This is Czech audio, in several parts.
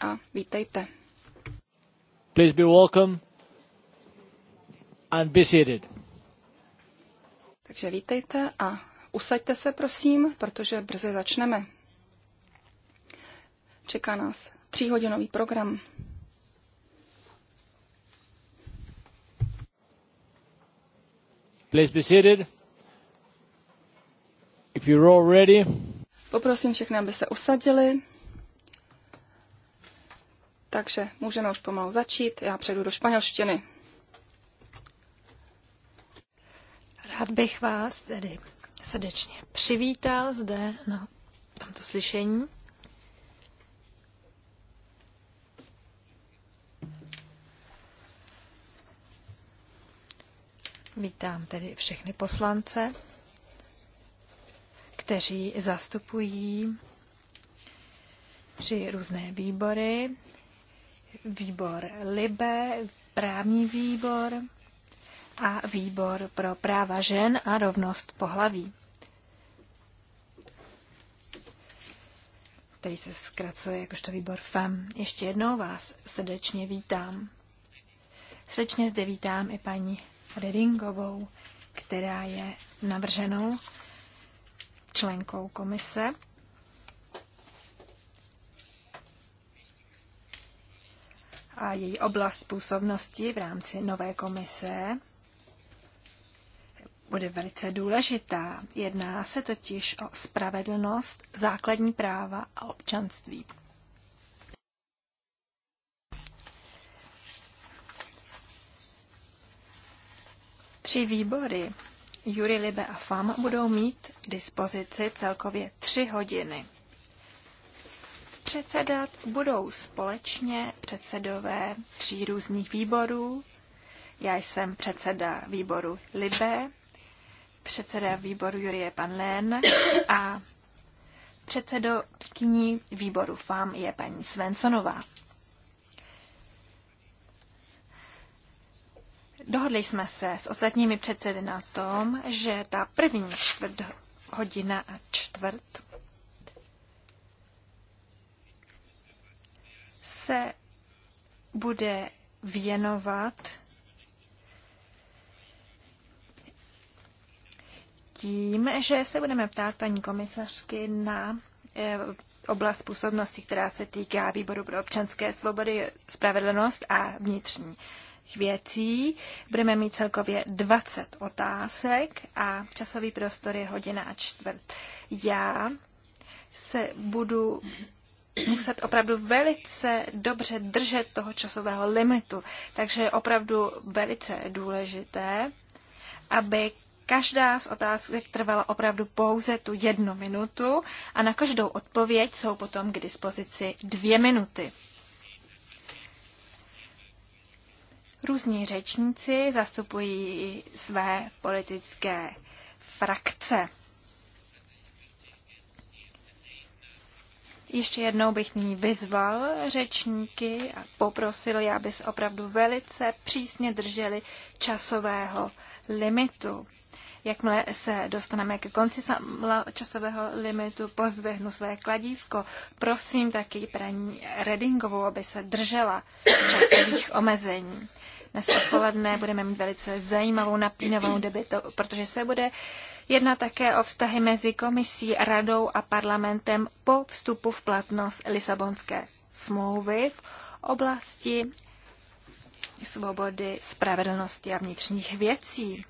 a vítejte. Please be welcome and be seated. Takže vítejte a usaďte se, prosím, protože brzy začneme. Čeká nás tříhodinový program. Please be seated. If you're all ready. Poprosím všechny, aby se usadili. Takže můžeme už pomalu začít. Já přejdu do španělštiny. Rád bych vás tedy srdečně přivítal zde na tomto slyšení. Vítám tedy všechny poslance, kteří zastupují tři různé výbory výbor LIBE, právní výbor a výbor pro práva žen a rovnost pohlaví. který se zkracuje jakožto výbor FEM. Ještě jednou vás srdečně vítám. Srdečně zde vítám i paní Redingovou, která je navrženou členkou komise a její oblast působnosti v rámci nové komise bude velice důležitá. Jedná se totiž o spravedlnost, základní práva a občanství. Tři výbory, Jury Libe a FAM, budou mít k dispozici celkově tři hodiny. Předsedat budou společně předsedové tří různých výborů. Já jsem předseda výboru Libe, předseda výboru Jurie Panlen a předsedkyní výboru FAM je paní Svensonová. Dohodli jsme se s ostatními předsedy na tom, že ta první čtvrt hodina a čtvrt se bude věnovat tím, že se budeme ptát paní komisařky na eh, oblast působnosti, která se týká výboru pro občanské svobody, spravedlnost a vnitřní věcí. Budeme mít celkově 20 otázek a časový prostor je hodina a čtvrt. Já se budu muset opravdu velice dobře držet toho časového limitu. Takže je opravdu velice důležité, aby každá z otázek trvala opravdu pouze tu jednu minutu a na každou odpověď jsou potom k dispozici dvě minuty. Různí řečníci zastupují své politické frakce. Ještě jednou bych nyní vyzval řečníky a poprosil je, aby se opravdu velice přísně drželi časového limitu. Jakmile se dostaneme ke konci časového limitu, pozdvihnu své kladívko. Prosím taky praní Redingovou, aby se držela časových omezení. Dnes odpoledne budeme mít velice zajímavou napínavou debitu, protože se bude Jedna také o vztahy mezi komisí, radou a parlamentem po vstupu v platnost Lisabonské smlouvy v oblasti svobody, spravedlnosti a vnitřních věcí.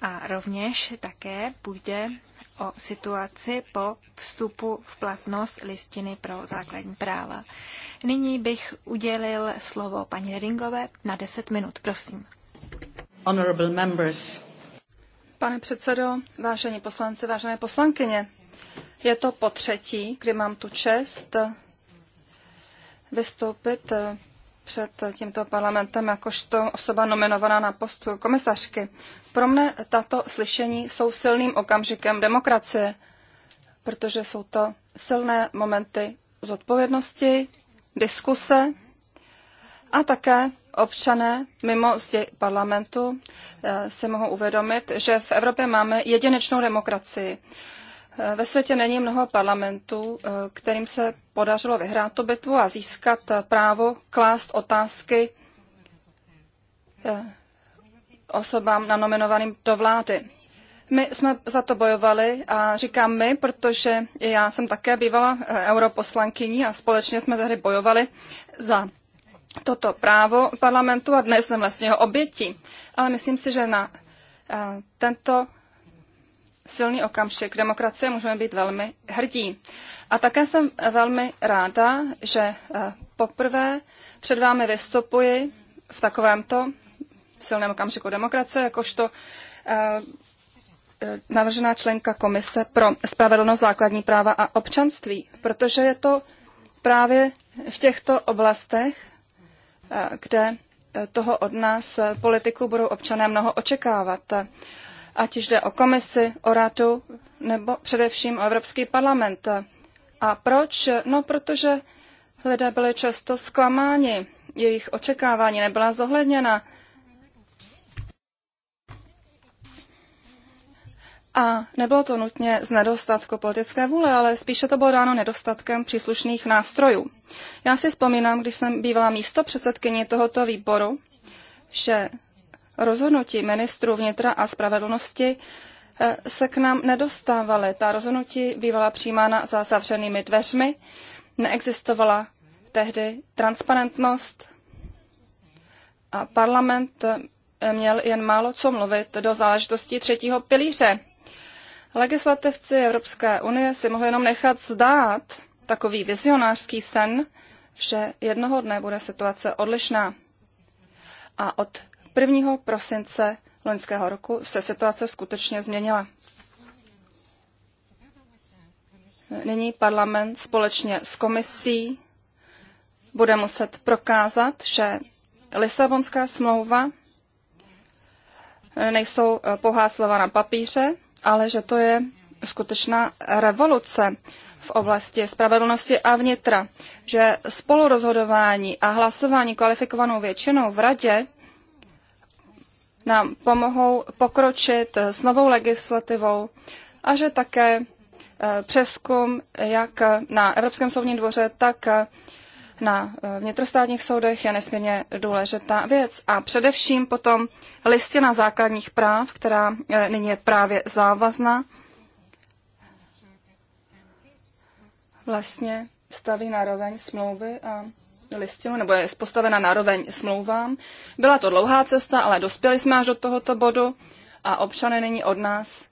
A rovněž také půjde o situaci po vstupu v platnost listiny pro základní práva. Nyní bych udělil slovo paní Ringové na 10 minut, prosím. Honorable members. Pane předsedo, vážení poslanci, vážené poslankyně, je to po třetí, kdy mám tu čest vystoupit eh, před tímto parlamentem jakožto osoba nominovaná na post komisařky. Pro mne tato slyšení jsou silným okamžikem demokracie, protože jsou to silné momenty zodpovědnosti, diskuse a také občané mimo zdi parlamentu eh, si mohou uvědomit, že v Evropě máme jedinečnou demokracii. Eh, ve světě není mnoho parlamentů, eh, kterým se podařilo vyhrát tu bitvu a získat právo klást otázky osobám nanominovaným do vlády. My jsme za to bojovali a říkám my, protože já jsem také bývala europoslankyní a společně jsme tehdy bojovali za toto právo parlamentu a dnes jsem vlastně jeho obětí. Ale myslím si, že na eh, tento silný okamžik demokracie můžeme být velmi hrdí. A také jsem velmi ráda, že eh, poprvé před vámi vystupuji v takovémto silném okamžiku demokracie, jakožto eh, navržená členka Komise pro spravedlnost základní práva a občanství, protože je to právě v těchto oblastech, kde toho od nás politiků budou občané mnoho očekávat. Ať už jde o komisi, o radu nebo především o Evropský parlament. A proč? No, protože lidé byli často zklamáni, jejich očekávání nebyla zohledněna A nebylo to nutně z nedostatku politické vůle, ale spíše to bylo dáno nedostatkem příslušných nástrojů. Já si vzpomínám, když jsem bývala místo předsedkyně tohoto výboru, že rozhodnutí ministru vnitra a spravedlnosti eh, se k nám nedostávaly. Ta rozhodnutí bývala přijímána za zavřenými dveřmi, neexistovala tehdy transparentnost a parlament eh, měl jen málo co mluvit do záležitostí třetího pilíře. Legislativci Evropské unie si mohli jenom nechat zdát takový vizionářský sen, že jednoho dne bude situace odlišná. A od 1. prosince loňského roku se situace skutečně změnila. Nyní parlament společně s komisí bude muset prokázat, že Lisabonská smlouva nejsou eh, pouhá slova na papíře, ale že to je skutečná revoluce v oblasti spravedlnosti a vnitra, že spolurozhodování a hlasování kvalifikovanou většinou v radě nám pomohou pokročit s novou legislativou a že také eh, přeskum jak na Evropském soudním dvoře, tak na eh, vnitrostátních soudech je nesmírně důležitá věc. A především potom listina základních práv, která eh, nyní je právě závazná, vlastně staví roveň smlouvy a listinu, nebo je postavena roveň smlouvám. Byla to dlouhá cesta, ale dospěli jsme až do tohoto bodu a občané nyní od nás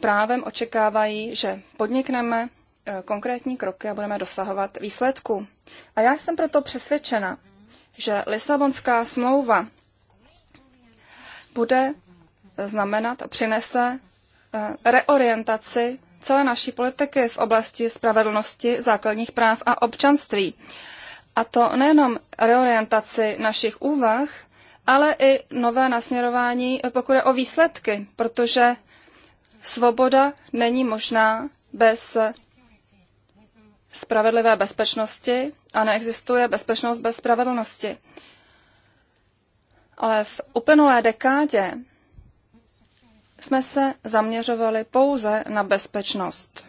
právem očekávají, že podnikneme Eh, konkrétní kroky a budeme dosahovat výsledku. A já jsem proto přesvědčena, že Lisabonská smlouva bude znamenat a přinese eh, reorientaci celé naší politiky v oblasti spravedlnosti, základních práv a občanství. A to nejenom reorientaci našich úvah, ale i nové nasměrování, eh, pokud je o výsledky, protože svoboda není možná bez spravedlivé bezpečnosti a neexistuje bezpečnost bez spravedlnosti. Ale v uplynulé dekádě jsme se zaměřovali pouze na bezpečnost.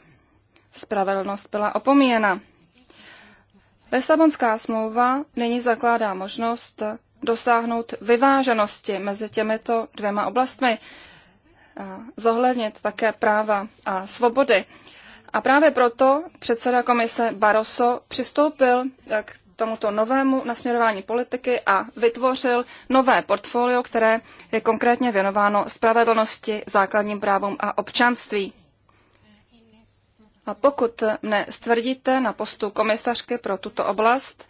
Spravedlnost byla opomíjena. Lisabonská smlouva nyní zakládá možnost dosáhnout vyváženosti mezi těmito dvěma oblastmi, zohlednit také práva a svobody. A právě proto předseda komise Barroso přistoupil eh, k tomuto novému nasměrování politiky a vytvořil nové portfolio, které je konkrétně věnováno spravedlnosti, základním právům a občanství. A pokud mne stvrdíte na postu komisařky pro tuto oblast,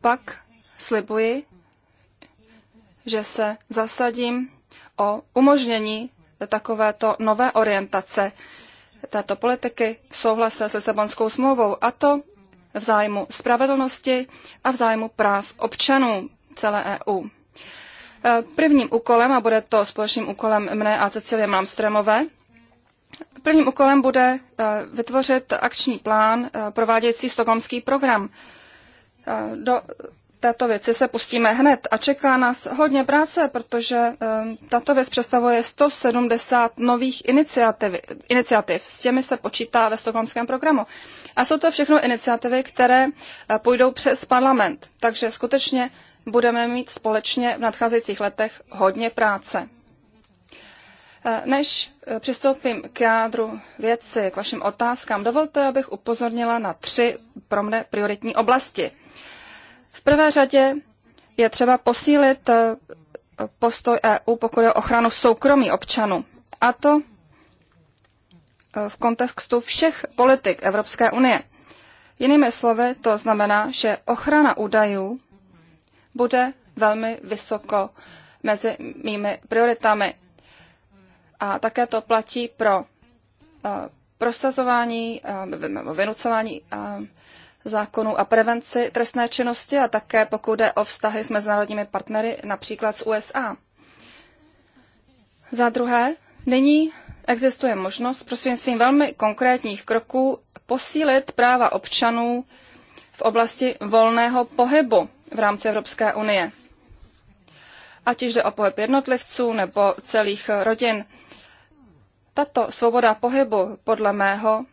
pak slibuji, že se zasadím o umožnění takovéto nové orientace této politiky v souhlase s Lisabonskou smlouvou, a to v zájmu spravedlnosti a v zájmu práv občanů celé EU. E, prvním úkolem, a bude to společným úkolem mne a Cecilie Malmströmové, prvním úkolem bude e, vytvořit akční plán e, provádějící stokholmský program. Do této věci se pustíme hned a čeká nás hodně práce, protože ehm, tato věc představuje 170 nových iniciativ, iniciativ. S těmi se počítá ve stokholmském programu. A jsou to všechno iniciativy, které eh, půjdou přes parlament. Takže skutečně budeme mít společně v nadcházejících letech hodně práce. Eh, než eh, přistoupím k jádru věci, k vašim otázkám, dovolte, abych upozornila na tři pro mne prioritní oblasti – v prvé řadě je třeba posílit eh, postoj EU, pokud je ochranu soukromí občanů. A to eh, v kontextu všech politik Evropské unie. Jinými slovy, to znamená, že ochrana údajů bude velmi vysoko mezi mými prioritami. A také to platí pro eh, prosazování, vynucování zákonů a prevenci trestné činnosti a také pokud jde o vztahy s mezinárodními partnery, například s USA. Za druhé, nyní existuje možnost prostřednictvím velmi konkrétních kroků posílit práva občanů v oblasti volného pohybu v rámci Evropské unie. Ať již jde o pohyb jednotlivců nebo celých rodin. Tato svoboda pohybu, podle mého,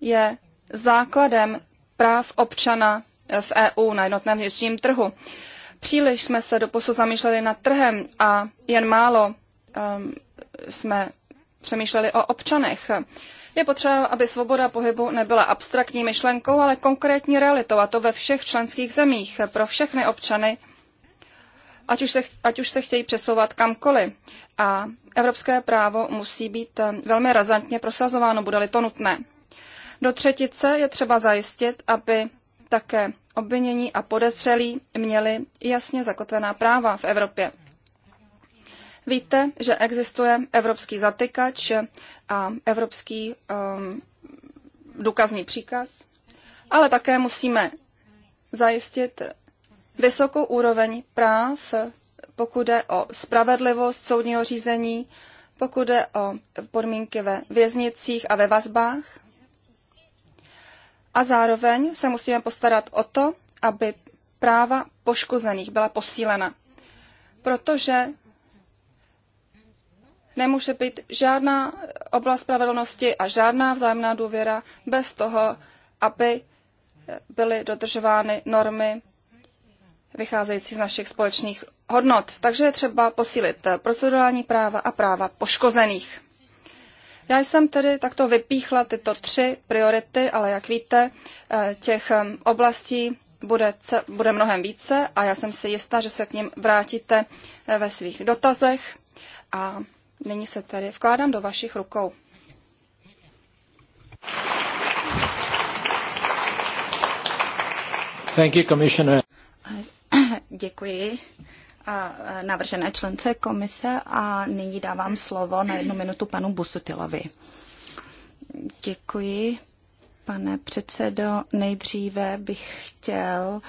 je základem práv občana eh, v EU na jednotném vnitřním trhu. Příliš jsme se doposud zamýšleli nad trhem a jen málo um, jsme přemýšleli o občanech. Je potřeba, aby svoboda pohybu nebyla abstraktní myšlenkou, ale konkrétní realitou, a to ve všech členských zemích, pro všechny občany, ať už se, ať už se chtějí přesouvat kamkoliv. A evropské právo musí být ehm, velmi razantně prosazováno, bude-li to nutné. Do třetice je třeba zajistit, aby také obvinění a podezřelí měli jasně zakotvená práva v Evropě. Víte, že existuje evropský zatykač a evropský um, důkazní příkaz, ale také musíme zajistit vysokou úroveň práv, pokud je o spravedlivost soudního řízení, pokud je o podmínky ve věznicích a ve vazbách a zároveň se musíme postarat o to, aby práva poškozených byla posílena. Protože nemůže být žádná oblast spravedlnosti a žádná vzájemná důvěra bez toho, aby byly dodržovány normy vycházející z našich společných hodnot. Takže je třeba posílit procedurální práva a práva poškozených. Já jsem tedy takto vypíchla tyto tři priority, ale jak víte, eh, těch eh, oblastí bude, bude mnohem více a já jsem si jistá, že se k ním vrátíte eh, ve svých dotazech a nyní se tedy vkládám do vašich rukou. Thank you, Děkuji, E, navržené člence komise a nyní dávám slovo na jednu minutu panu Busutilovi. Děkuji, pane předsedo. Nejdříve bych chtěl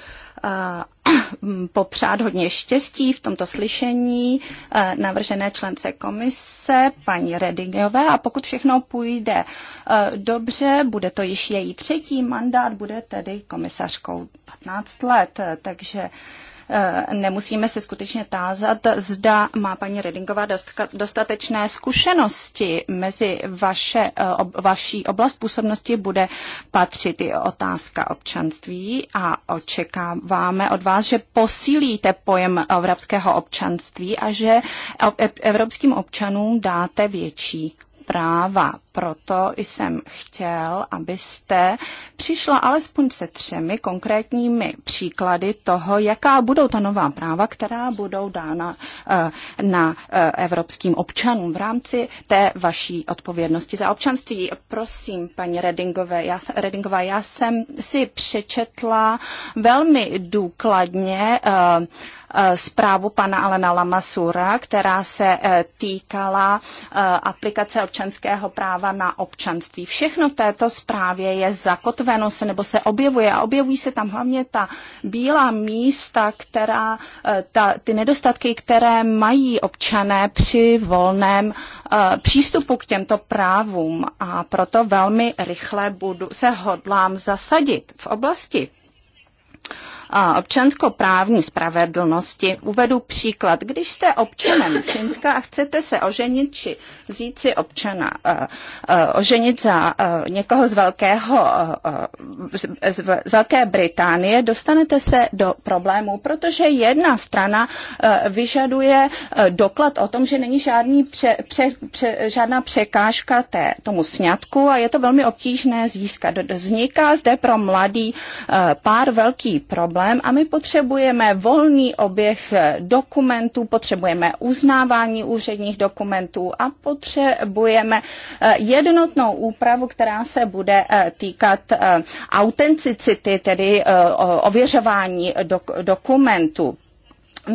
uh, popřát hodně štěstí v tomto slyšení uh, navržené člence komise, paní Redingové. A pokud všechno půjde uh, dobře, bude to již její třetí mandát, bude tedy komisařkou 15 let. Takže uh, Eh, nemusíme se skutečně tázat, zda má paní Redingová dostatečné zkušenosti mezi vaše, eh, vaší oblast působnosti bude patřit i otázka občanství a očekáváme od vás, že posílíte pojem evropského občanství a že evropským občanům dáte větší práva proto jsem chtěl, abyste přišla alespoň se třemi konkrétními příklady toho, jaká budou ta nová práva, která budou dána eh, na eh, evropským občanům v rámci té vaší odpovědnosti za občanství. Prosím, paní Redingové, já, Redingová, já jsem si přečetla velmi důkladně eh, zprávu pana Alena Lamasura, která se týkala aplikace občanského práva práva na občanství. Všechno v této zprávě je zakotveno se nebo se objevuje a objevují se tam hlavně ta bílá místa, která, eh, ta, ty nedostatky, které mají občané při volném uh, přístupu k těmto právům a proto velmi rychle budu, se hodlám zasadit v oblasti občanskoprávní spravedlnosti. Uvedu příklad. Když jste občanem Finska a chcete se oženit či vzít si občana, eh, eh, oženit za eh, někoho z velkého, z Velké Británie, dostanete se do problémů, protože jedna strana vyžaduje doklad o tom, že není žádný pře, pře, pře, žádná překážka té, tomu sňatku a je to velmi obtížné získat. Vzniká zde pro mladý pár velký problém, problém a my potřebujeme volný oběh dokumentů, potřebujeme uznávání úředních dokumentů a potřebujeme eh, jednotnou úpravu, která se bude eh, týkat eh, autenticity, tedy ověřování dok- dokumentů.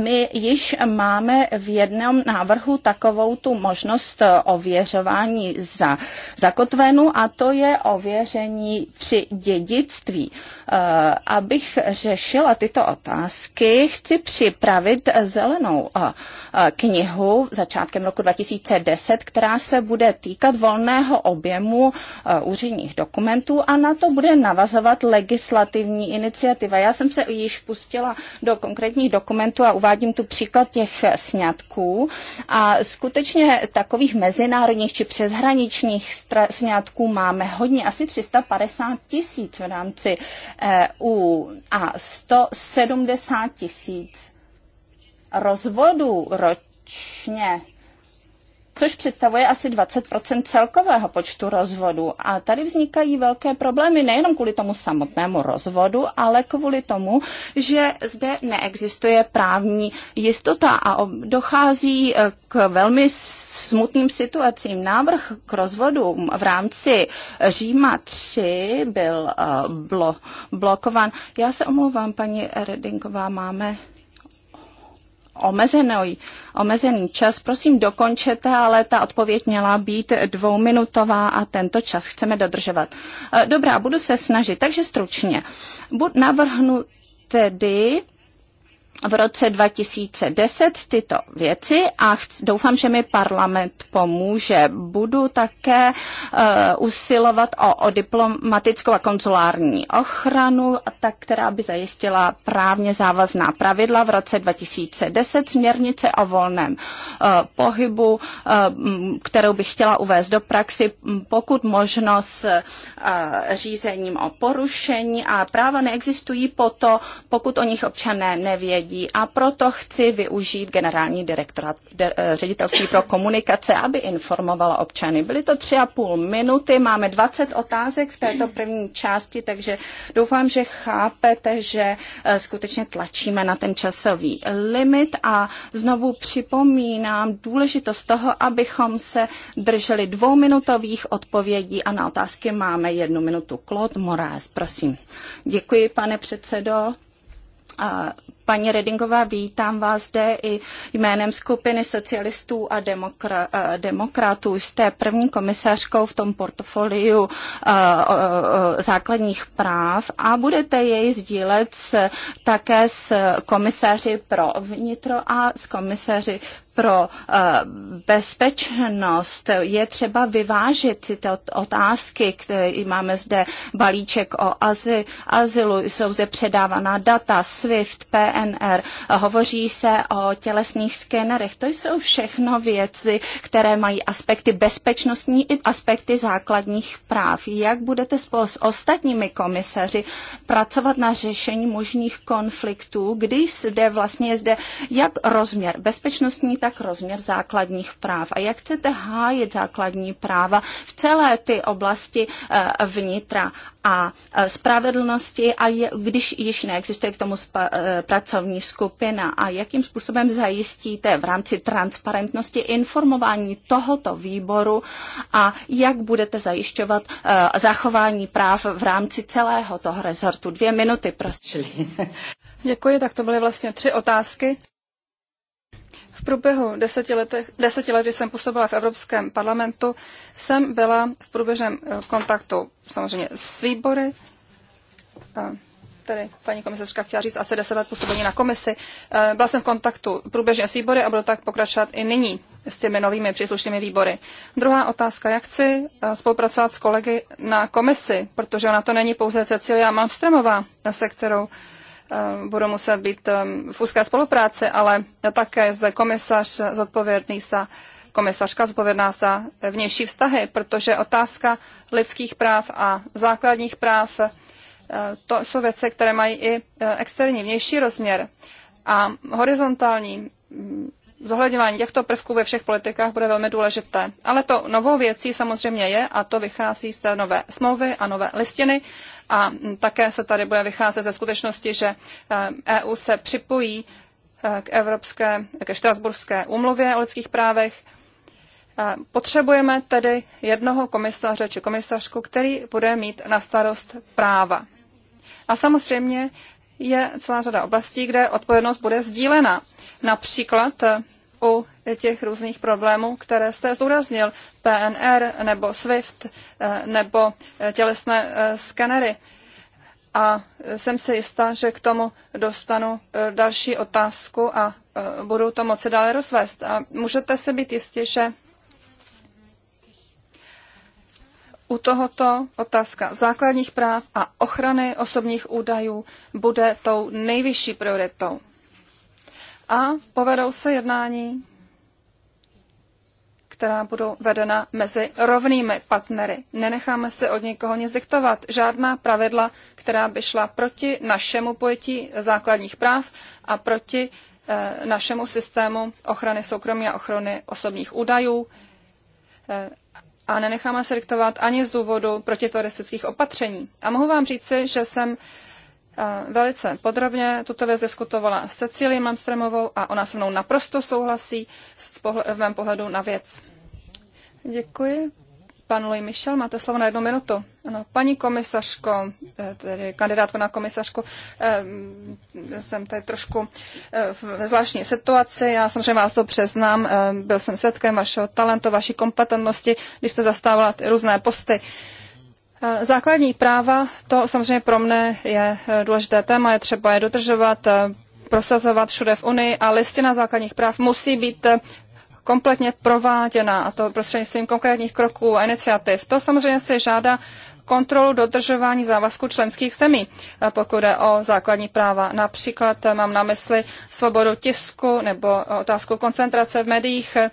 My již máme v jednom návrhu takovou tu možnost ověřování za zakotvenu a to je ověření při dědictví. Eh, abych řešila tyto otázky, chci připravit zelenou eh, eh, knihu začátkem roku 2010, která se bude týkat volného objemu úředních dokumentů a na to bude navazovat legislativní iniciativa. Já jsem se již pustila do konkrétních dokumentů a uvádím tu příklad těch sňatků a skutečně takových mezinárodních či přeshraničních sňatků máme hodně, asi 350 tisíc v rámci EU a 170 tisíc rozvodů ročně což představuje asi 20 celkového počtu rozvodů. A tady vznikají velké problémy nejenom kvůli tomu samotnému rozvodu, ale kvůli tomu, že zde neexistuje právní jistota a dochází eh, k velmi smutným situacím. Návrh k rozvodu v rámci Říma 3 byl eh, blo- blokovan. Já se omlouvám, paní Redinková, máme omezený, omezený čas. Prosím, dokončete, ale ta odpověď měla být dvouminutová a tento čas chceme dodržovat. E, dobrá, budu se snažit, takže stručně. Navrhnu tedy v roce 2010 tyto věci a doufám, že mi parlament pomůže. Budu také uh, usilovat o, o diplomatickou a konzulární ochranu, a ta, která by zajistila právně závazná pravidla. V roce 2010 směrnice o volném uh, pohybu, uh, kterou bych chtěla uvést do praxi, pokud možno s uh, řízením o porušení a práva neexistují po to, pokud o nich občané nevědí prostředí a proto chci využít generální direktorát, de, eh, ředitelství pro komunikace, aby informovala občany. Byly to tři a půl minuty, máme 20 otázek v této první části, takže doufám, že chápete, že eh, skutečně tlačíme na ten časový limit a znovu připomínám důležitost toho, abychom se drželi dvouminutových odpovědí a na otázky máme jednu minutu. Claude Moraes, prosím. Děkuji, pane předsedo. A Paní Redingová, vítám vás zde i jménem skupiny socialistů a demokra- eh, demokratů. Jste první komisařkou v tom portfoliu eh, základních práv a budete jej sdílet s, také s komisaři pro vnitro a s komisaři pro eh, bezpečnost je třeba vyvážit tyto otázky, které máme zde balíček o azy, azylu, jsou zde předávaná data, SWIFT, PNR, hovoří se o tělesných skenerech. To jsou všechno věci, které mají aspekty bezpečnostní i aspekty základních práv. Jak budete spolu s ostatními komisaři pracovat na řešení možných konfliktů, když zde vlastně je zde jak rozměr bezpečnostní, tak tak rozměr základních práv. A jak chcete hájit základní práva v celé ty oblasti eh, vnitra a eh, spravedlnosti a je, když již neexistuje k tomu spa, eh, pracovní skupina a jakým způsobem zajistíte v rámci transparentnosti informování tohoto výboru a jak budete zajišťovat zachování práv v rámci celého toho rezortu. Dvě minuty, prosím. Děkuji, tak to byly vlastně tři otázky. V průběhu deseti, letech, deseti let, kdy jsem působila v Evropském parlamentu, jsem byla v průběžném eh, kontaktu samozřejmě s výbory, tady paní komisařka chtěla říct asi 10 let působení na komisi. Eh, byla jsem v kontaktu průběžně s výbory a budu tak pokračovat i nyní s těmi novými příslušnými výbory. Druhá otázka, jak chci eh, spolupracovat s kolegy na komisi, protože ona to není pouze Cecilia Malmstremová, se kterou Ehm, budou muset být ehm, v úzké spolupráci, ale také zde komisař zodpovědný se, komisařka zodpovědná za vnější vztahy, protože otázka lidských práv a základních práv ehm, to jsou věci, které mají i eh, externí vnější rozměr a horizontální mm, zohledňování těchto prvků ve všech politikách bude velmi důležité. Ale to novou věcí samozřejmě je, a to vychází z té nové smlouvy a nové listiny, a také se tady bude vycházet ze skutečnosti, že EU eh, e se připojí eh, k Evropské, ke Štrasburské úmluvě o lidských právech. Eh, potřebujeme tedy jednoho komisaře či komisařku, který bude mít na starost práva. A samozřejmě je celá řada oblastí, kde odpovědnost bude sdílena. Například u těch různých problémů, které jste zdůraznil, PNR nebo SWIFT eh, nebo tělesné eh, skenery. A jsem si jistá, že k tomu dostanu eh, další otázku a budu to moci dále rozvést. A můžete se být jistí, že u tohoto otázka základních práv a ochrany osobních údajů bude tou nejvyšší prioritou. A povedou se jednání, která budou vedena mezi rovnými partnery. Nenecháme se od nikoho nic diktovat. Žádná pravidla, která by šla proti našemu pojetí základních práv a proti e, našemu systému ochrany soukromí a ochrany osobních údajů, e, a nenecháme se diktovat ani z důvodu protiteroristických opatření. A mohu vám říci, že jsem eh, velice podrobně tuto věc diskutovala s Cecílí Malmströmovou a ona se mnou naprosto souhlasí v, pohle- v mém pohledu na věc. Děkuji. Pan Louis Michel, máte slovo na jednu minutu. Ano, paní komisařko, eh, tedy kandidátko na komisařku, eh, jsem tady trošku eh, ve zvláštní situaci. Já samozřejmě vás to přeznám. Byl jsem svědkem vašeho talentu, vaší kompetentnosti, když jste zastávala různé posty. Základní práva, to samozřejmě pro mne je důležité téma, je třeba je dodržovat, prosazovat všude v Unii a listina základních práv musí být kompletně prováděna, a to prostřednictvím konkrétních kroků a iniciativ. To samozřejmě se žádá kontrolu dodržování závazku členských zemí, pokud je o základní práva. Například mám na mysli svobodu tisku nebo otázku koncentrace v médiích, e,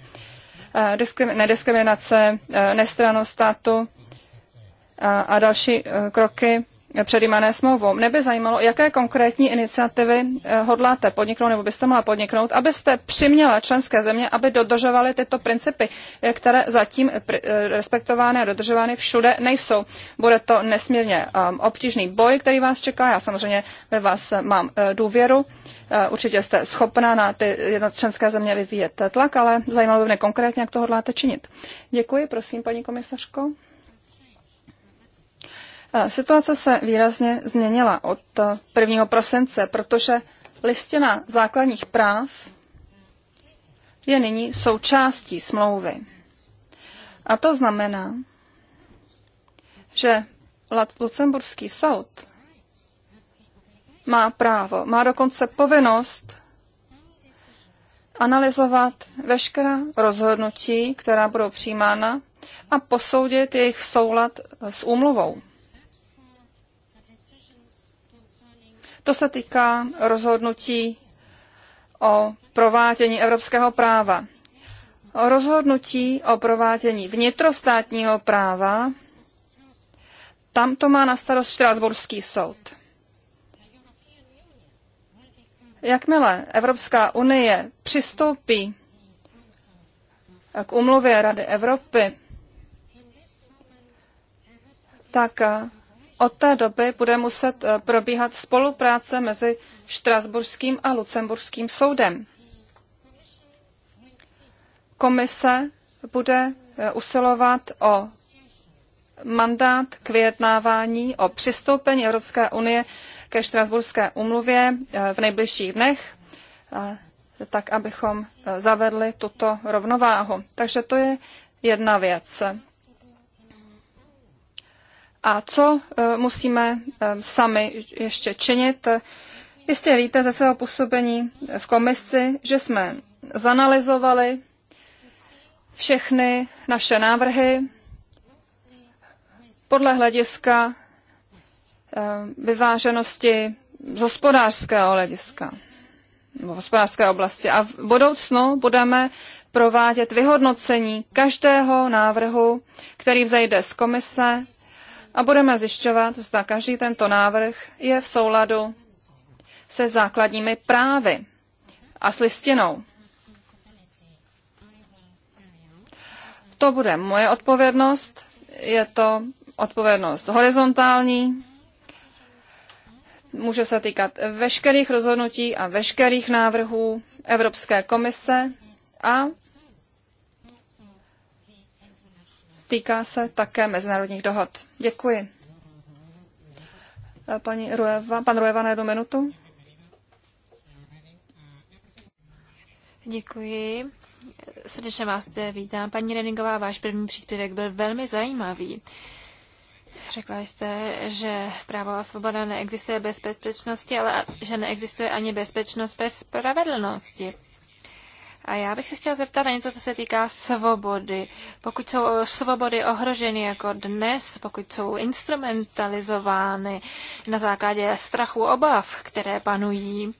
nediskriminace, e, nestranost státu a další e, kroky předjímané smlouvou. Mě by zajímalo, jaké konkrétní iniciativy eh, hodláte podniknout nebo byste mohla podniknout, abyste přiměla členské země, aby dodržovaly tyto principy, eh, které zatím eh, respektovány a dodržovány všude nejsou. Bude to nesmírně obtížný boj, který vás čeká. Já samozřejmě ve vás mám důvěru. Určitě jste schopná na ty členské země vyvíjet tlak, ale zajímalo by mě konkrétně, jak to hodláte činit. Děkuji, prosím, paní komisařko. Eh, situace se výrazně změnila od 1. Eh, prosince, protože listina základních práv je nyní součástí smlouvy. A to znamená, že Lucemburský soud má právo, má dokonce povinnost analyzovat veškerá rozhodnutí, která budou přijímána a posoudit jejich soulad s úmluvou. To se týká rozhodnutí o provádění evropského práva. rozhodnutí o provádění vnitrostátního práva, tam to má na starost Štrásburský soud. Jakmile Evropská unie přistoupí k umluvě Rady Evropy, tak od té doby bude muset eh, probíhat spolupráce mezi Štrasburským a Lucemburským soudem. Komise bude eh, usilovat o mandát k vyjednávání o přistoupení Evropské unie ke Štrasburské umluvě eh, v nejbližších dnech, tak abychom zavedli tuto rovnováhu. Takže to je jedna věc a co eh, musíme eh, sami ještě činit. Jistě víte ze svého působení eh, v komisi, že jsme zanalizovali všechny naše návrhy podle hlediska vyváženosti z hospodářského hlediska v hospodářské oblasti. A v budoucnu budeme provádět vyhodnocení každého návrhu, který vzejde z komise a budeme zjišťovat, zda každý tento návrh je v souladu se základními právy a s listinou. To bude moje odpovědnost, je to odpovědnost horizontální, může se týkat veškerých rozhodnutí a veškerých návrhů Evropské komise a Týká se také mezinárodních dohod. Děkuji. Eh, paní Rueva, pan Rueva na jednu minutu. Děkuji. Srdečně vás zde vítám. Paní Reningová, váš první příspěvek byl velmi zajímavý. Řekla jste, že právo a svoboda neexistuje bez bezpečnosti, ale že neexistuje ani bezpečnost bez spravedlnosti. A já bych se chtěla zeptat na něco, co se týká svobody. Pokud jsou svobody ohroženy jako dnes, pokud jsou instrumentalizovány na základě strachu obav, které panují,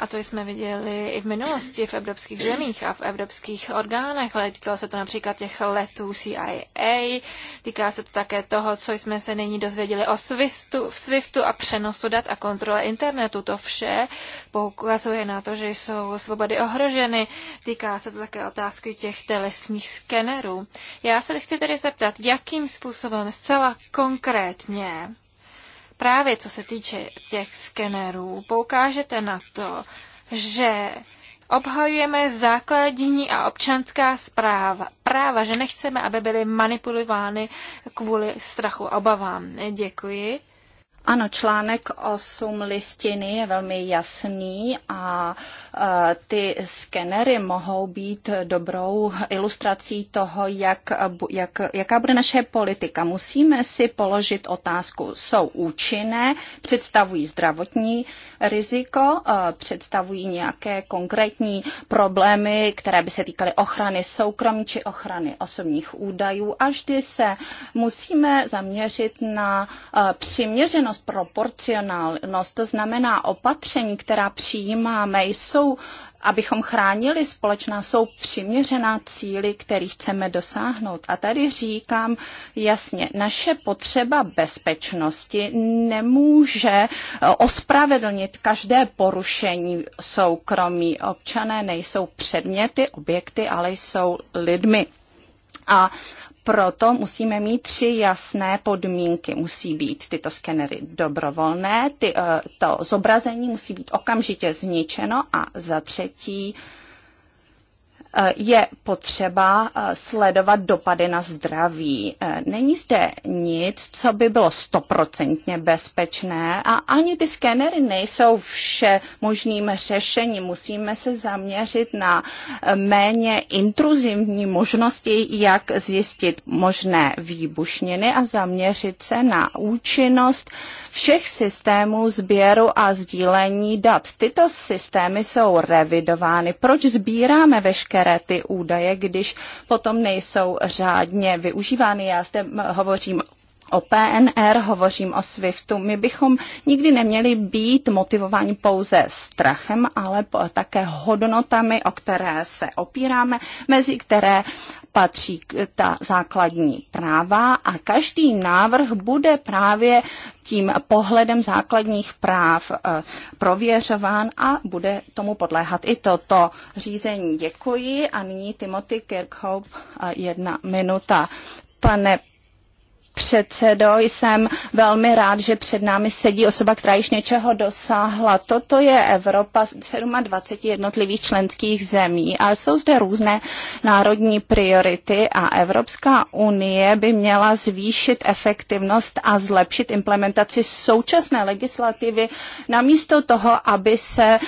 a to jsme viděli i v minulosti v evropských zemích a v evropských orgánech. Týkalo se to například těch letů CIA, týká se to také toho, co jsme se nyní dozvěděli o Swiftu, v Swiftu a přenosu dat a kontrole internetu. To vše poukazuje na to, že jsou svobody ohroženy. Týká se to také otázky těch telesních skenerů. Já se chci tedy zeptat, jakým způsobem zcela konkrétně právě co se týče těch skenerů, poukážete na to, že obhajujeme základní a občanská zpráva. Práva, že nechceme, aby byly manipulovány kvůli strachu a obavám. Děkuji. Ano, článek 8 listiny je velmi jasný a e, ty skenery mohou být dobrou ilustrací toho, jak, jak, jaká bude naše politika. Musíme si položit otázku, jsou účinné, představují zdravotní riziko, e, představují nějaké konkrétní problémy, které by se týkaly ochrany soukromí či ochrany osobních údajů a vždy se musíme zaměřit na e, přiměřenost přiměřenost, proporcionálnost, to znamená opatření, která přijímáme, jsou, abychom chránili společná, jsou přiměřená cíly, který chceme dosáhnout. A tady říkám jasně, naše potřeba bezpečnosti nemůže eh, ospravedlnit každé porušení soukromí. Občané nejsou předměty, objekty, ale jsou lidmi. A proto musíme mít tři jasné podmínky. Musí být tyto skenery dobrovolné, ty, eh, to zobrazení musí být okamžitě zničeno a za třetí Eh, je potřeba eh, sledovat dopady na zdraví. Eh, není zde nic, co by bylo stoprocentně bezpečné a ani ty skenery nejsou vše možným řešením. Musíme se zaměřit na méně intruzivní možnosti, jak zjistit možné výbušniny a zaměřit se na účinnost všech systémů sběru a sdílení dat. Tyto systémy jsou revidovány. Proč sbíráme veškeré některé ty údaje, když potom nejsou řádně využívány. Já zde hovořím o PNR, hovořím o SWIFTu. My bychom nikdy neměli být motivováni pouze strachem, ale také hodnotami, o které se opíráme, mezi které patří ta základní práva a každý návrh bude právě tím pohledem základních práv eh, prověřován a bude tomu podléhat i toto řízení. Děkuji a nyní Timothy Kirkhope eh, jedna minuta. Pane předsedo, jsem velmi rád, že před námi sedí osoba, která již něčeho dosáhla. Toto je Evropa 27 jednotlivých členských zemí a jsou zde různé národní priority a Evropská unie by měla zvýšit efektivnost a zlepšit implementaci současné legislativy namísto toho, aby se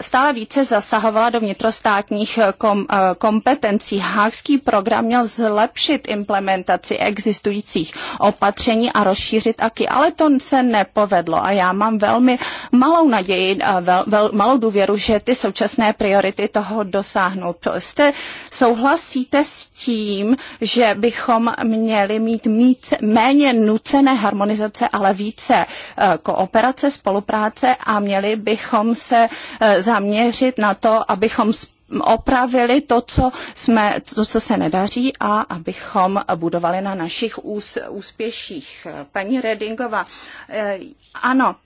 stále více zasahovala do vnitrostátních kom, eh, kompetencí. Hákský program měl zlepšit implementaci existujících opatření a rozšířit aky, ale to se nepovedlo a já mám velmi malou naději, vel, vel, malou důvěru, že ty současné priority toho dosáhnou. Jste, souhlasíte s tím, že bychom měli mít mít méně nucené harmonizace, ale více eh, kooperace, spolupráce a měli bychom se eh, zaměřit na to, abychom spolupráce opravili to, co, jsme, to, co se nedaří a abychom budovali na našich ús, úspěších. Paní Redingova, eh, ano,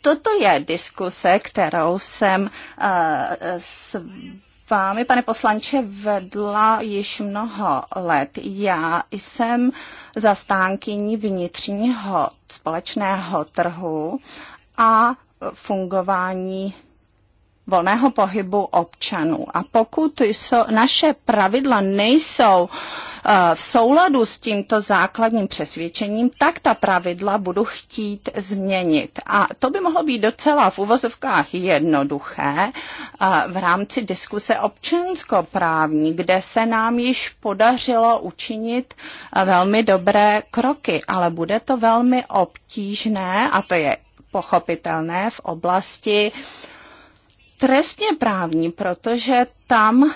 toto je diskuse, kterou jsem eh, s vámi, pane poslanče, vedla již mnoho let. Já jsem zastánkyní vnitřního společného trhu a fungování volného pohybu občanů. A pokud jsou, naše pravidla nejsou uh, v souladu s tímto základním přesvědčením, tak ta pravidla budu chtít změnit. A to by mohlo být docela v uvozovkách jednoduché uh, v rámci diskuse občanskoprávní, kde se nám již podařilo učinit uh, velmi dobré kroky, ale bude to velmi obtížné a to je pochopitelné v oblasti uh, trestně právní, protože tam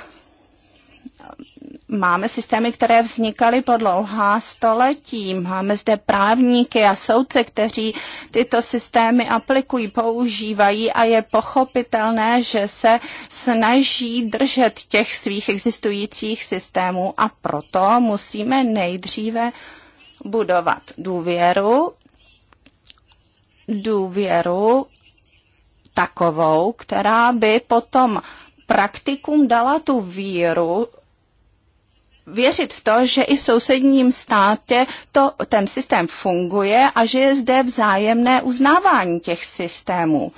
máme systémy, které vznikaly po dlouhá století. Máme zde právníky a soudce, kteří tyto systémy aplikují, používají a je pochopitelné, že se snaží držet těch svých existujících systémů a proto musíme nejdříve budovat důvěru, důvěru takovou, která by potom praktikům dala tu víru, věřit v to, že i v sousedním státě to, ten systém funguje a že je zde vzájemné uznávání těch systémů.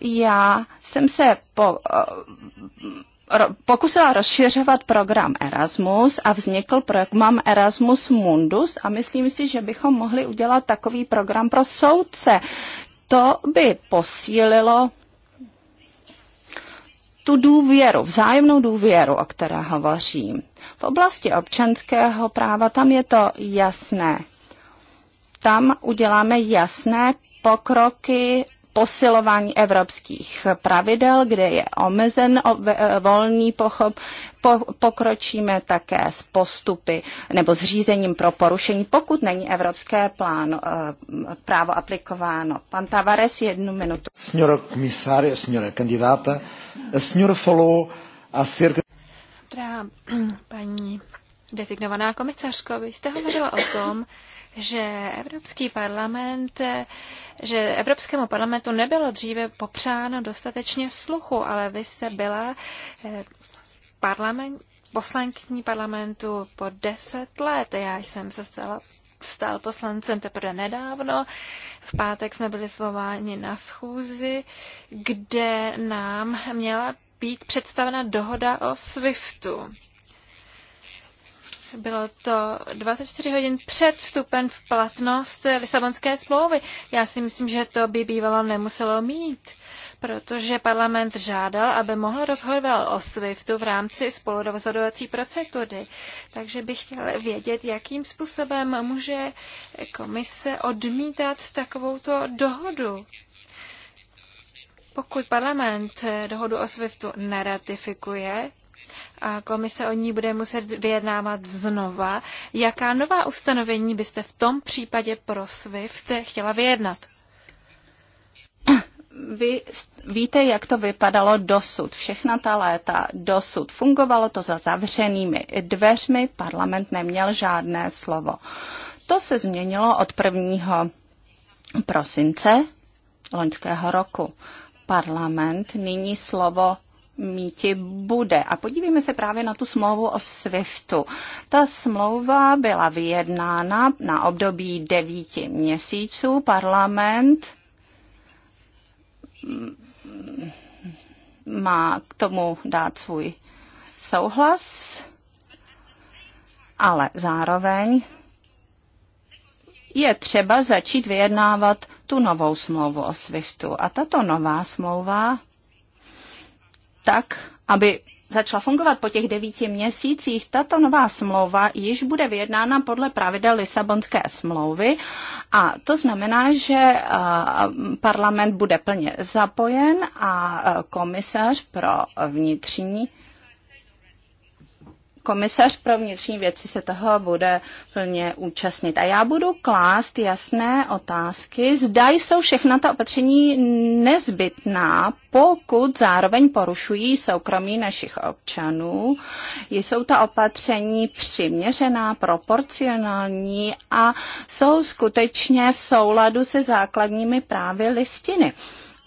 Já jsem se po, eh, pokusila rozšiřovat program Erasmus a vznikl program Erasmus Mundus a myslím si, že bychom mohli udělat takový program pro soudce. To by posílilo tu důvěru, vzájemnou důvěru, o které hovořím. V oblasti občanského práva tam je to jasné. Tam uděláme jasné pokroky posilování evropských pravidel, kde je omezen e, volný pochop, po, pokročíme také s postupy nebo s řízením pro porušení, pokud není evropské plán, e, právo aplikováno. Pan Tavares, jednu minutu. Senhora comissária, senhora candidata, a senhora a acerca... Pra, paní designovaná komisařko, vy jste hovořila o tom, že Evropský parlament, že Evropskému parlamentu nebylo dříve popřáno dostatečně sluchu, ale vy jste byla eh, parlament, poslankyní parlamentu po deset let. Já jsem se stala stal poslancem teprve nedávno. V pátek jsme byli zvoláni na schůzi, kde nám měla být představena dohoda o SWIFTu. Bylo to 24 hodin před vstupem v platnost Lisabonské smlouvy. Já si myslím, že to by bývalo nemuselo mít, protože parlament žádal, aby mohl rozhodovat o SWIFTu v rámci spolurozhodovací procedury. Takže bych chtěl vědět, jakým způsobem může komise odmítat takovouto dohodu. Pokud parlament dohodu o SWIFTu neratifikuje, a komise o ní bude muset vyjednávat znova. Jaká nová ustanovení byste v tom případě pro SWIFT chtěla vyjednat? Vy víte, jak to vypadalo dosud, všechna ta léta dosud. Fungovalo to za zavřenými dveřmi, parlament neměl žádné slovo. To se změnilo od 1. prosince loňského roku. Parlament nyní slovo míti bude. A podívejme se právě na tu smlouvu o SWIFTu. Ta smlouva byla vyjednána na období devíti měsíců. Parlament mm, má k tomu dát svůj souhlas, ale zároveň je třeba začít vyjednávat tu novou smlouvu o SWIFTu. A tato nová smlouva tak, aby začala fungovat po těch devíti měsících, tato nová smlouva již bude vyjednána podle pravidel Lisabonské smlouvy a to znamená, že eh, parlament bude plně zapojen a eh, komisař pro vnitřní komisař pro vnitřní věci se toho bude plně účastnit. A já budu klást jasné otázky, zda jsou všechna ta opatření nezbytná, pokud zároveň porušují soukromí našich občanů. Jsou ta opatření přiměřená, proporcionální a jsou skutečně v souladu se základními právy listiny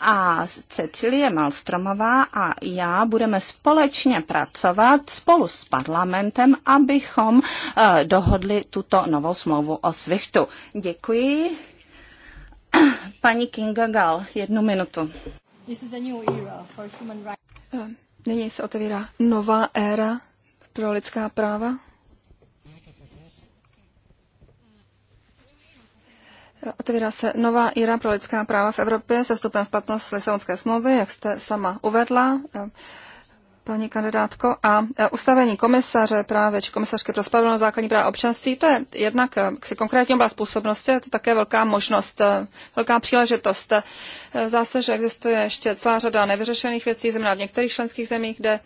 a Cecilie Malstromová a já budeme společně pracovat spolu s parlamentem, abychom eh, dohodli tuto novou smlouvu o SWIFTu. Děkuji. Paní Kinga Gal, jednu minutu. Eh, nyní se otevírá nová éra pro lidská práva. Otevírá se nová íra pro lidská práva v Evropě se vstupem v platnost Lisabonské smlouvy, jak jste sama uvedla, eh, paní kandidátko. A eh, ustavení komisaře právě, či komisařky pro spravedlnost základní práva občanství, to je jednak eh, k si konkrétně oblast působnosti, je to také velká možnost, velká příležitost. Zdá se, že existuje ještě celá řada nevyřešených věcí, zejména v některých členských zemích, kde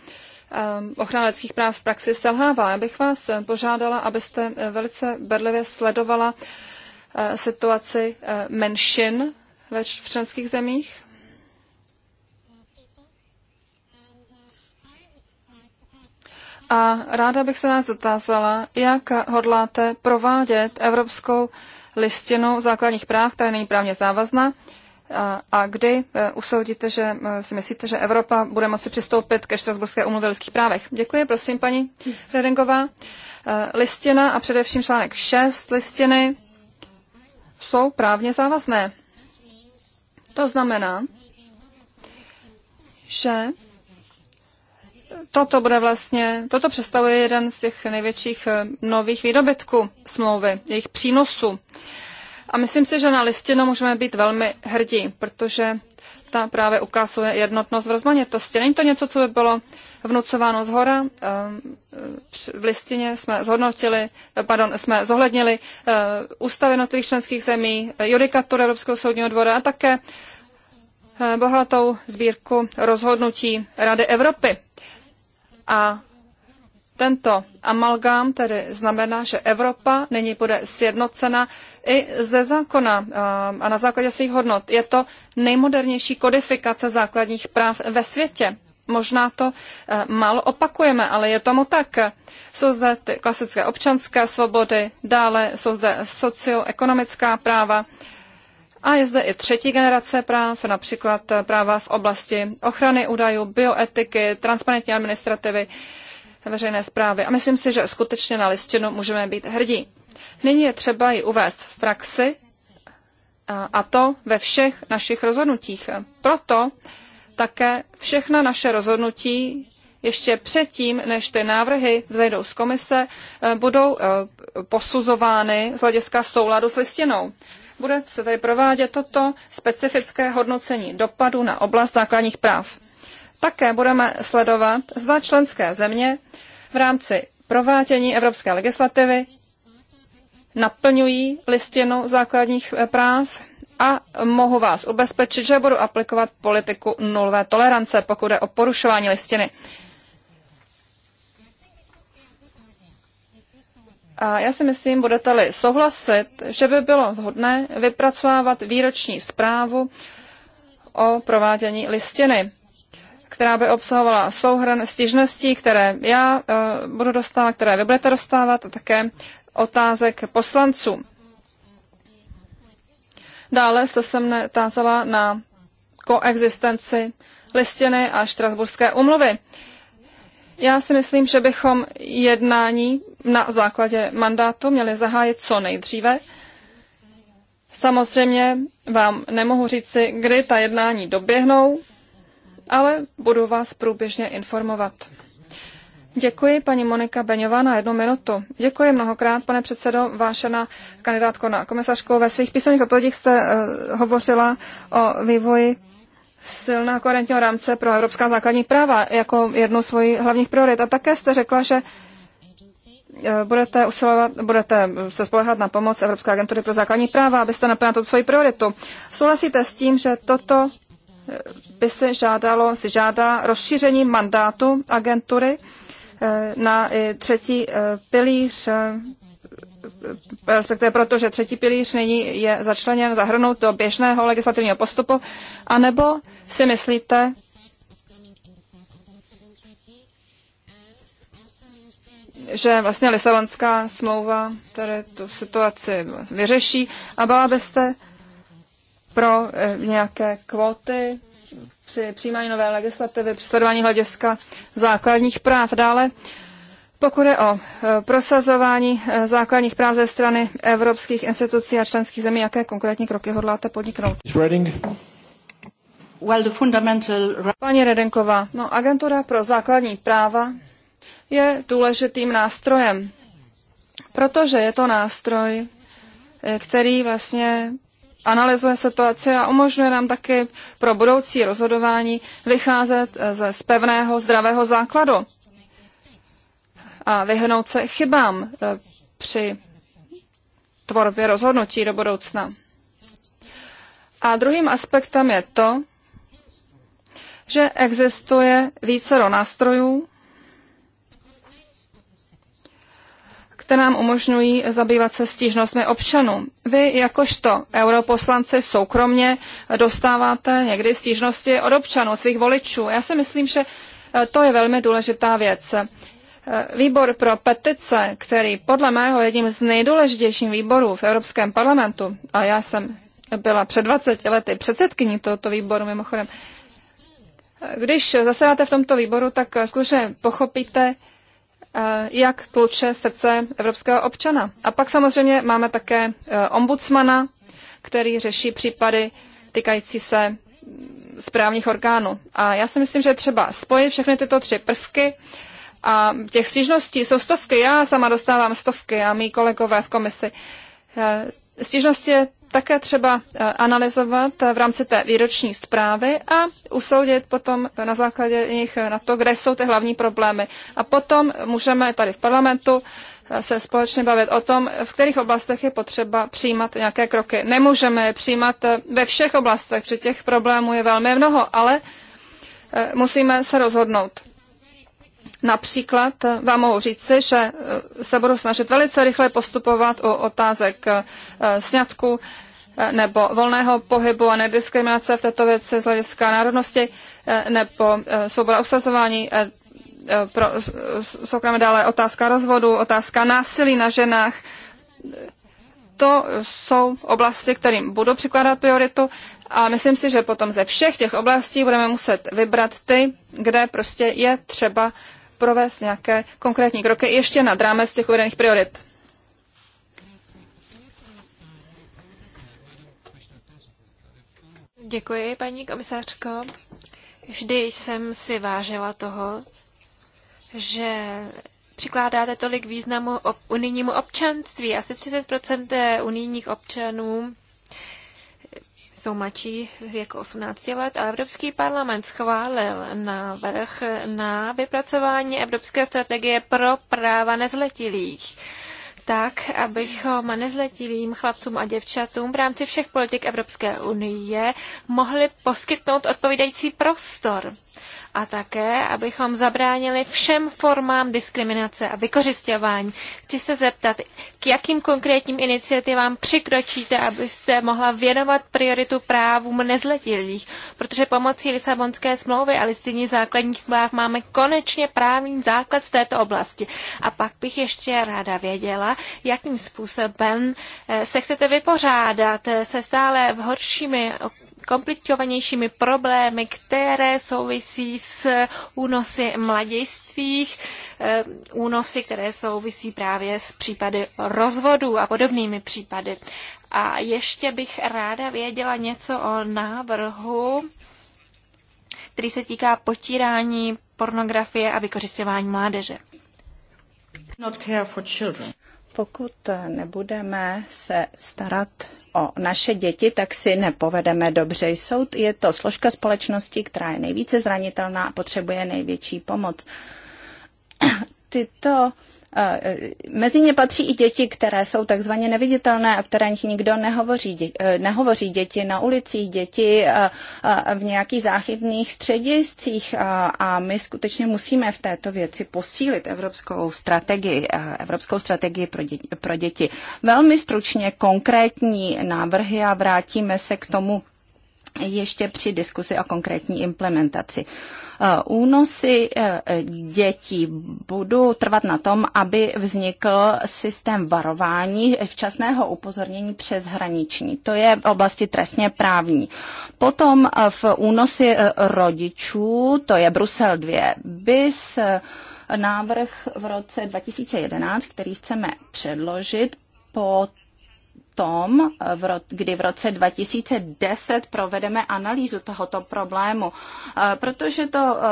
ochrana lidských práv v praxi selhává. Já bych vás požádala, abyste velice bedlivě sledovala Eh, situaci eh, menšin ve členských zemích. A ráda bych se vás dotázala, jak hodláte provádět Evropskou listinu základních práv, která není právně závazná, a, a kdy eh, usoudíte, že si myslíte, že Evropa bude moci přistoupit ke Štrasburské umluvě o lidských právech. Děkuji, prosím, paní Redingová. Listina a především článek 6 listiny jsou právně závazné. To znamená, že toto bude vlastně, toto představuje jeden z těch největších eh, nových výdobytků smlouvy, jejich přínosu. A myslím si, že na listinu můžeme být velmi hrdí, protože ta právě ukazuje jednotnost v rozmanitosti. Není to něco, co by bylo vnucováno z hora. Ehm, v listině jsme zhodnotili, eh, pardon, jsme zohlednili eh, ústavy jednotlivých členských zemí, eh, judikaturu Evropského soudního dvora a také bohatou sbírku rozhodnutí Rady Evropy. A tento amalgám tedy znamená, že Evropa nyní bude sjednocena i ze zákona ehm, a na základě svých hodnot. Je to nejmodernější kodifikace základních práv ve světě. Možná to eh, málo opakujeme, ale je tomu tak. Jsou zde ty klasické občanské svobody, dále jsou zde socioekonomická práva a je zde i třetí generace práv, například eh, práva v oblasti ochrany údajů, bioetiky, transparentní administrativy, veřejné zprávy. A myslím si, že skutečně na listinu můžeme být hrdí. Nyní je třeba ji uvést v praxi eh, a to ve všech našich rozhodnutích. Proto také všechna naše rozhodnutí ještě předtím, než ty návrhy vzejdou z komise, eh, budou eh, posuzovány z hlediska souladu s listinou. Bude se tady provádět toto specifické hodnocení dopadu na oblast základních práv. Také budeme sledovat, zda členské země v rámci provádění evropské legislativy naplňují listinu základních eh, práv a mohu vás ubezpečit, že budu aplikovat politiku nulové tolerance, pokud je o porušování listiny. A já si myslím, budete-li souhlasit, že by bylo vhodné vypracovávat výroční zprávu o provádění listiny, která by obsahovala souhrn stížností, které já uh, budu dostávat, které vy budete dostávat, a také otázek poslanců. Dále jste se mne tázala na koexistenci listiny a štrasburské umluvy. Já si myslím, že bychom jednání na základě mandátu měli zahájit co nejdříve. Samozřejmě vám nemohu říci, kdy ta jednání doběhnou, ale budu vás průběžně informovat. Děkuji, paní Monika Beňová, na jednu minutu. Děkuji mnohokrát, pane předsedo, vášená kandidátko na komisařku. Ve svých písemných odpovědích jste uh, hovořila o vývoji silná koherentního rámce pro evropská základní práva jako jednu z svojich hlavních priorit. A také jste řekla, že eh, budete, usilovat, budete eh, se spolehat na pomoc Evropské agentury pro základní práva, abyste naplnila tuto svoji prioritu. Souhlasíte s tím, že toto by se žádalo, si žádá rozšíření mandátu agentury Eh, na eh, třetí eh, pilíř, respektive proto, že třetí pilíř nyní je začleněn, zahrnout do běžného legislativního postupu, anebo si myslíte, že vlastně Lisabonská smlouva tady tu situaci vyřeší a byla byste pro nějaké kvóty při přijímání nové legislativy, při sledování hlediska základních práv. Dále, pokud je o e, prosazování e, základních práv ze strany evropských institucí a členských zemí, jaké konkrétní kroky hodláte podniknout? Well, the fundamental... Paní Redenková, no, agentura pro základní práva je důležitým nástrojem, protože je to nástroj, e, který vlastně analyzuje situaci a umožňuje nám taky pro budoucí rozhodování vycházet eh, ze z pevného zdravého základu a vyhnout se chybám eh, při tvorbě rozhodnutí do budoucna. A druhým aspektem je to, že existuje vícero nástrojů, které nám umožňují zabývat se stížnostmi občanů. Vy jakožto europoslanci soukromně dostáváte někdy stížnosti od občanů, od svých voličů. Já si myslím, že eh, to je velmi důležitá věc. Eh, výbor pro petice, který podle mého jedním z nejdůležitějších výborů v Evropském parlamentu, a já jsem byla před 20 lety předsedkyní tohoto výboru mimochodem, eh, když zasedáte v tomto výboru, tak skutečně pochopíte, Eh, jak tluče srdce evropského občana. A pak samozřejmě máme také eh, ombudsmana, který řeší případy týkající se mm, správních orgánů. A já si myslím, že třeba spojit všechny tyto tři prvky a těch stížností jsou stovky. Já sama dostávám stovky a mý kolegové v komisi. Eh, Stížnosti je také třeba eh, analyzovat eh, v rámci té výroční zprávy a usoudit potom na základě nich eh, na to, kde jsou ty hlavní problémy. A potom můžeme tady v parlamentu se společně bavit o tom, v kterých oblastech je potřeba přijímat nějaké kroky. Nemůžeme je přijímat ve všech oblastech, protože těch problémů je velmi mnoho, ale musíme se rozhodnout. Například eh, vám mohu říci, že eh, se budu snažit velice rychle postupovat u otázek eh, sňatku nebo volného pohybu a nediskriminace v této věci z hlediska národnosti nebo svoboda usazování pro soukromé dále otázka rozvodu, otázka násilí na ženách. To jsou oblasti, kterým budu přikládat prioritu a myslím si, že potom ze všech těch oblastí budeme muset vybrat ty, kde prostě je třeba provést nějaké konkrétní kroky ještě nad rámec těch uvedených priorit. Děkuji, paní komisářko. Vždy jsem si vážila toho, že přikládáte tolik významu unijnímu občanství. Asi 30 unijních občanů jsou mladší jako 18 let, a Evropský parlament schválil návrh na vypracování Evropské strategie pro práva nezletilých tak, abychom nezletilým chlapcům a děvčatům v rámci všech politik Evropské unie mohli poskytnout odpovídající prostor a také, abychom zabránili všem formám diskriminace a vykořišťování. Chci se zeptat, k jakým konkrétním iniciativám přikročíte, abyste mohla věnovat prioritu právům nezletilých, protože pomocí Lisabonské smlouvy a listiny základních práv máme konečně právní základ v této oblasti. A pak bych ještě ráda věděla, jakým způsobem eh, se chcete vypořádat eh, se stále horšími komplikovanějšími problémy, které souvisí s únosy mladistvých, eh, únosy, které souvisí právě s případy rozvodů a podobnými případy. A ještě bych ráda věděla něco o návrhu, který se týká potírání pornografie a vykořišťování mládeže. Not care for children. Pokud nebudeme se starat o naše děti, tak si nepovedeme dobře. Soud je to složka společnosti, která je nejvíce zranitelná a potřebuje největší pomoc. Tyto E, mezi ně patří i děti, které jsou takzvaně neviditelné, a které nikdo nehovoří. E, nehovoří děti na ulicích, děti e, v nějakých záchytných střediscích a my skutečně musíme v této věci posílit evropskou strategii, evropskou strategii pro děti. Pro děti. Velmi stručně konkrétní návrhy a vrátíme se k tomu ještě při diskusi o konkrétní implementaci. Eh, únosy eh, dětí budu trvat na tom, aby vznikl systém varování včasného upozornění přeshraniční. To je v oblasti trestně právní. Potom eh, v únosy rodičů, to je Brusel 2 Bys návrh v roce 2011, který chceme předložit po potom, kdy v roce 2010 provedeme analýzu tohoto problému, eh, protože to eh,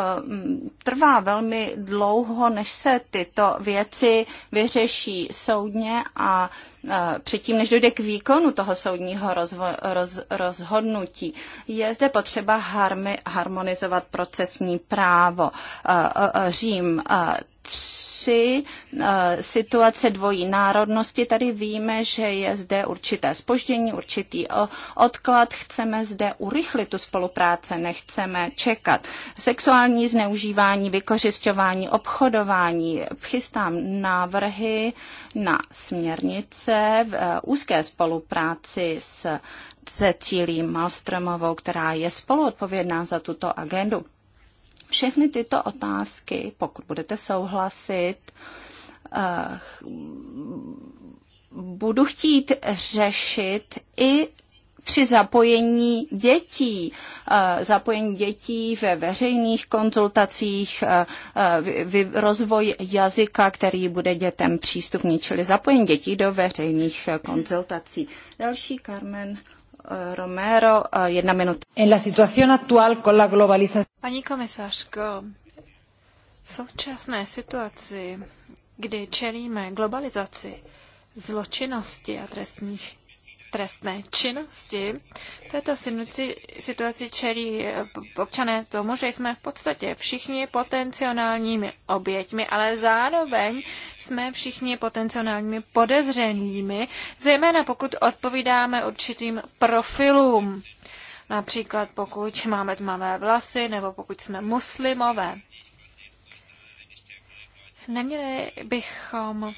trvá velmi dlouho, než se tyto věci vyřeší soudně a předtím, než dojde k výkonu toho soudního rozvo- roz- rozhodnutí. Je zde potřeba harmi- harmonizovat procesní právo. Řím tři situace dvojí národnosti. Tady víme, že je zde určité spoždění, určitý odklad. Chceme zde urychlit tu spolupráce, nechceme čekat. Sexuální zneužívání, vykořišťování, obchodování. Chystám návrhy na směrnice v eh, úzké spolupráci s Cecílí Malstromovou, která je spoluodpovědná za tuto agendu. Všechny tyto otázky, pokud budete souhlasit, eh, budu chtít řešit i při zapojení dětí, eh, zapojení dětí ve veřejných konzultacích, eh, eh, rozvoj jazyka, který bude dětem přístupný, čili zapojení dětí do veřejných konzultací. Další Carmen. Romero, jedna minuta. En la situación actual con la globalización. Paní komisařko, v současné situaci, kdy čelíme globalizaci, zločinnosti a trestních trestné činnosti. V této situaci čelí eh, občané tomu, že jsme v podstatě všichni potenciálními oběťmi, ale zároveň jsme všichni potenciálními podezřenými, zejména pokud odpovídáme určitým profilům. Například pokud máme tmavé vlasy nebo pokud jsme muslimové. Neměli bychom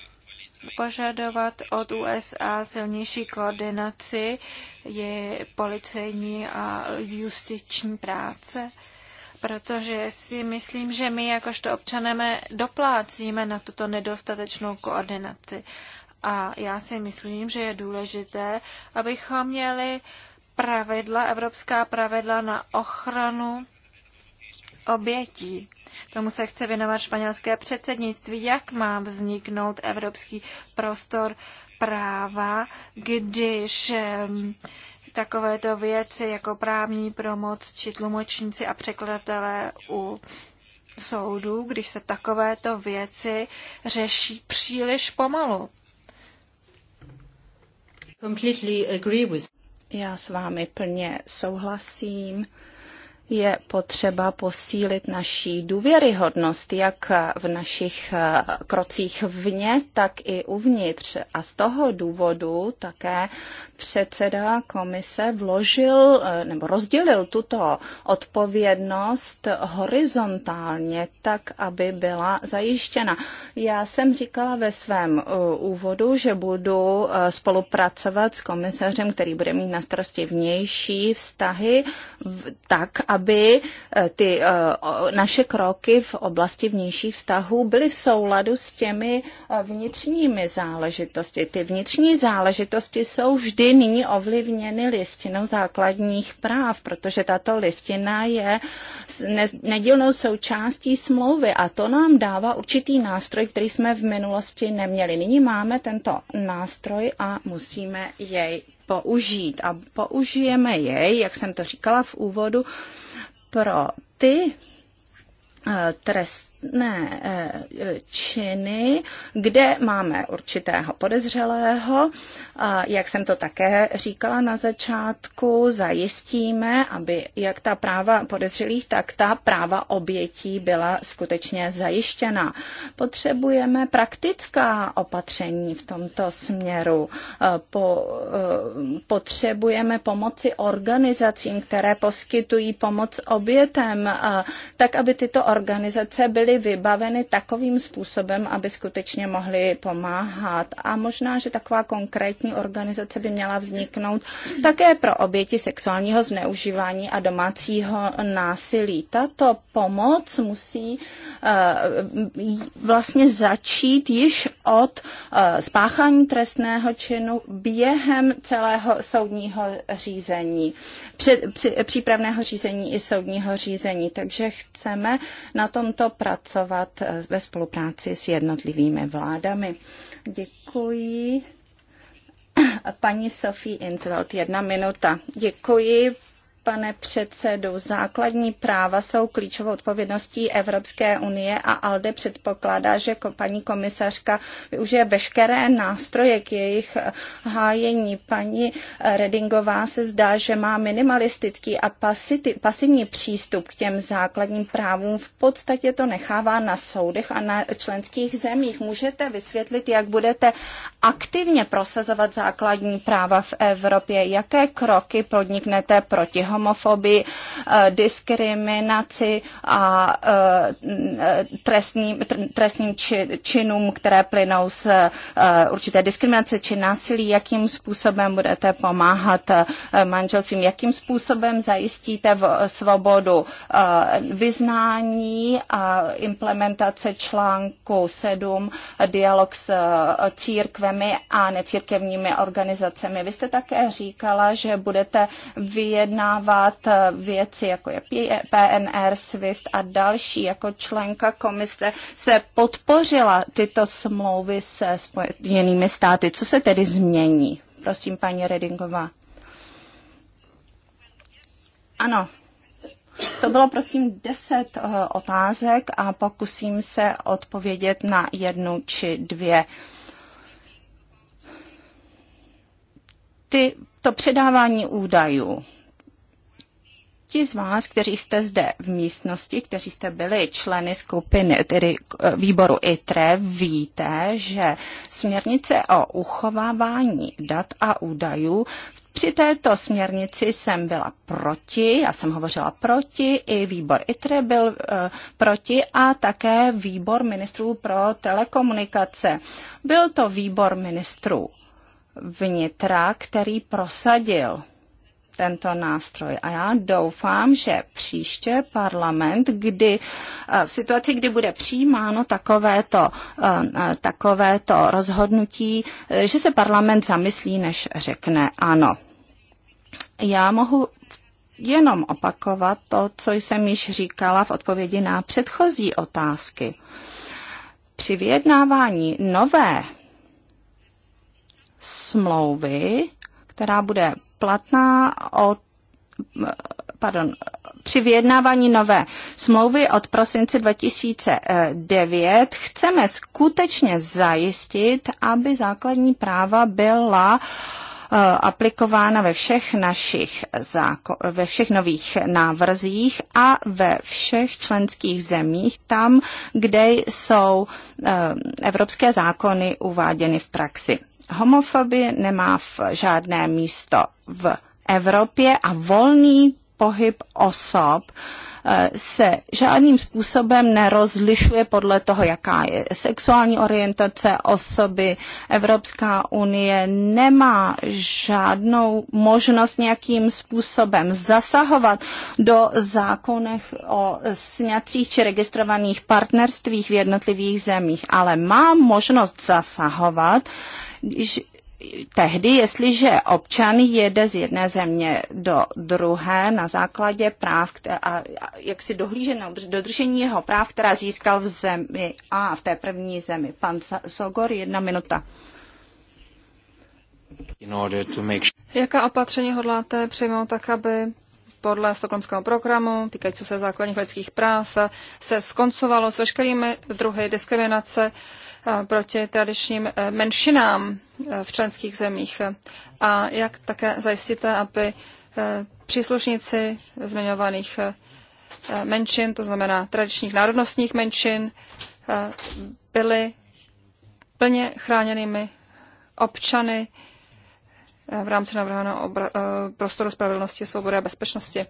požadovat od USA silnější koordinaci je policejní a justiční práce, protože si myslím, že my jakožto občané doplácíme na tuto nedostatečnou koordinaci. A já si myslím, že je důležité, abychom měli pravidla, evropská pravidla na ochranu obětí. Tomu se chce věnovat španělské předsednictví, jak má vzniknout evropský prostor práva, když takovéto věci jako právní promoc či tlumočníci a překladatelé u soudů, když se takovéto věci řeší příliš pomalu. Já s vámi plně souhlasím je potřeba posílit naší důvěryhodnost, jak v našich eh, krocích vně, tak i uvnitř. A z toho důvodu také předseda komise vložil eh, nebo rozdělil tuto odpovědnost horizontálně tak, aby byla zajištěna. Já jsem říkala ve svém eh, úvodu, že budu eh, spolupracovat s komisařem, který bude mít na starosti vnější vztahy, tak, aby ty naše kroky v oblasti vnějších vztahů byly v souladu s těmi vnitřními záležitosti. Ty vnitřní záležitosti jsou vždy nyní ovlivněny listinou základních práv, protože tato listina je nedílnou součástí smlouvy a to nám dává určitý nástroj, který jsme v minulosti neměli. Nyní máme tento nástroj a musíme jej použít. A použijeme jej, jak jsem to říkala v úvodu, pro ty eh, trest trestné eh, činy, kde máme určitého podezřelého, jak jsem to také říkala na začátku, zajistíme, aby jak ta práva podezřelých, tak ta práva obětí byla skutečně zajištěna. Potřebujeme praktická opatření v tomto směru. Eh, po, eh, potřebujeme pomoci organizacím, které poskytují pomoc obětem, tak aby tyto organizace byly byly vybaveny takovým způsobem, aby skutečně mohly pomáhat. A možná, že taková konkrétní organizace by měla vzniknout také pro oběti sexuálního zneužívání a domácího násilí. Tato pomoc musí eh, vlastně začít již od eh, spáchání trestného činu během celého soudního řízení před, při, přípravného řízení i soudního řízení. Takže chceme na tomto pracovat eh, ve spolupráci s jednotlivými vládami. Děkuji. Paní Sofie Intvelt, jedna minuta. Děkuji, pane předsedu. Základní práva jsou klíčovou odpovědností Evropské unie a ALDE předpokládá, že paní komisařka využije veškeré nástroje k jejich eh, hájení. Paní eh, Redingová se zdá, že má minimalistický a pasivní přístup k těm základním právům. V podstatě to nechává na soudech a na členských zemích. Můžete vysvětlit, jak budete aktivně prosazovat základní práva v Evropě? Jaké kroky podniknete proti homofobii? homofobii, eh, diskriminaci a eh, trestním, trestním činům, které plynou z eh, určité diskriminace či násilí, jakým způsobem budete pomáhat manželstvím, jakým způsobem zajistíte svobodu vyznání a implementace článku 7, dialog s církvemi a necírkevními organizacemi. Vy jste také říkala, že budete vyjednávat projednávat eh, věci, jako je PNR, SWIFT a další. Jako členka komise se podpořila tyto smlouvy se Spojenými státy. Co se tedy změní? Prosím, paní Redingová. Ano, to bylo prosím deset eh, otázek a pokusím se odpovědět na jednu či dvě. Ty, to předávání údajů ti z vás, kteří jste zde v místnosti, kteří jste byli členy skupiny, tedy e, výboru ITRE, víte, že směrnice o uchovávání dat a údajů při této směrnici jsem byla proti, já jsem hovořila proti, i výbor ITRE byl uh, proti a také výbor ministrů pro telekomunikace. Byl to výbor ministrů vnitra, který prosadil tento nástroj. A já doufám, že příště parlament, kdy eh, v situaci, kdy bude přijímáno takovéto, eh, eh, takovéto rozhodnutí, že se parlament zamyslí, než řekne ano. Já mohu jenom opakovat to, co jsem již říkala v odpovědi na předchozí otázky. Při vyjednávání nové smlouvy, která bude platná od pardon, při vyjednávání nové smlouvy od prosince 2009 chceme skutečně zajistit, aby základní práva byla eh, aplikována ve všech našich záko- ve všech nových návrzích a ve všech členských zemích, tam, kde jsou eh, evropské zákony uváděny v praxi homofobie nemá v žádné místo v Evropě a volný pohyb osob eh, se žádným způsobem nerozlišuje podle toho, jaká je sexuální orientace osoby. Evropská unie nemá žádnou možnost nějakým způsobem zasahovat do zákonech o sňacích či registrovaných partnerstvích v jednotlivých zemích, ale má možnost zasahovat tehdy, jestliže občan jede z jedné země do druhé na základě práv a jak si dohlíže na dodržení jeho práv, která získal v zemi A, v té první zemi. Pan Sogor, jedna minuta. Jaká opatření hodláte přijmout tak, aby podle stokholmského programu týkající se základních lidských práv se skoncovalo s veškerými druhy diskriminace proti tradičním e, menšinám e, v členských zemích a jak také zajistíte, aby e, příslušníci zmiňovaných menšin, to znamená tradičních národnostních menšin, byli plně chráněnými občany v rámci navrhovaného prostoru spravedlnosti, svobody a bezpečnosti.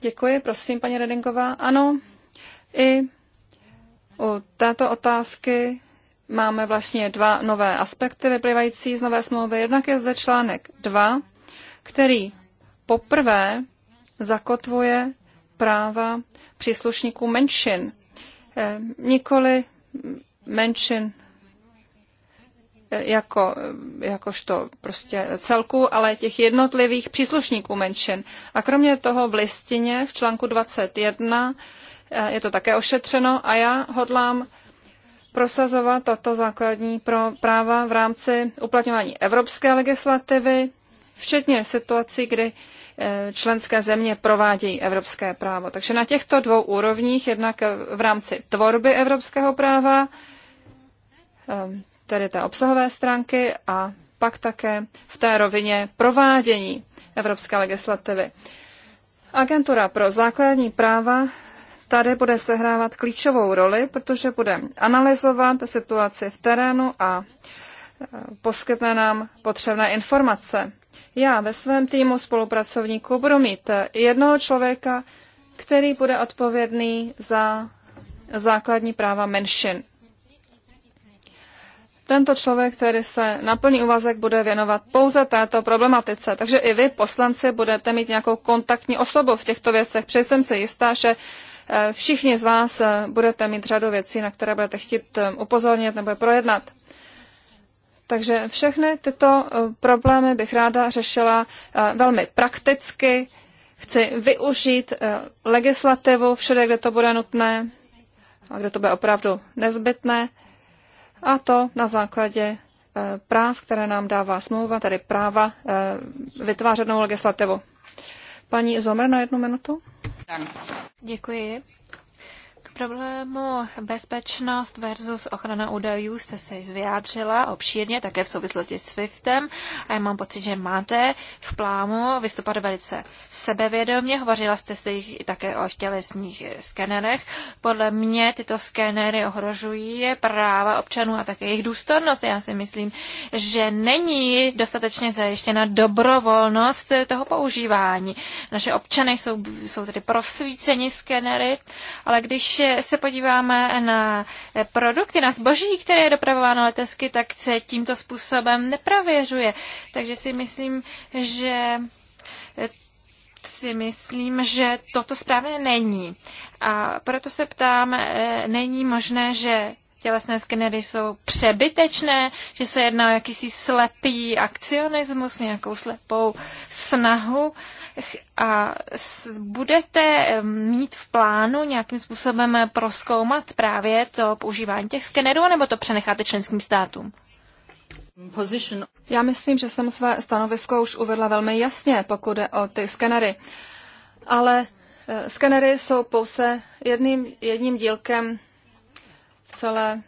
Děkuji, prosím, paní Redinková. Ano, i u této otázky máme vlastně dva nové aspekty vyplývající z nové smlouvy. Jednak je zde článek 2, který poprvé zakotvuje práva příslušníků menšin. Eh, nikoli menšin eh, jako, eh, jakožto prostě celku, ale těch jednotlivých příslušníků menšin. A kromě toho v listině v článku 21 je to také ošetřeno a já hodlám prosazovat tato základní práva v rámci uplatňování evropské legislativy, včetně situací, kdy eh, členské země provádějí evropské právo. Takže na těchto dvou úrovních, jednak v rámci tvorby evropského práva, ehm, tedy té obsahové stránky, a pak také v té rovině provádění evropské legislativy. Agentura pro základní práva tady bude sehrávat klíčovou roli, protože bude analyzovat situaci v terénu a e, poskytne nám potřebné informace. Já ve svém týmu spolupracovníků budu mít jednoho člověka, který bude odpovědný za základní práva menšin. Tento člověk, který se na plný úvazek bude věnovat pouze této problematice. Takže i vy, poslanci, budete mít nějakou kontaktní osobu v těchto věcech. Přeji jsem si jistá, že Eh, všichni z vás eh, budete mít řadu věcí, na které budete chtít eh, upozornit nebo projednat. Takže všechny tyto problémy bych ráda řešila velmi prakticky. Chci využít legislativu všude, kde to bude nutné a kde to bude opravdu nezbytné. A to na základě práv, které nám dává smlouva, tedy práva vytvářenou legislativu. Paní Zomr na jednu minutu. Děkuji problému bezpečnost versus ochrana údajů jste se vyjádřila obšírně, také v souvislosti s SWIFTem a já mám pocit, že máte v plánu vystupovat velice sebevědomě. Hovořila jste se jich také o tělesních skenerech. Podle mě tyto skenery ohrožují práva občanů a také jejich důstojnost. Já si myslím, že není dostatečně zajištěna dobrovolnost toho používání. Naše občany jsou, jsou tedy prosvíceni skenery, ale když se podíváme na produkty, na zboží, které je dopravováno letesky, tak se tímto způsobem neprověřuje. Takže si myslím, že si myslím, že toto správně není. A proto se ptám, není možné, že tělesné skenery jsou přebytečné, že se jedná o jakýsi slepý akcionismus, nějakou slepou snahu a budete mít v plánu nějakým způsobem proskoumat právě to používání těch skenerů, nebo to přenecháte členským státům? Já myslím, že jsem své stanovisko už uvedla velmi jasně, pokud jde o ty skenery. Ale eh, skenery jsou pouze jedním jedním dílkem celé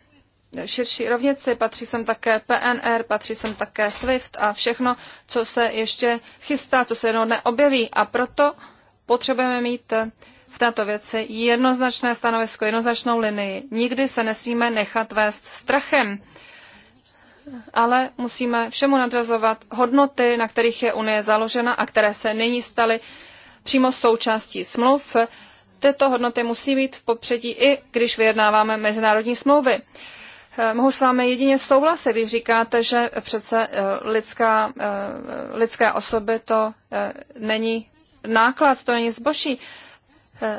širší rovnici, patří sem také PNR, patří sem také SWIFT a všechno, co se ještě chystá, co se jednou neobjeví. A proto potřebujeme mít v této věci jednoznačné stanovisko, jednoznačnou linii. Nikdy se nesmíme nechat vést strachem, ale musíme všemu nadrazovat hodnoty, na kterých je Unie založena a které se nyní staly přímo součástí smluv, tyto hodnoty musí být v popředí i když vyjednáváme mezinárodní smlouvy. Eh, mohu s vámi jedině souhlasit, když říkáte, že přece eh, lidská, eh, lidské osoby to není náklad, to není zboží.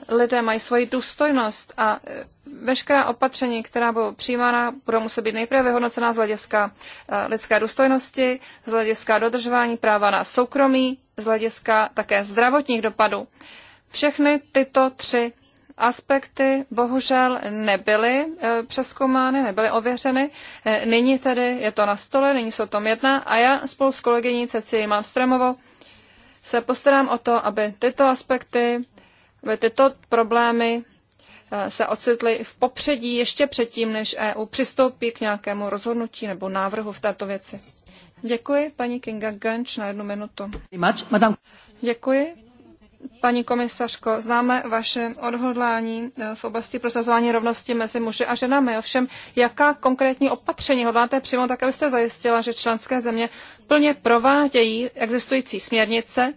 Lidé mají svoji důstojnost a veškerá opatření, která budou přijímána, budou muset být nejprve vyhodnocena z hlediska lidské důstojnosti, z hlediska dodržování práva na soukromí, z hlediska také zdravotních dopadů. Všechny tyto tři aspekty bohužel nebyly e, přeskoumány, nebyly ověřeny. E, nyní tedy je to na stole, nyní se o tom jedná a já spolu s kolegyní Cecilí Malmstromovou se postarám o to, aby tyto aspekty, aby tyto problémy e, se ocitly v popředí ještě předtím, než EU přistoupí k nějakému rozhodnutí nebo návrhu v této věci. Děkuji, paní Kinga Gönč, na jednu minutu. Děkuji, Paní komisařko, známe vaše odhodlání eh, v oblasti prosazování rovnosti mezi muži a ženami. Ovšem, jaká konkrétní opatření hodláte přímo? tak abyste zajistila, že členské země plně provádějí existující směrnice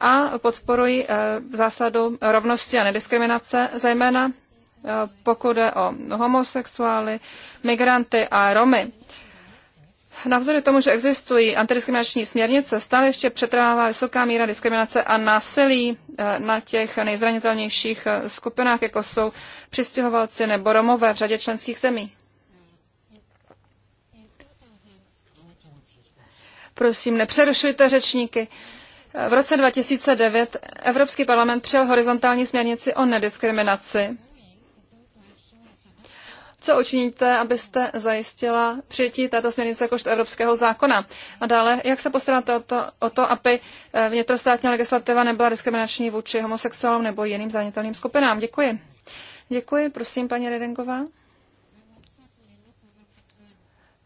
a podporují eh, zásadu rovnosti a nediskriminace, zejména eh, pokud jde o homosexuály, migranty a Romy. Navzory tomu, že existují antidiskriminační směrnice, stále ještě přetrvává vysoká míra diskriminace a násilí eh, na těch nejzranitelnějších eh, skupinách, jako jsou přistěhovalci nebo Romové v řadě členských zemí. Prosím, nepřerušujte řečníky. Eh, v roce 2009 Evropský parlament přijal horizontální směrnici o nediskriminaci co učiníte, abyste zajistila přijetí této směrnice jakožto evropského zákona? A dále, jak se postaráte o to, o to aby eh, vnitrostátní legislativa nebyla diskriminační vůči homosexuálům nebo jiným zranitelným skupinám? Děkuji. Děkuji, prosím, paní Redengová. Um,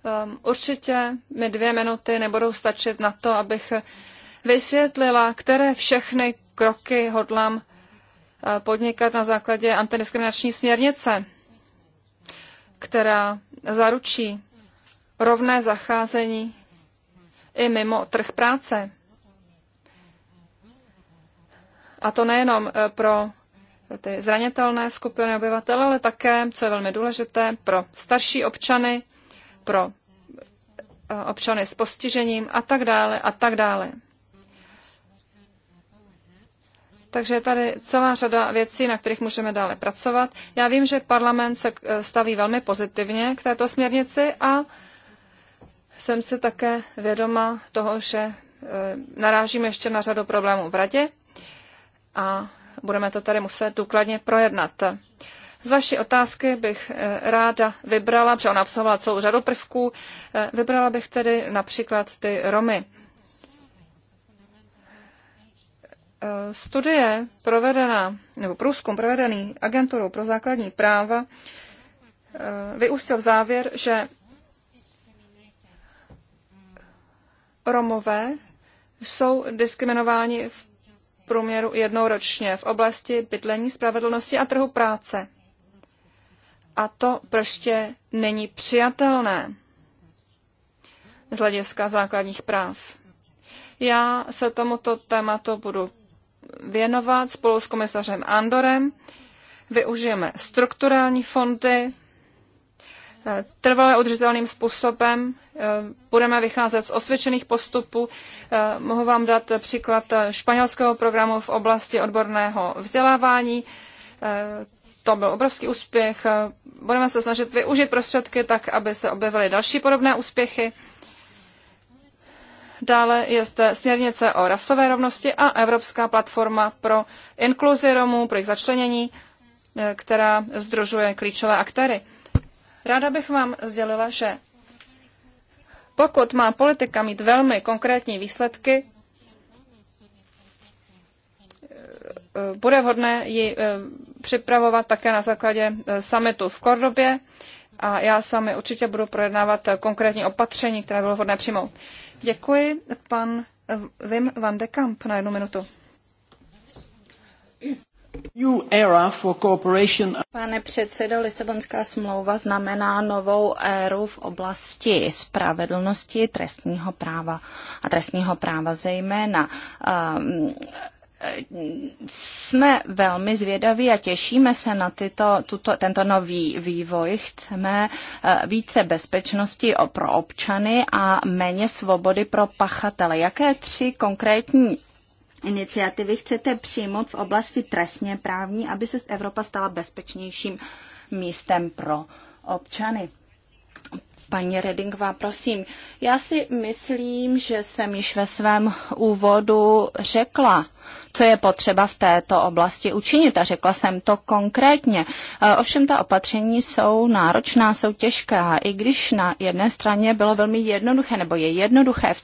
ehm, určitě mi dvě minuty nebudou stačit na to, abych vysvětlila, které všechny kroky hodlám eh, podnikat na základě antidiskriminační směrnice která zaručí rovné zacházení i mimo trh práce. A to nejenom eh, pro ty zranitelné skupiny obyvatel, ale také, co je velmi důležité, pro starší občany, pro eh, občany s postižením a tak dále a tak dále. Takže je tady celá řada věcí, na kterých můžeme dále pracovat. Já vím, že parlament se eh, staví velmi pozitivně k této směrnici a jsem si také vědoma toho, že eh, narážíme ještě na řadu problémů v radě a budeme to tady muset důkladně projednat. Z vaší otázky bych eh, ráda vybrala, protože ona obsahovala celou řadu prvků, vybrala bych tedy například ty Romy. Eh, studie provedená, nebo průzkum provedený agenturou pro základní práva eh, vyústil v závěr, že Romové jsou diskriminováni v průměru jednou ročně v oblasti bydlení, spravedlnosti a trhu práce. A to prostě není přijatelné z hlediska základních práv. Já se tomuto tématu budu věnovat spolu s komisařem Andorem. Využijeme strukturální fondy, eh, trvalé udržitelným způsobem. Eh, budeme vycházet z osvědčených postupů. Eh, mohu vám dát příklad španělského programu v oblasti odborného vzdělávání. To byl obrovský úspěch. Budeme se snažit využít prostředky tak, aby se objevily další podobné úspěchy. Dále je zde směrnice o rasové rovnosti a Evropská platforma pro inkluzi Romů, pro jejich začlenění, eh, která združuje klíčové aktéry. Ráda bych vám sdělila, že pokud má politika mít velmi konkrétní výsledky, eh, bude vhodné ji eh, připravovat také na základě summitu v Kordobě a já s vámi určitě budu projednávat konkrétní opatření, které bylo vhodné přijmout. Děkuji, pan Wim van de Kamp, na jednu minutu. Pane předsedo, Lisabonská smlouva znamená novou éru v oblasti spravedlnosti trestního práva a trestního práva zejména. Um, jsme velmi zvědaví a těšíme se na tyto, tuto, tento nový vývoj. Chceme eh, více bezpečnosti pro občany a méně svobody pro pachatele. Jaké tři konkrétní iniciativy chcete přijmout v oblasti trestně právní, aby se Evropa stala bezpečnějším místem pro občany? Paní Redingová, prosím. Já si myslím, že jsem již ve svém úvodu řekla co je potřeba v této oblasti učinit. A řekla jsem to konkrétně. E, ovšem ta opatření jsou náročná, jsou těžká. I když na jedné straně bylo velmi jednoduché, nebo je jednoduché v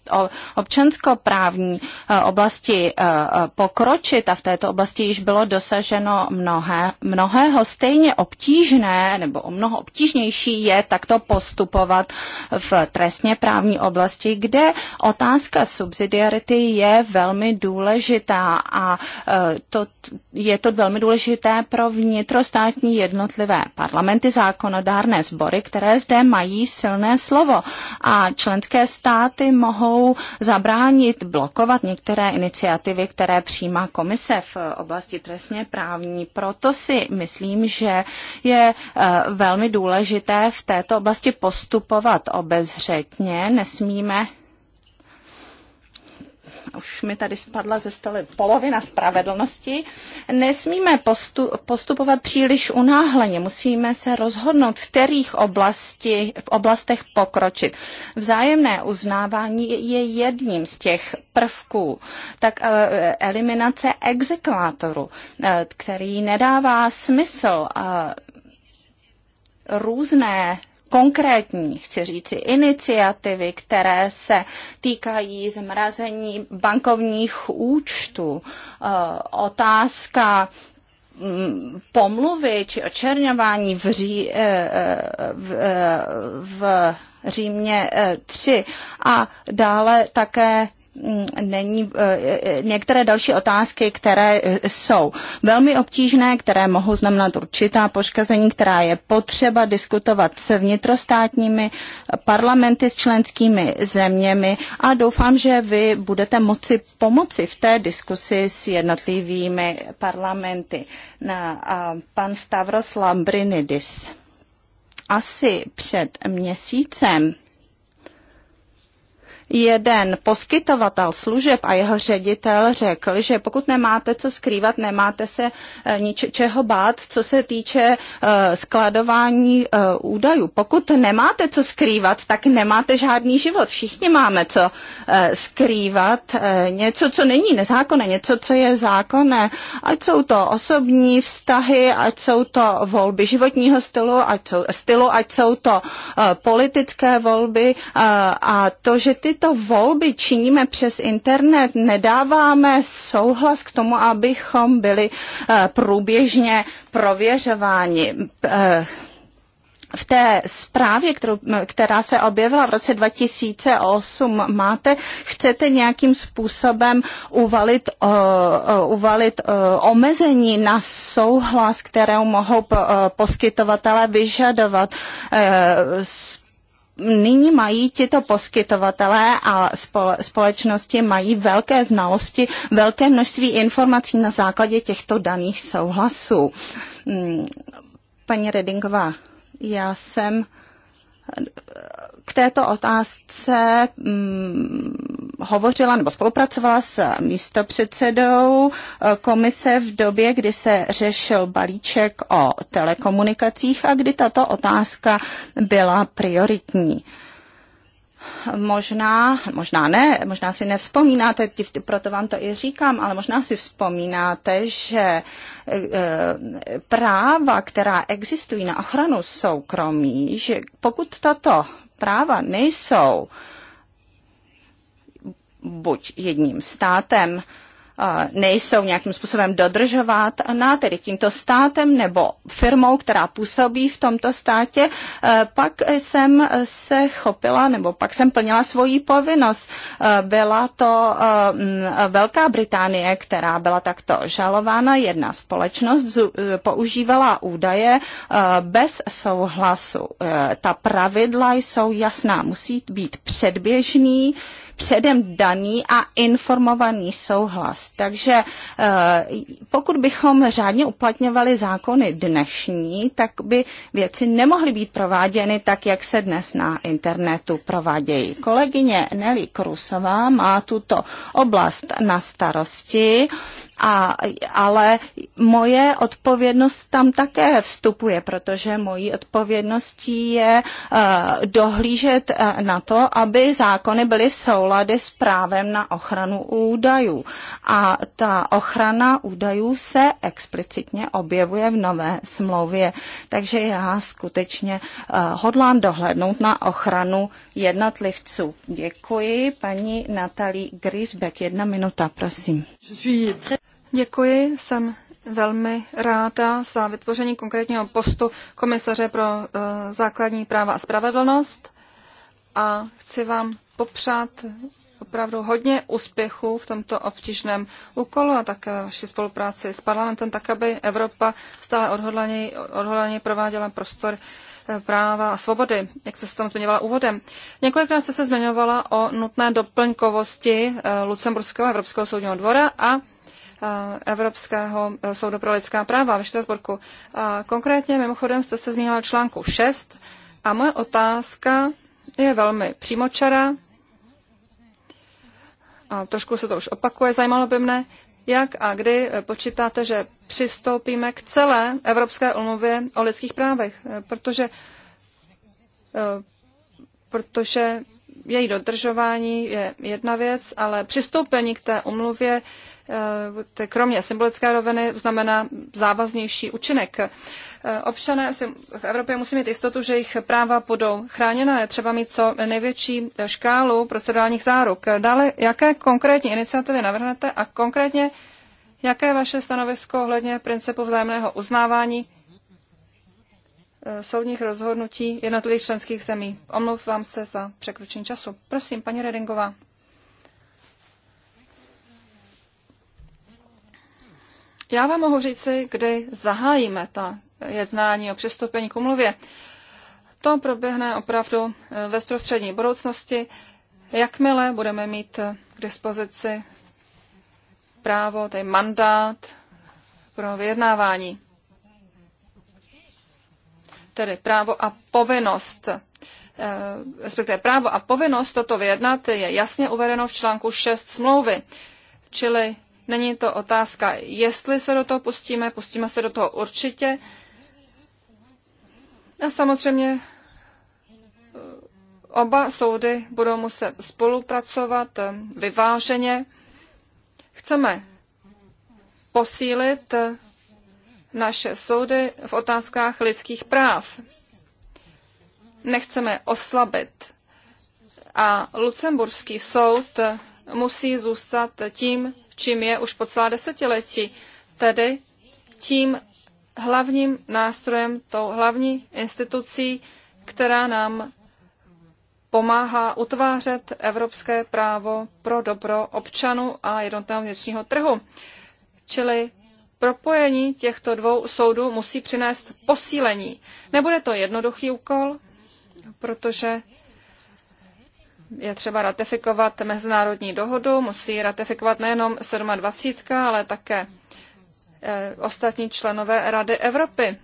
občanskoprávní e, oblasti e, pokročit a v této oblasti již bylo dosaženo mnohé, mnohého stejně obtížné, nebo o mnoho obtížnější je takto postupovat v trestně právní oblasti, kde otázka subsidiarity je velmi důležitá a, e, to, je to velmi důležité pro vnitrostátní jednotlivé parlamenty, zákonodárné sbory, které zde mají silné slovo a členské státy mohou zabránit, blokovat některé iniciativy, které přijímá komise v oblasti trestně právní. Proto si myslím, že je e, velmi důležité v této oblasti postupovat obezřetně. Nesmíme už mi tady spadla ze stole polovina spravedlnosti, nesmíme postu, postupovat příliš unáhleně. Musíme se rozhodnout, v kterých oblasti, v oblastech pokročit. Vzájemné uznávání je jedním z těch prvků. Tak eh, eliminace exekvátoru, eh, který nedává smysl eh, různé konkrétní, chci říct, iniciativy, které se týkají zmrazení bankovních účtů, eh, otázka mm, pomluvy či očerňování v, ří, eh, eh, v, v Římě 3 a dále také Mm, není eh, eh, některé další otázky, které eh, jsou velmi obtížné, které mohou znamenat určitá poškození, která je potřeba diskutovat se vnitrostátními parlamenty s členskými zeměmi a doufám, že vy budete moci pomoci v té diskusi s jednotlivými parlamenty. Na, a, pan Stavros Lambrinidis asi před měsícem jeden poskytovatel služeb a jeho ředitel řekl, že pokud nemáte co skrývat, nemáte se eh, čeho bát, co se týče eh, skladování eh, údajů. Pokud nemáte co skrývat, tak nemáte žádný život. Všichni máme co skrývat. Něco, co není nezákonné, něco, co je zákonné. Ať jsou to osobní vztahy, ať jsou to volby životního stylu, ať jsou, stylu, ať jsou to politické volby a to, že ty tyto volby činíme přes internet, nedáváme souhlas k tomu, abychom byli eh, průběžně prověřováni eh, v té zprávě, kterou, která se objevila v roce 2008, máte, chcete nějakým způsobem uvalit, uh, uvalit uh, omezení na souhlas, kterou mohou uh, poskytovatelé vyžadovat. Uh, nyní mají tito poskytovatelé a společnosti mají velké znalosti, velké množství informací na základě těchto daných souhlasů. Hmm, paní Redingová, já jsem k této otázce hmm, hovořila nebo spolupracovala s místopředsedou eh, komise v době, kdy se řešil balíček o telekomunikacích a kdy tato otázka byla prioritní možná, možná ne, možná si nevzpomínáte, proto vám to i říkám, ale možná si vzpomínáte, že eh, práva, která existují na ochranu soukromí, že pokud tato práva nejsou uh, buď jedním státem, nejsou nějakým způsobem na tedy tímto státem nebo firmou, která působí v tomto státě, pak jsem se chopila nebo pak jsem plnila svoji povinnost. Byla to Velká Británie, která byla takto žalována. Jedna společnost e, používala údaje bez souhlasu. E, ta pravidla jsou jasná, musí být předběžný předem daný a informovaný souhlas. Takže eh, pokud bychom řádně uplatňovali zákony dnešní, tak by věci nemohly být prováděny tak, jak se dnes na internetu provádějí. Kolegyně Nelly Krusová má tuto oblast na starosti a, ale moje odpovědnost tam také vstupuje, protože mojí odpovědností je uh, dohlížet uh, na to, aby zákony byly v souladu soulady s právem na ochranu údajů. A ta ochrana údajů se explicitně objevuje v nové smlouvě. Takže já skutečně eh, hodlám dohlednout na ochranu jednotlivců. Děkuji, paní Natalí Grisbeck. Jedna minuta, prosím. Děkuji, jsem velmi ráda za vytvoření konkrétního postu komisaře pro eh, základní práva a spravedlnost a chci vám popřát opravdu hodně úspěchů v tomto obtížném úkolu a také vaší spolupráci s parlamentem, tak aby Evropa stále odhodlaněji, odhodlaněji prováděla prostor eh, práva a svobody, jak se s tom zmiňovala úvodem. Několikrát jste se zmiňovala o nutné doplňkovosti eh, Lucemburského Evropského soudního dvora a eh, Evropského soudu pro lidská práva ve Štrasburku. Konkrétně mimochodem jste se zmínila článku 6 a moje otázka je velmi přímočará. A trošku se to už opakuje, zajímalo by mne, jak a kdy počítáte, že přistoupíme k celé Evropské umluvě o lidských právech, protože, eh, protože její dodržování je jedna věc, ale přistoupení k té umluvě Eh, kromě symbolické roviny znamená závaznější účinek. Eh, občané si v Evropě musí mít jistotu, že jejich práva budou chráněna. Je třeba mít co největší škálu procedurálních záruk. Dále, jaké konkrétní iniciativy navrhnete a konkrétně jaké je vaše stanovisko ohledně principu vzájemného uznávání eh, soudních rozhodnutí jednotlivých členských zemí. Omlouvám se za překročení času. Prosím, paní Redingová. Já vám mohu říci, kdy zahájíme ta jednání o přistoupení k umluvě. To proběhne opravdu eh, ve prostřední budoucnosti, jakmile budeme mít eh, k dispozici právo, tedy mandát pro vyjednávání. Tedy právo a povinnost eh, respektive právo a povinnost toto vyjednat je jasně uvedeno v článku 6 smlouvy, čili Není to otázka, jestli se do toho pustíme, pustíme se do toho určitě. A samozřejmě eh, oba soudy budou muset spolupracovat eh, vyváženě. Chceme posílit eh, naše soudy v otázkách lidských práv. Nechceme oslabit. A Lucemburský soud musí zůstat tím čím je už po celá desetiletí, tedy tím hlavním nástrojem, tou hlavní institucí, která nám pomáhá utvářet evropské právo pro dobro občanů a jednotného vnitřního trhu. Čili propojení těchto dvou soudů musí přinést posílení. Nebude to jednoduchý úkol, protože je třeba ratifikovat mezinárodní dohodu, musí ratifikovat nejenom 27, ale také eh, ostatní členové Rady Evropy.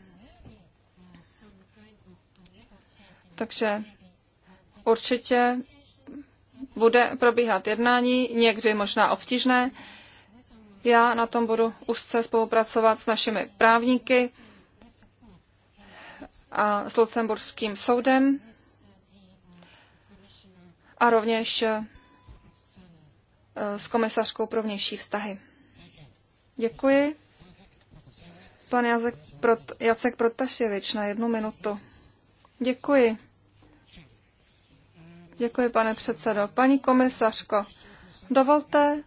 Takže určitě bude probíhat jednání, někdy možná obtížné. Já na tom budu úzce spolupracovat s našimi právníky a s Lucemburským soudem a rovněž eh, s komisařkou pro vnější vztahy. Děkuji. Pan Jacek, Prot, Jacek Protaševič na jednu minutu. Děkuji. Děkuji, pane předsedo. Paní komisařko, dovolte,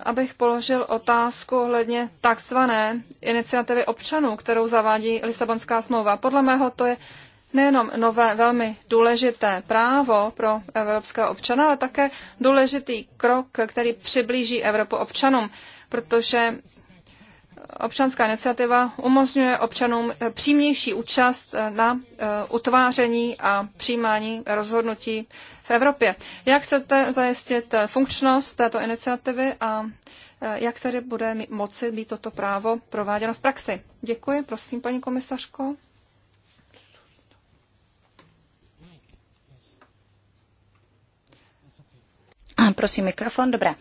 abych položil otázku ohledně takzvané iniciativy občanů, kterou zavádí Lisabonská smlouva. Podle mého to je nejenom nové velmi důležité právo pro evropského občana, ale také důležitý krok, který přiblíží Evropu občanům, protože občanská iniciativa umožňuje občanům přímější účast na eh, utváření a přijímání rozhodnutí v Evropě. Jak chcete zajistit funkčnost této iniciativy a eh, jak tedy bude moci být toto právo prováděno v praxi? Děkuji, prosím, paní komisařko. Prosím mikrofon, dobré.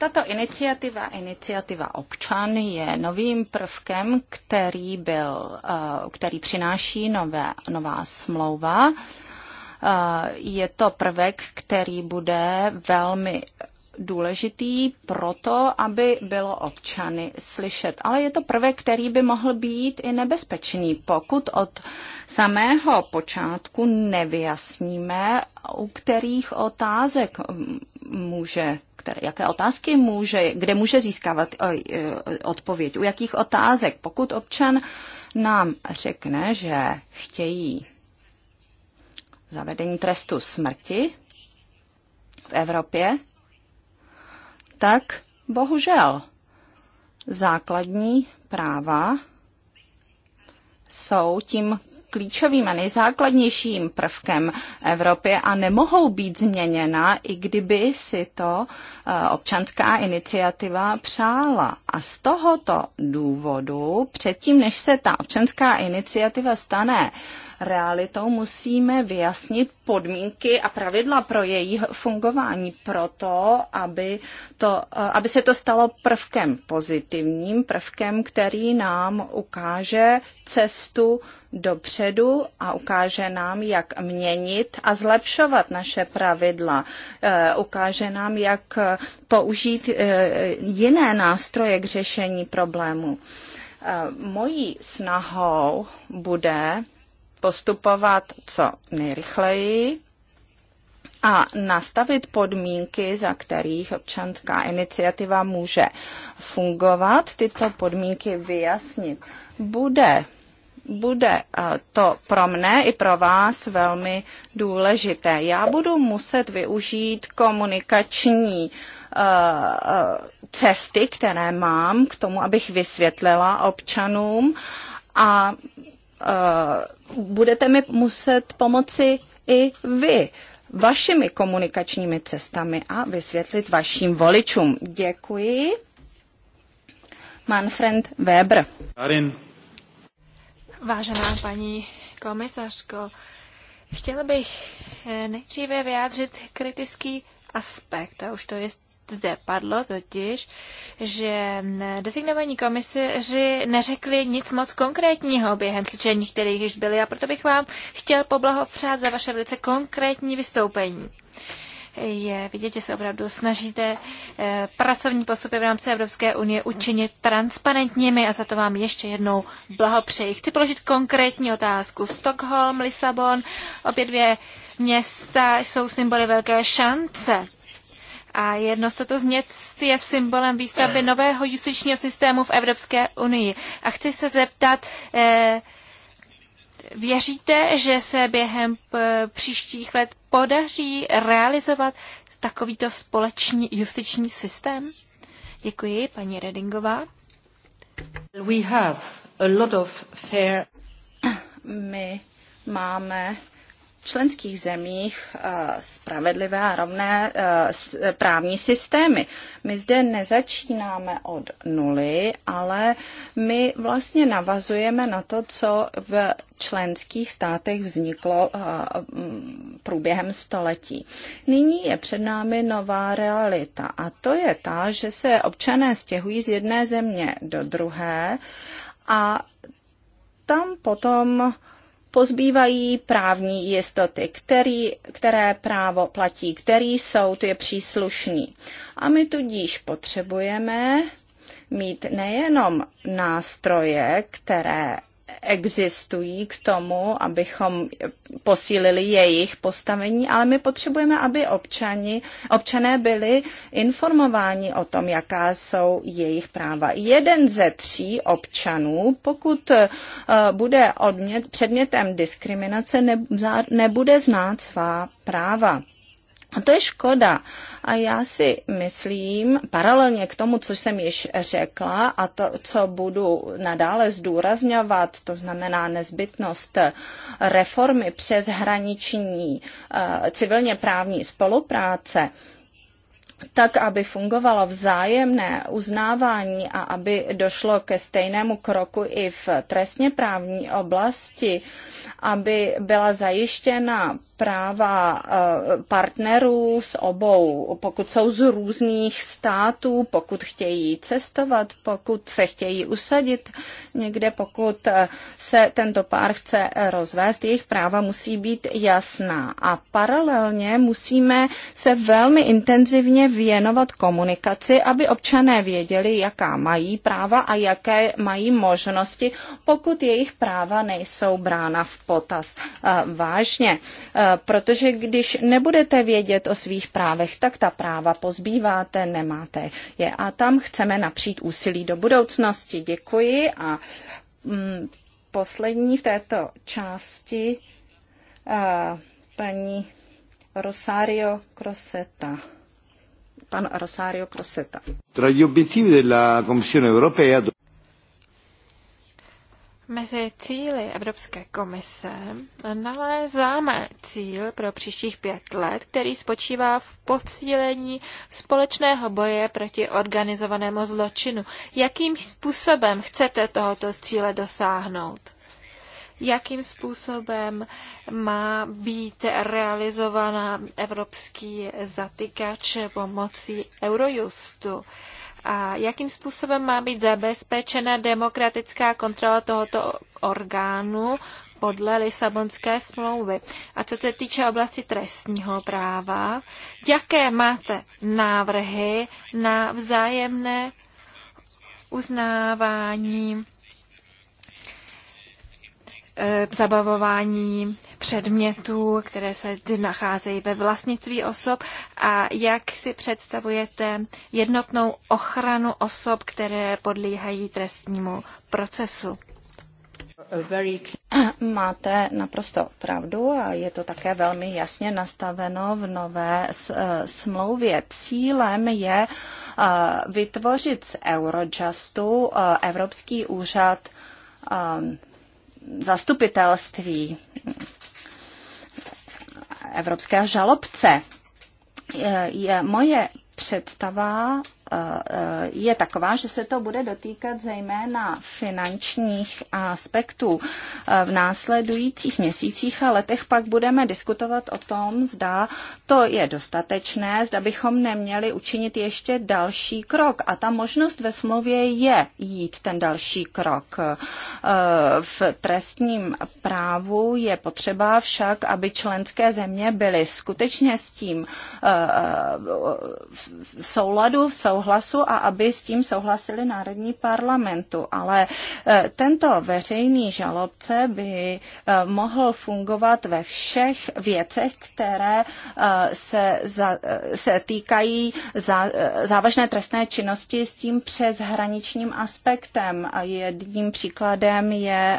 Tato iniciativa, iniciativa občan, je novým prvkem, který, byl, který přináší nové, nová smlouva. Je to prvek, který bude velmi důležitý proto, aby bylo občany slyšet. Ale je to prvek, který by mohl být i nebezpečný, pokud od samého počátku nevyjasníme, u kterých otázek může které, jaké otázky může, kde může získávat eh, eh, odpověď, u jakých otázek. Pokud občan nám řekne, že chtějí zavedení trestu smrti v Evropě, tak bohužel základní práva jsou tím klíčovým a nejzákladnějším prvkem Evropy a nemohou být změněna, i kdyby si to eh, občanská iniciativa přála. A z tohoto důvodu, předtím, než se ta občanská iniciativa stane uh, realitou, musíme vyjasnit podmínky a pravidla pro její fungování proto, aby, to, eh, aby se to stalo prvkem pozitivním, prvkem, který nám ukáže cestu dopředu a ukáže nám, jak měnit a zlepšovat naše pravidla. Eh, ukáže nám, jak použít eh, jiné nástroje k řešení problému. Mojí snahou bude postupovat co nejrychleji a nastavit podmínky, za kterých občanská iniciativa může fungovat, tyto podmínky vyjasnit. Bude bude eh, to pro mne i pro vás velmi důležité. Já budu muset využít komunikační eh, eh, cesty, které mám k tomu, abych vysvětlila občanům a Eh, budete mi muset pomoci i vy vašimi komunikačními cestami a vysvětlit vašim voličům. Děkuji. Manfred Weber. Karin. Vážená paní komisařko, chtěl bych eh, nejdříve vyjádřit kritický aspekt, a už to je zde padlo totiž, že designovaní komisaři neřekli nic moc konkrétního během slyšení, které již byly, a proto bych vám chtěl poblahopřát za vaše velice konkrétní vystoupení je vidět, že se opravdu snažíte eh, pracovní postupy v rámci Evropské unie učinit transparentními a za to vám ještě jednou blahopřeji. Chci položit konkrétní otázku. Stockholm, Lisabon, obě dvě města jsou symboly velké šance a jedno z toto změc je symbolem výstavby nového justičního systému v Evropské unii. A chci se zeptat, eh, věříte, že se během eh, příštích let podaří realizovat takovýto společný justiční systém? Děkuji, paní Redingová. We have a lot of fair... My máme členských zemích eh, spravedlivé a rovné eh, eh, právní systémy. My zde nezačínáme od nuly, ale my vlastně navazujeme na to, co v členských státech vzniklo průběhem století. Nyní je před námi nová realita a to je ta, že se občané stěhují z jedné země do druhé a tam potom pozbývají právní jistoty, který, které právo platí, který soud je příslušný. A my tudíž potřebujeme mít nejenom nástroje, které existují k tomu, abychom posílili jejich postavení, ale my potřebujeme, aby občani, občané byli informováni o tom, jaká jsou jejich práva. Jeden ze tří občanů, pokud eh, bude odmět, předmětem diskriminace, ne, nebude znát svá práva. A to je škoda. A já si myslím, paralelně k tomu, co jsem již řekla a to, co budu nadále zdůrazňovat, to znamená nezbytnost reformy přes hraniční eh, civilně právní spolupráce, tak, aby fungovalo vzájemné uznávání a aby došlo ke stejnému kroku i v trestně právní oblasti, aby byla zajištěna práva eh, partnerů z obou, pokud jsou z různých států, pokud chtějí cestovat, pokud se chtějí usadit někde, pokud eh, se tento pár chce eh, rozvést, jejich práva musí být jasná. A paralelně musíme se velmi intenzivně věnovat komunikaci, aby občané věděli, jaká mají práva a jaké mají možnosti, pokud jejich práva nejsou brána v potaz. E, vážně, e, protože když nebudete vědět o svých právech, tak ta práva pozbýváte, nemáte je. A tam chceme napřít úsilí do budoucnosti. Děkuji a mm, poslední v této části e, paní Rosario Croseta pan Rosario Croseta. Mezi cíly Evropské komise nalézáme cíl pro příštích pět let, který spočívá v posílení společného boje proti organizovanému zločinu. Jakým způsobem chcete tohoto cíle dosáhnout? jakým způsobem má být realizována evropský zatykač pomocí Eurojustu a jakým způsobem má být zabezpečena demokratická kontrola tohoto orgánu podle Lisabonské smlouvy. A co se týče oblasti trestního práva, jaké máte návrhy na vzájemné uznávání Eh, zabavování předmětů, které se nacházejí ve vlastnictví osob a jak si představujete jednotnou ochranu osob, které podlíhají trestnímu procesu. Máte naprosto pravdu a je to také velmi jasně nastaveno v nové eh, smlouvě. Cílem je eh, vytvořit z Eurojustu Evropský úřad zastupitelství evropského žalobce. Je, je moje představa Eh, je taková, že se to bude dotýkat zejména finančních aspektů. Eh, v následujících měsících a letech pak budeme diskutovat o tom, zda to je dostatečné, zda bychom neměli učinit ještě další krok. A ta možnost ve smlouvě je jít ten další krok. Eh, v trestním právu je potřeba však, aby členské země byly skutečně s tím v souladu, v souladu souhlasu a aby s tím souhlasili národní parlamentu. Ale eh, tento veřejný žalobce by eh, mohl fungovat ve všech věcech, které eh, se, za, se týkají za, závažné trestné činnosti s tím přeshraničním aspektem. Jedním příkladem je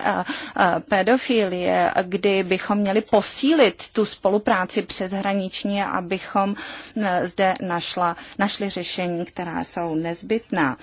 pedofilie, kdy bychom měli posílit tu spolupráci přeshraničně, abychom zde našla, našli řešení, které která jsou nezbytná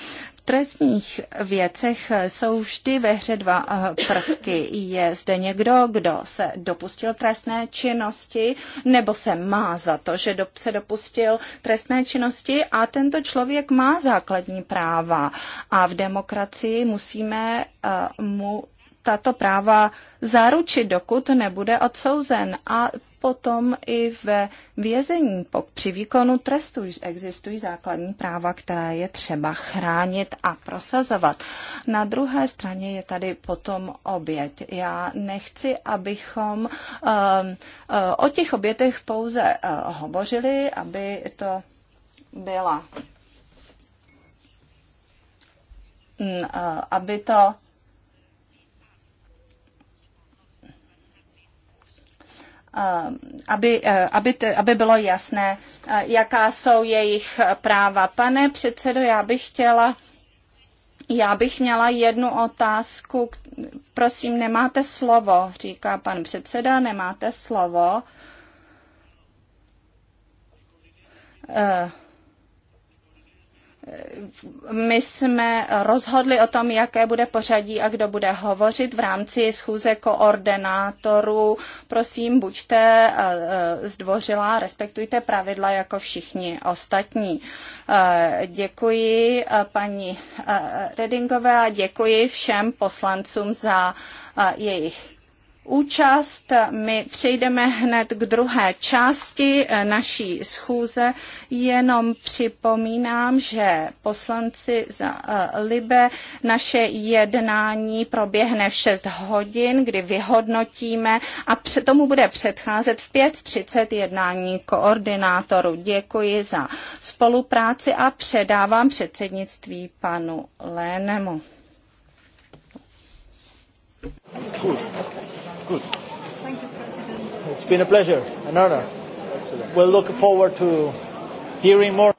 trestních věcech jsou vždy ve hře dva eh, prvky. Je zde někdo, kdo se dopustil trestné činnosti nebo se má za to, že se dopustil trestné činnosti a tento člověk má základní práva. A v demokracii musíme eh, mu tato práva zaručit, dokud nebude odsouzen. A potom i ve vězení při výkonu trestu existují základní práva, která je třeba chránit a prosazovat. Na druhé straně je tady potom oběť. Já nechci, abychom ehm, eh, o těch obětech pouze eh, hovořili, aby to byla mm, eh, aby to Eh, aby, eh, aby, aby bylo jasné, eh, jaká jsou jejich práva. Pane předsedo, já bych chtěla já bych měla jednu otázku. Prosím, nemáte slovo, říká pan předseda, nemáte slovo. Uh my jsme rozhodli o tom, jaké bude pořadí a kdo bude hovořit v rámci schůze koordinátorů. Prosím, buďte eh, eh, zdvořilá, respektujte pravidla jako všichni ostatní. Eh, děkuji paní Redingové a děkuji všem poslancům za jejich účast. My přejdeme hned k druhé části eh, naší schůze. Jenom připomínám, že poslanci z eh, Libe naše jednání proběhne v 6 hodin, kdy vyhodnotíme a tomu bude předcházet v 5.30 jednání koordinátoru. Děkuji za spolupráci a předávám předsednictví panu Lénemu. Cool. Good. Thank you, President. It's been a pleasure, an honor. Excellent. We'll look forward to hearing more.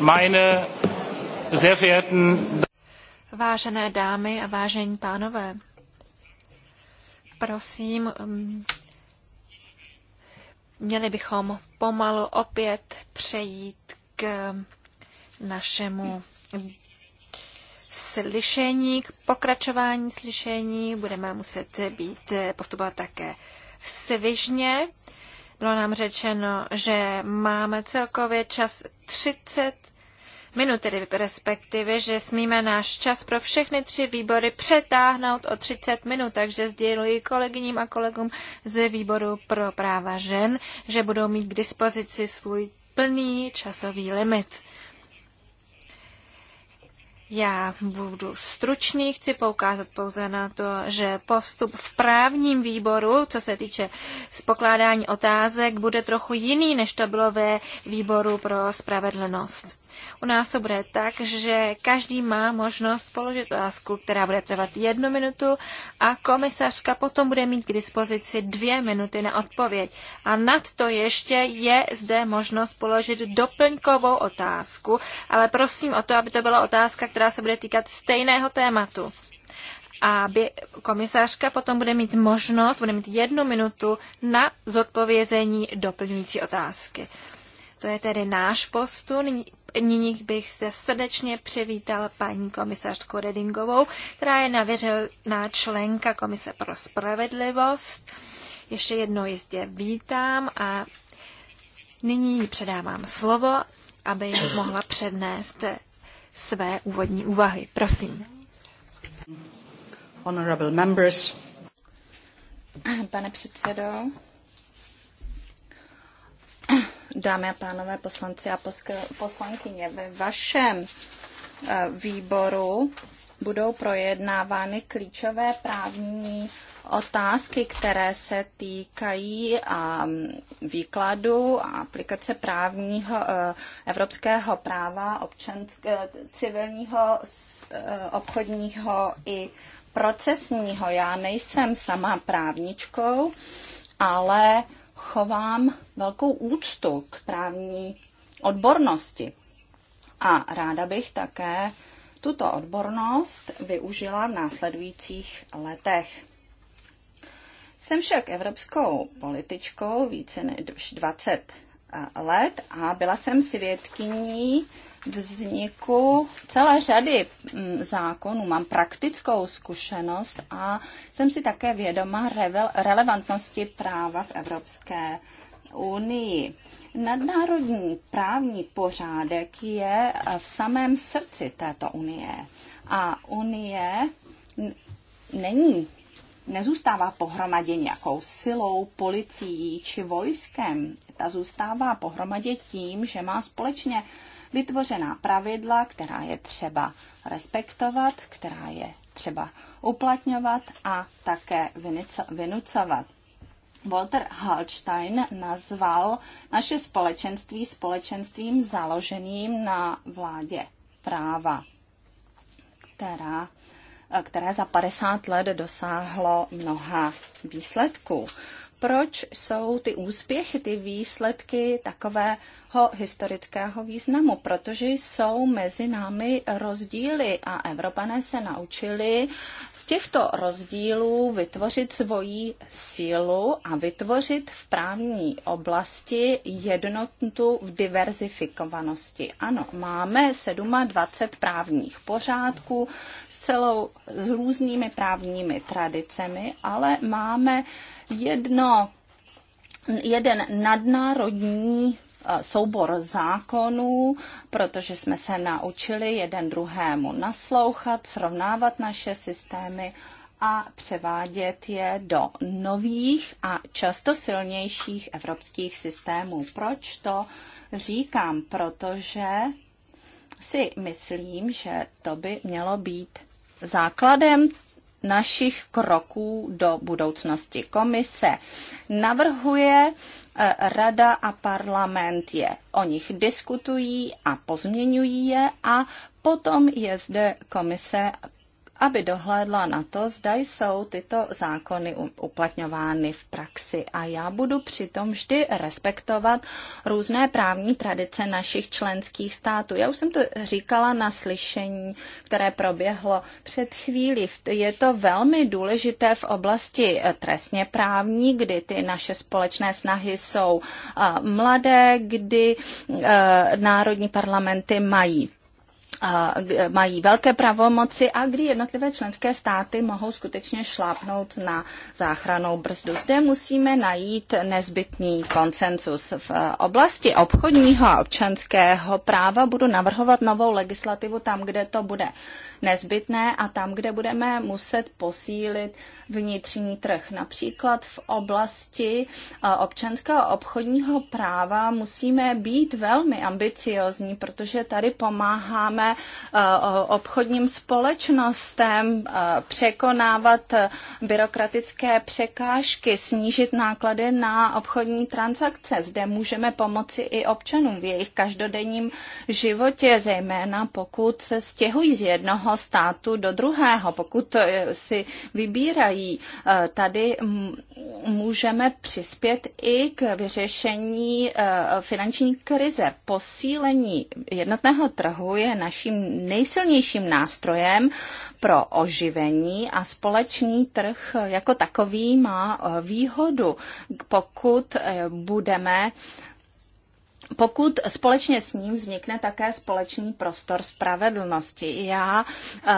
meine sehr verehrten Vážené dámy a vážení pánové, prosím, um, měli bychom pomalu opět přejít k našemu slyšení, k pokračování slyšení. Budeme muset být eh, postupovat také svižně. Bylo nám řečeno, že máme celkově čas 30 minut, tedy respektive, že smíme náš čas pro všechny tři výbory přetáhnout o 30 minut, takže sděluji kolegyním a kolegům z výboru pro práva žen, že budou mít k dispozici svůj plný časový limit. Já budu stručný, chci poukázat pouze na to, že postup v právním výboru, co se týče spokládání otázek, bude trochu jiný, než to bylo ve výboru pro spravedlnost. U nás to bude tak, že každý má možnost položit otázku, která bude trvat jednu minutu a komisařka potom bude mít k dispozici dvě minuty na odpověď. A nad to ještě je zde možnost položit doplňkovou otázku, ale prosím o to, aby to byla otázka, která se bude týkat stejného tématu a komisařka potom bude mít možnost, bude mít jednu minutu na zodpovězení doplňující otázky. To je tedy náš postup. Nyní, Nyní bych se srdečně přivítal paní komisařku Redingovou, která je navěřená členka Komise pro spravedlivost. Ještě jednou jistě vítám a nyní předávám slovo, aby mohla přednést své úvodní úvahy. Prosím. Honorable members. Pane předsedo, dámy a pánové, poslanci a poslankyně, ve vašem eh, výboru budou projednávány klíčové právní otázky, které se týkají ehm, výkladu a aplikace právního eh, evropského práva, občanské, eh, civilního, obchodního i procesního. Já nejsem sama právničkou, ale chovám velkou úctu k právní odbornosti. A ráda bych také tuto odbornost využila v následujících letech. Jsem však evropskou političkou více než 20 let a byla jsem svědkyní vzniku celé řady mm, zákonů. Mám praktickou zkušenost a jsem si také vědoma relevantnosti práva v Evropské unii. Nadnárodní právní pořádek je v samém srdci této unie. A unie není, nezůstává pohromadě nějakou silou, policií či vojskem. Ta zůstává pohromadě tím, že má společně vytvořená pravidla, která je třeba respektovat, která je třeba uplatňovat a také vynucovat. Walter Hallstein nazval naše společenství společenstvím založeným na vládě práva, která, které za 50 let dosáhlo mnoha výsledků proč jsou ty úspěchy, ty výsledky takového historického významu, protože jsou mezi námi rozdíly a Evropané se naučili z těchto rozdílů vytvořit svoji sílu a vytvořit v právní oblasti jednotu v diverzifikovanosti. Ano, máme 27 právních pořádků, celou s různými právními tradicemi, ale máme jedno, jeden nadnárodní eh, soubor zákonů, protože jsme se naučili jeden druhému naslouchat, srovnávat naše systémy a převádět je do nových a často silnějších evropských systémů. Proč to říkám? Protože si myslím, že to by mělo být základem našich kroků do budoucnosti. Komise navrhuje, eh, rada a parlament je o nich diskutují a pozměňují je a potom je zde komise aby dohlédla na to, zda jsou tyto zákony uplatňovány v praxi. A já budu přitom vždy respektovat různé právní tradice našich členských států. Já už jsem to říkala na slyšení, které proběhlo před chvílí. Je to velmi důležité v oblasti eh, trestně právní, kdy ty naše společné snahy jsou eh, mladé, kdy eh, národní parlamenty mají mají velké pravomoci a kdy jednotlivé členské státy mohou skutečně šlápnout na záchranou brzdu. Zde musíme najít nezbytný koncensus. V e, oblasti obchodního a občanského práva budu navrhovat novou legislativu tam, kde to bude nezbytné a tam, kde budeme muset posílit vnitřní trh. Například v oblasti e, občanského obchodního práva musíme být velmi ambiciozní, protože tady pomáháme Eh, obchodním společnostem, eh, překonávat eh, byrokratické překážky, snížit náklady na obchodní transakce. Zde můžeme pomoci i občanům v jejich každodenním životě, zejména pokud se stěhují z jednoho státu do druhého, pokud si vybírají. Tady můžeme přispět i k vyřešení finanční krize. Posílení jednotného trhu je naš naším nejsilnějším nástrojem pro oživení a společný trh jako takový má eh, výhodu, pokud eh, budeme pokud společně s ním vznikne také společný prostor spravedlnosti. Já uh,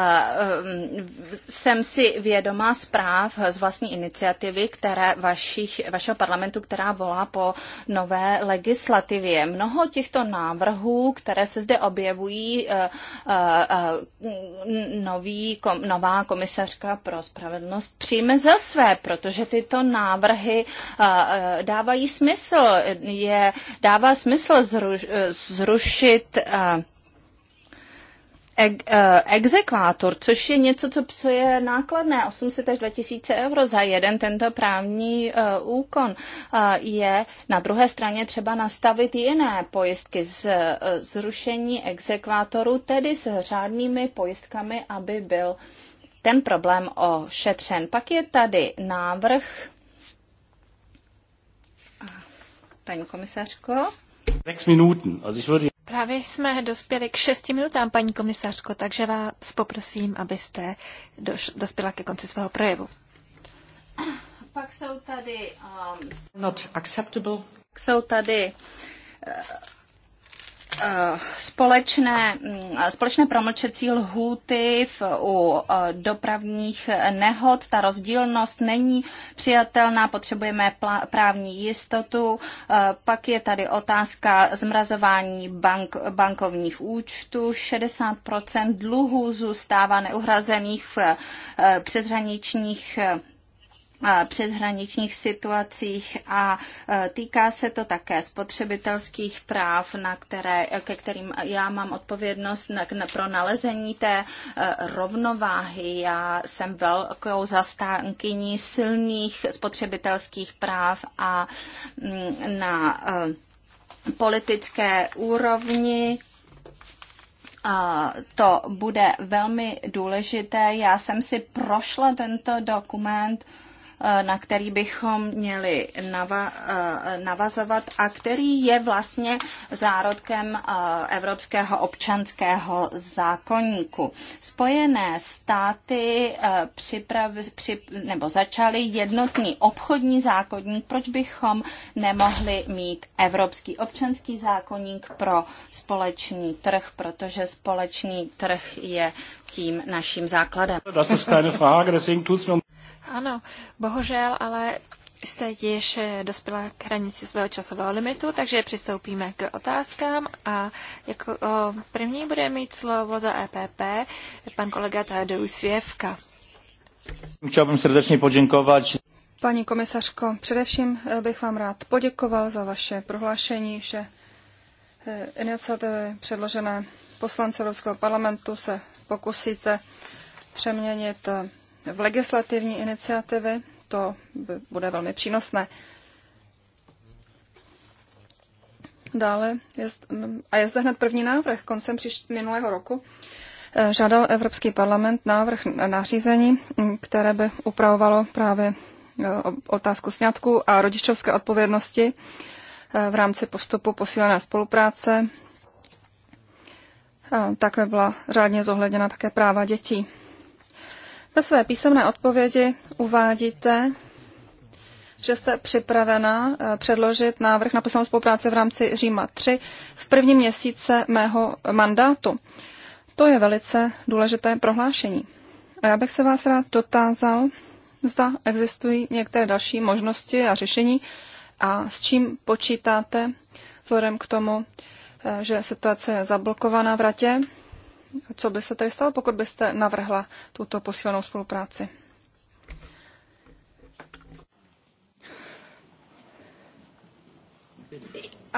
jsem si vědomá zpráv z vlastní iniciativy, které vašich, vašeho parlamentu, která volá po nové legislativě. Mnoho těchto návrhů, které se zde objevují, uh, uh, nový, kom, nová komisařka pro spravedlnost přijme za své, protože tyto návrhy uh, dávají smysl. Je, dává smysl smysl zruš, zrušit eh, eh, exekvátor, což je něco, co psuje nákladné 800 až 2000 euro za jeden tento právní eh, úkon. Je na druhé straně třeba nastavit jiné pojistky z zrušení exekvátoru, tedy s řádnými pojistkami, aby byl ten problém ošetřen. Pak je tady návrh. Ah, paní komisařko. Právě jsme dospěli k šesti minutám, paní komisařko, takže vás poprosím, abyste doš- dospěla ke konci svého projevu. Pak jsou tady... Um, not acceptable. Jsou tady eh, Eh, společné, mm, společné promlčecí lhůty v, u eh, dopravních nehod. Ta rozdílnost není přijatelná, potřebujeme plá, právní jistotu. Eh, pak je tady otázka zmrazování bank, bankovních účtů. 60 dluhů zůstává neuhrazených v přeshraničních přeshraničních situacích a e, týká se to také spotřebitelských práv, na které, ke kterým já mám odpovědnost na, na, pro nalezení té e, rovnováhy. Já jsem velkou zastánkyní silných spotřebitelských práv a mm, na e, politické úrovni a to bude velmi důležité. Já jsem si prošla tento dokument uh, Eh, na který bychom měli eh, navazovat a který je vlastně zárodkem eh, Evropského občanského zákonníku. Spojené státy připrav, při, nebo začaly jednotný obchodní zákonník, proč bychom nemohli mít Evropský občanský zákonník pro společný trh, protože společný trh je tím naším základem. Ano, bohužel, ale jste již dospěla k hranici svého časového limitu, takže přistoupíme k otázkám a jako o, první bude mít slovo za EPP pan kolega Tadeu Svěvka. bych srdečně poděkovat. Paní komisařko, především eh, bych vám rád poděkoval za vaše prohlášení, že eh, iniciativy předložené poslanci Evropského parlamentu se pokusíte přeměnit eh, v legislativní iniciativy, to bude velmi přínosné. Dále je, a je zde hned první návrh. Koncem příští minulého roku eh, žádal Evropský parlament návrh nařízení, mm, které by upravovalo právě eh, otázku sňatku a rodičovské odpovědnosti eh, v rámci postupu posílené spolupráce. Tak byla řádně zohledněna také práva dětí. Ve své písemné odpovědi uvádíte, že jste připravena eh, předložit návrh na poslanou spolupráci v rámci Říma 3 v prvním měsíce mého mandátu. To je velice důležité prohlášení. A já bych se vás rád dotázal, zda existují některé další možnosti a řešení a s čím počítáte vzhledem k tomu, eh, že situace je zablokovaná v ratě co by se tedy stalo, pokud byste navrhla tuto posílenou spolupráci?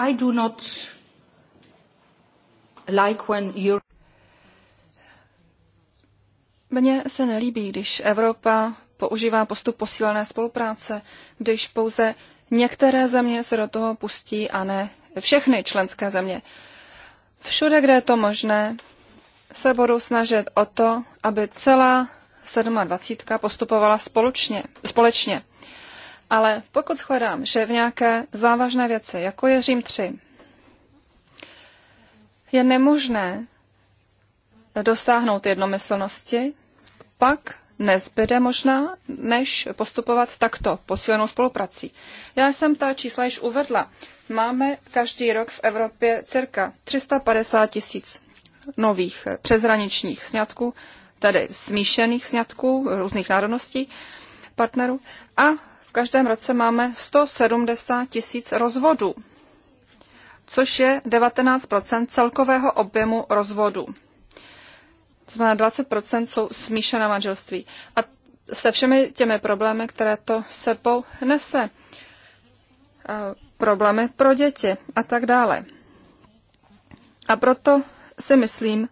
I do not like when you... Mně se nelíbí, když Evropa používá postup posílené spolupráce, když pouze některé země se do toho pustí a ne všechny členské země. Všude, kde je to možné, se budou snažit o to, aby celá 27 postupovala společně, společně. Ale pokud shledám, že v nějaké závažné věci, jako je Řím 3, je nemožné dosáhnout jednomyslnosti, pak nezbyde možná, než postupovat takto, posílenou spoluprací. Já jsem ta čísla již uvedla. Máme každý rok v Evropě cirka 350 tisíc nových přezraničních sňatků, tedy smíšených sňatků různých národností partnerů a v každém roce máme 170 tisíc rozvodů, což je 19 celkového objemu rozvodů. To znamená, 20 jsou smíšená manželství. A se všemi těmi problémy, které to sebou nese. E, problémy pro děti a tak dále. A proto si myslím,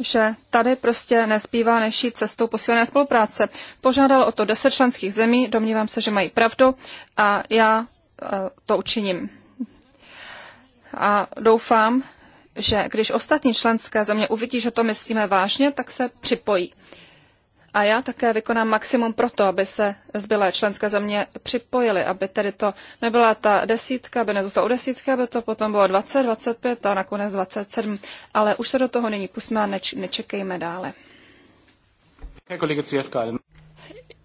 že tady prostě nespívá nejší cestou posílené spolupráce. Požádal o to deset členských zemí, domnívám se, že mají pravdu a já e, to učiním. A doufám, že když ostatní členské země uvidí, že to myslíme vážně, tak se připojí. A já také vykonám maximum pro to, aby se zbylé členské země připojily, aby tedy to nebyla ta desítka, aby nezůstalo u desítky, aby to potom bylo 20, 25 a nakonec 27. Ale už se do toho nyní pusme a neč- nečekejme dále.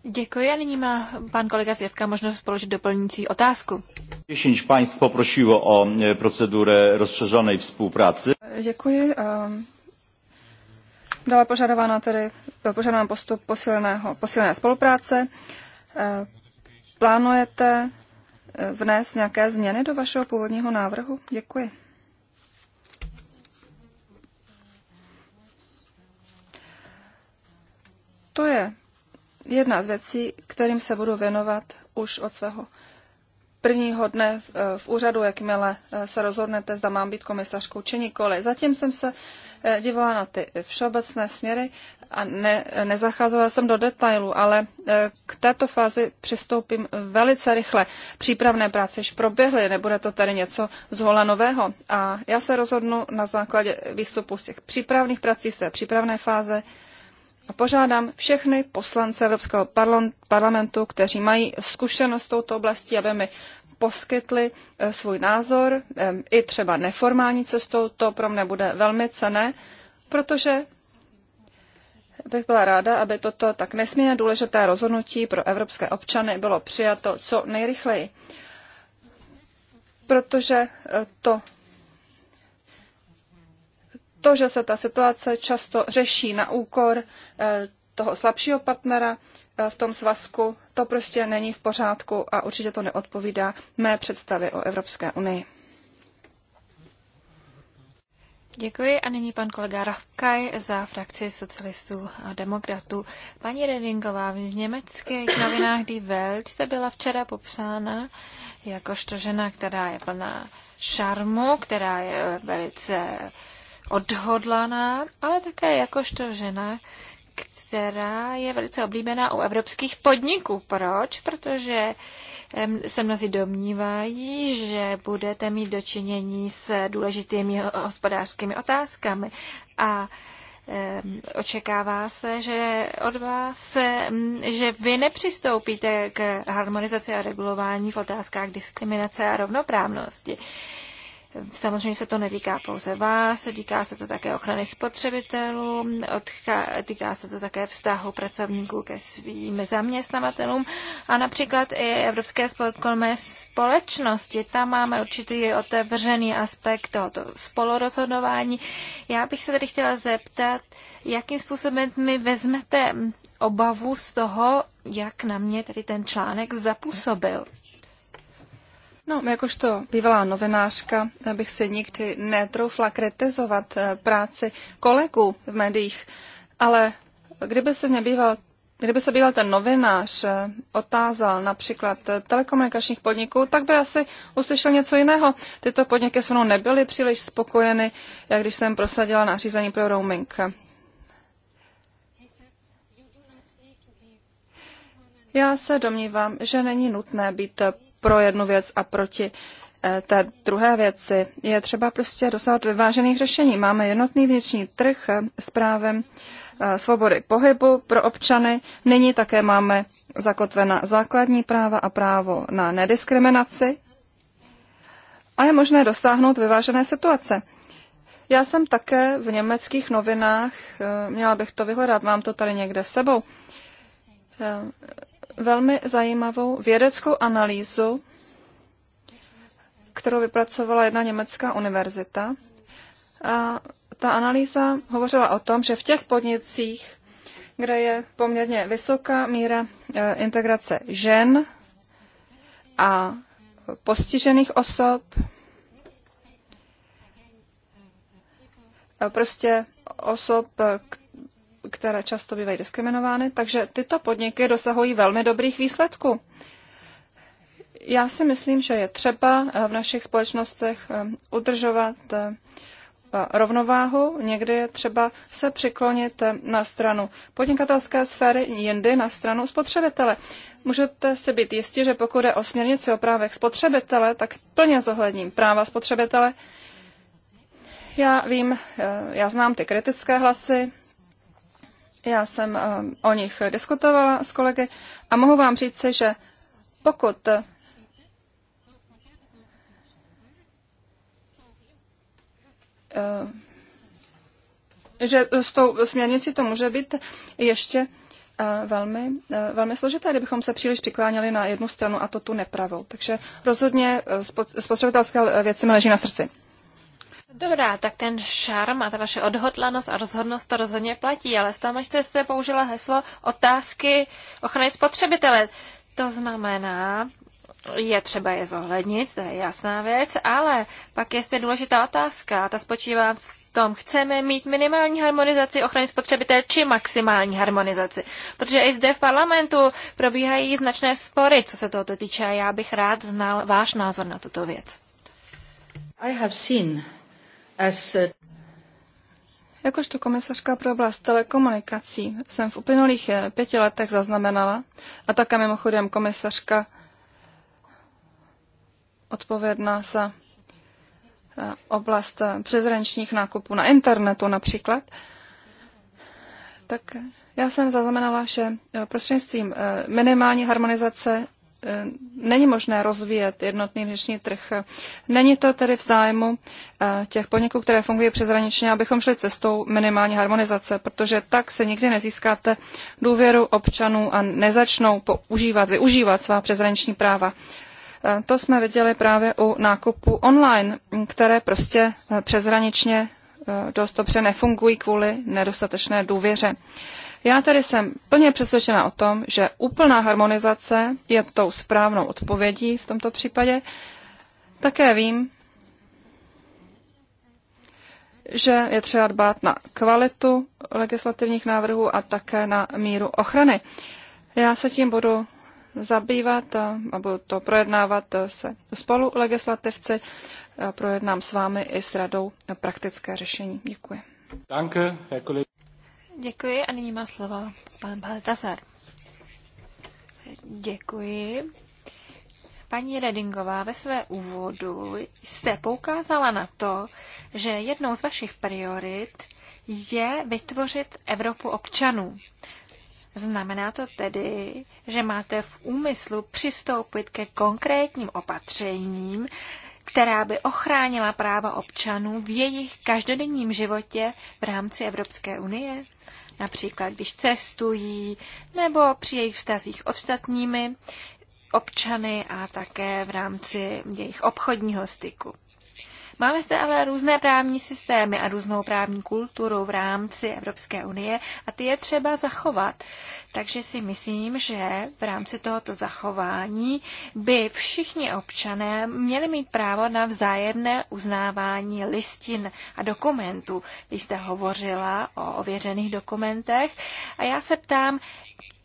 Děkuji a nyní má pan kolega Zjevka možnost položit doplňující otázku. Deset państw poprosilo o e, procedurę rozszerzonej spolupráce. Děkuji. Byla požadována tedy požadován postup posíleného posílené spolupráce. E, plánujete e, vnést nějaké změny do vašeho původního návrhu? Děkuji. To je jedna z věcí, kterým se budu věnovat už od svého prvního dne v, eh, v úřadu, jakmile eh, se rozhodnete, zda mám být komisařkou či nikoli. Zatím jsem se eh, dívala na ty všeobecné směry a ne, nezacházela jsem do detailů, ale k této fázi přistoupím velice rychle. Přípravné práce již proběhly, nebude to tady něco hola nového. A já se rozhodnu na základě výstupu z těch přípravných prací, z té přípravné fáze, požádám všechny poslance Evropského parlamentu, kteří mají zkušenost s touto oblastí, aby mi poskytli eh, svůj názor, ehm, i třeba neformální cestou, to pro mne bude velmi cené, protože bych byla ráda, aby toto tak nesmírně důležité rozhodnutí pro evropské občany bylo přijato co nejrychleji. Protože eh, to to, že se ta situace často řeší na úkor eh, toho slabšího partnera eh, v tom svazku, to prostě není v pořádku a určitě to neodpovídá mé představě o Evropské unii. Děkuji a nyní pan kolega Rafkaj za frakci socialistů a demokratů. Paní Redingová, v německých novinách Die Welt jste byla včera popsána jakožto žena, která je plná šarmu, která je velice odhodlaná, ale také jakožto žena, která je velice oblíbená u evropských podniků. Proč? Protože se mnozí domnívají, že budete mít dočinění s důležitými hospodářskými otázkami a očekává se, že od vás, že vy nepřistoupíte k harmonizaci a regulování v otázkách diskriminace a rovnoprávnosti. Samozřejmě se to netýká pouze vás, týká se to také ochrany spotřebitelů, týká se to také vztahu pracovníků ke svým zaměstnavatelům a například i Evropské spolkové společnosti. Tam máme určitý otevřený aspekt tohoto spolorozhodování. Já bych se tady chtěla zeptat, jakým způsobem mi vezmete obavu z toho, jak na mě tady ten článek zapůsobil. No, jakožto bývalá novinářka bych si nikdy netroufla kritizovat eh, práci kolegů v médiích, ale kdyby se mě býval Kdyby se býval ten novinář eh, otázal například eh, telekomunikačních podniků, tak by asi uslyšel něco jiného. Tyto podniky se mnou nebyly příliš spokojeny, jak když jsem prosadila nařízení pro roaming. Já se domnívám, že není nutné být pro jednu věc a proti eh, té druhé věci. Je třeba prostě dosáhnout vyvážených řešení. Máme jednotný vnitřní trh eh, s právem eh, svobody pohybu pro občany. Nyní také máme zakotvena základní práva a právo na nediskriminaci. A je možné dosáhnout vyvážené situace. Já jsem také v německých novinách, měla bych to vyhledat, mám to tady někde sebou, velmi zajímavou vědeckou analýzu, kterou vypracovala jedna německá univerzita. A ta analýza hovořila o tom, že v těch podnicích, kde je poměrně vysoká míra e, integrace žen a postižených osob, e, prostě osob, které často bývají diskriminovány, takže tyto podniky dosahují velmi dobrých výsledků. Já si myslím, že je třeba eh, v našich společnostech eh, udržovat eh, rovnováhu, někdy je třeba se přiklonit na stranu podnikatelské sféry, jindy na stranu spotřebitele. Můžete si být jistí, že pokud je o směrnici o právech spotřebitele, tak plně zohledním práva spotřebitele. Já vím, já znám ty kritické hlasy, já jsem eh, o nich diskutovala s kolegy a mohu vám říct, že pokud eh, že s tou směrnicí to může být ještě eh, velmi, velmi složité, kdybychom se příliš přikláněli na jednu stranu a to tu nepravou. Takže rozhodně spotřebitelské věci mi leží na srdci. Dobrá, tak ten šarm a ta vaše odhodlanost a rozhodnost to rozhodně platí, ale tam jste se použila heslo otázky ochrany spotřebitele. To znamená, je třeba je zohlednit, to je jasná věc, ale pak je zde důležitá otázka a ta spočívá v tom, chceme mít minimální harmonizaci ochrany spotřebitele či maximální harmonizaci. Protože i zde v parlamentu probíhají značné spory, co se tohoto týče a já bych rád znal váš názor na tuto věc. I have seen Jakožto komisařka pro oblast telekomunikací jsem v uplynulých eh, pěti letech zaznamenala, a také mimochodem komisařka odpovědná za eh, oblast eh, přezrančních nákupů na internetu například, tak já jsem zaznamenala, že prostřednictvím minimální harmonizace Eh, není možné rozvíjet jednotný vnitřní trh. Není to tedy v zájmu eh, těch podniků, které fungují přeshraničně, abychom šli cestou minimální harmonizace, protože tak se nikdy nezískáte důvěru občanů a nezačnou používat, využívat svá přeshraniční práva. Eh, to jsme viděli právě u nákupu online, které prostě přeshraničně Eh, dost dobře nefungují kvůli nedostatečné důvěře. Já tedy jsem plně přesvědčena o tom, že úplná harmonizace je tou správnou odpovědí v tomto případě. Také vím, že je třeba dbát na kvalitu legislativních návrhů a také na míru ochrany. Já se tím budu zabývat a budu to projednávat e, se spolu legislativci. Projednám s vámi i s radou praktické řešení. Děkuji. Danke, Děkuji a nyní má slovo pan Baltazar. Děkuji. Paní Redingová, ve své úvodu jste poukázala na to, že jednou z vašich priorit je vytvořit Evropu občanů. Znamená to tedy, že máte v úmyslu přistoupit ke konkrétním opatřením, která by ochránila práva občanů v jejich každodenním životě v rámci Evropské unie, například když cestují nebo při jejich vztazích ostatními občany a také v rámci jejich obchodního styku. Máme zde ale různé právní systémy a různou právní kulturu v rámci Evropské unie a ty je třeba zachovat. Takže si myslím, že v rámci tohoto zachování by všichni občané měli mít právo na vzájemné uznávání listin a dokumentů. Vy jste hovořila o ověřených dokumentech a já se ptám,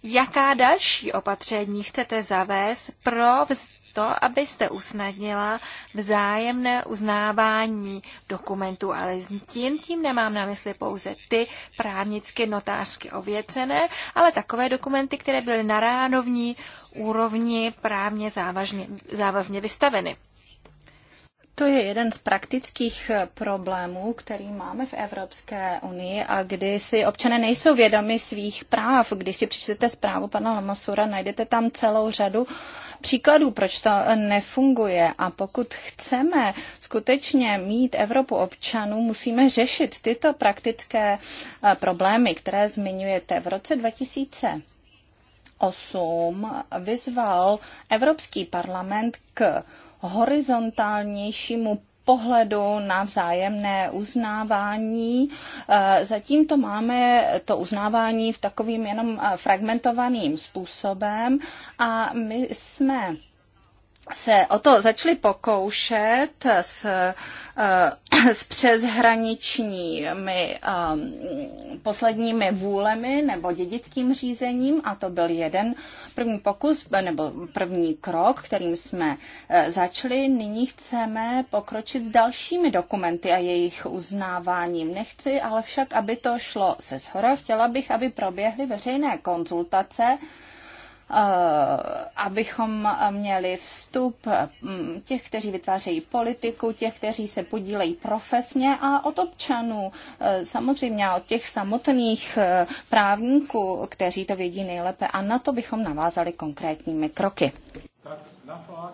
Jaká další opatření chcete zavést pro to, abyste usnadnila vzájemné uznávání dokumentů, ale tím, tím nemám na mysli pouze ty právnicky notářky ověcené, ale takové dokumenty, které byly na ránovní úrovni právně závažně, závazně vystaveny. To je jeden z praktických eh, problémů, který máme v Evropské unii a kdy si občané nejsou vědomi svých práv. Když si přečtete zprávu pana Lamasura, najdete tam celou řadu příkladů, proč to nefunguje. A pokud chceme skutečně mít Evropu občanů, musíme řešit tyto praktické eh, problémy, které zmiňujete. V roce 2000 8 vyzval Evropský parlament k horizontálnějšímu pohledu na vzájemné uznávání. Eh, zatím to máme to uznávání v takovým jenom eh, fragmentovaným způsobem a my jsme se o to začali pokoušet s, eh, s přeshraničními eh, posledními vůlemi nebo dědickým řízením a to byl jeden první pokus nebo první krok, kterým jsme eh, začali. Nyní chceme pokročit s dalšími dokumenty a jejich uznáváním. Nechci, ale však, aby to šlo se shora, chtěla bych, aby proběhly veřejné konzultace Eh, abychom měli vstup mm, těch, kteří vytvářejí politiku, těch, kteří se podílejí profesně a od občanů, eh, samozřejmě od těch samotných eh, právníků, kteří to vědí nejlépe a na to bychom navázali konkrétními kroky. Jako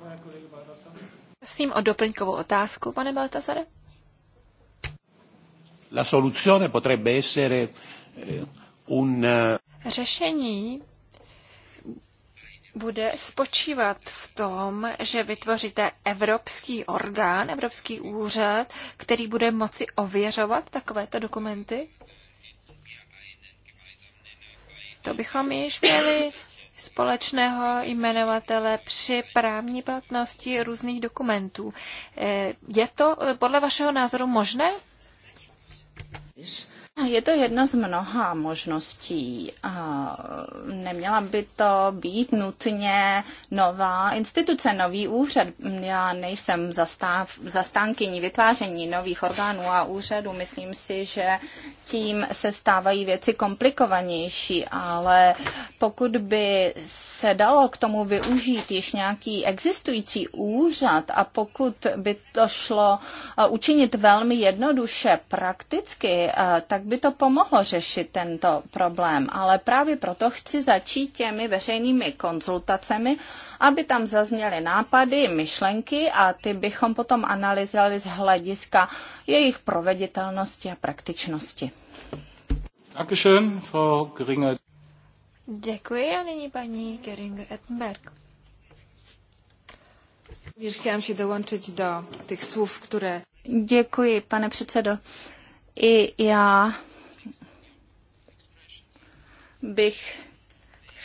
Prosím o doplňkovou otázku, pane Baltasare. La soluzione potrebbe essere un... Řešení bude spočívat v tom, že vytvoříte evropský orgán, evropský úřad, který bude moci ověřovat takovéto dokumenty? To bychom již měli společného jmenovatele při právní platnosti různých dokumentů. Eh, je to eh, podle vašeho názoru možné? Yes. Je to jedna z mnoha možností. Neměla by to být nutně nová instituce, nový úřad. Já nejsem zastáv, zastánkyní vytváření nových orgánů a úřadů. Myslím si, že tím se stávají věci komplikovanější, ale pokud by se dalo k tomu využít již nějaký existující úřad a pokud by to šlo učinit velmi jednoduše prakticky, eh, tak tak by to pomohlo řešit tento problém. Ale právě proto chci začít těmi veřejnými konzultacemi, aby tam zazněly nápady, myšlenky a ty bychom potom analyzovali z hlediska jejich proveditelnosti a praktičnosti. Dankeschön, Frau Geringer. Děkuji a nyní paní Geringer Ettenberg. Chciałam się dołączyć do těch slov, které. Děkuji, pane předsedo. I já bych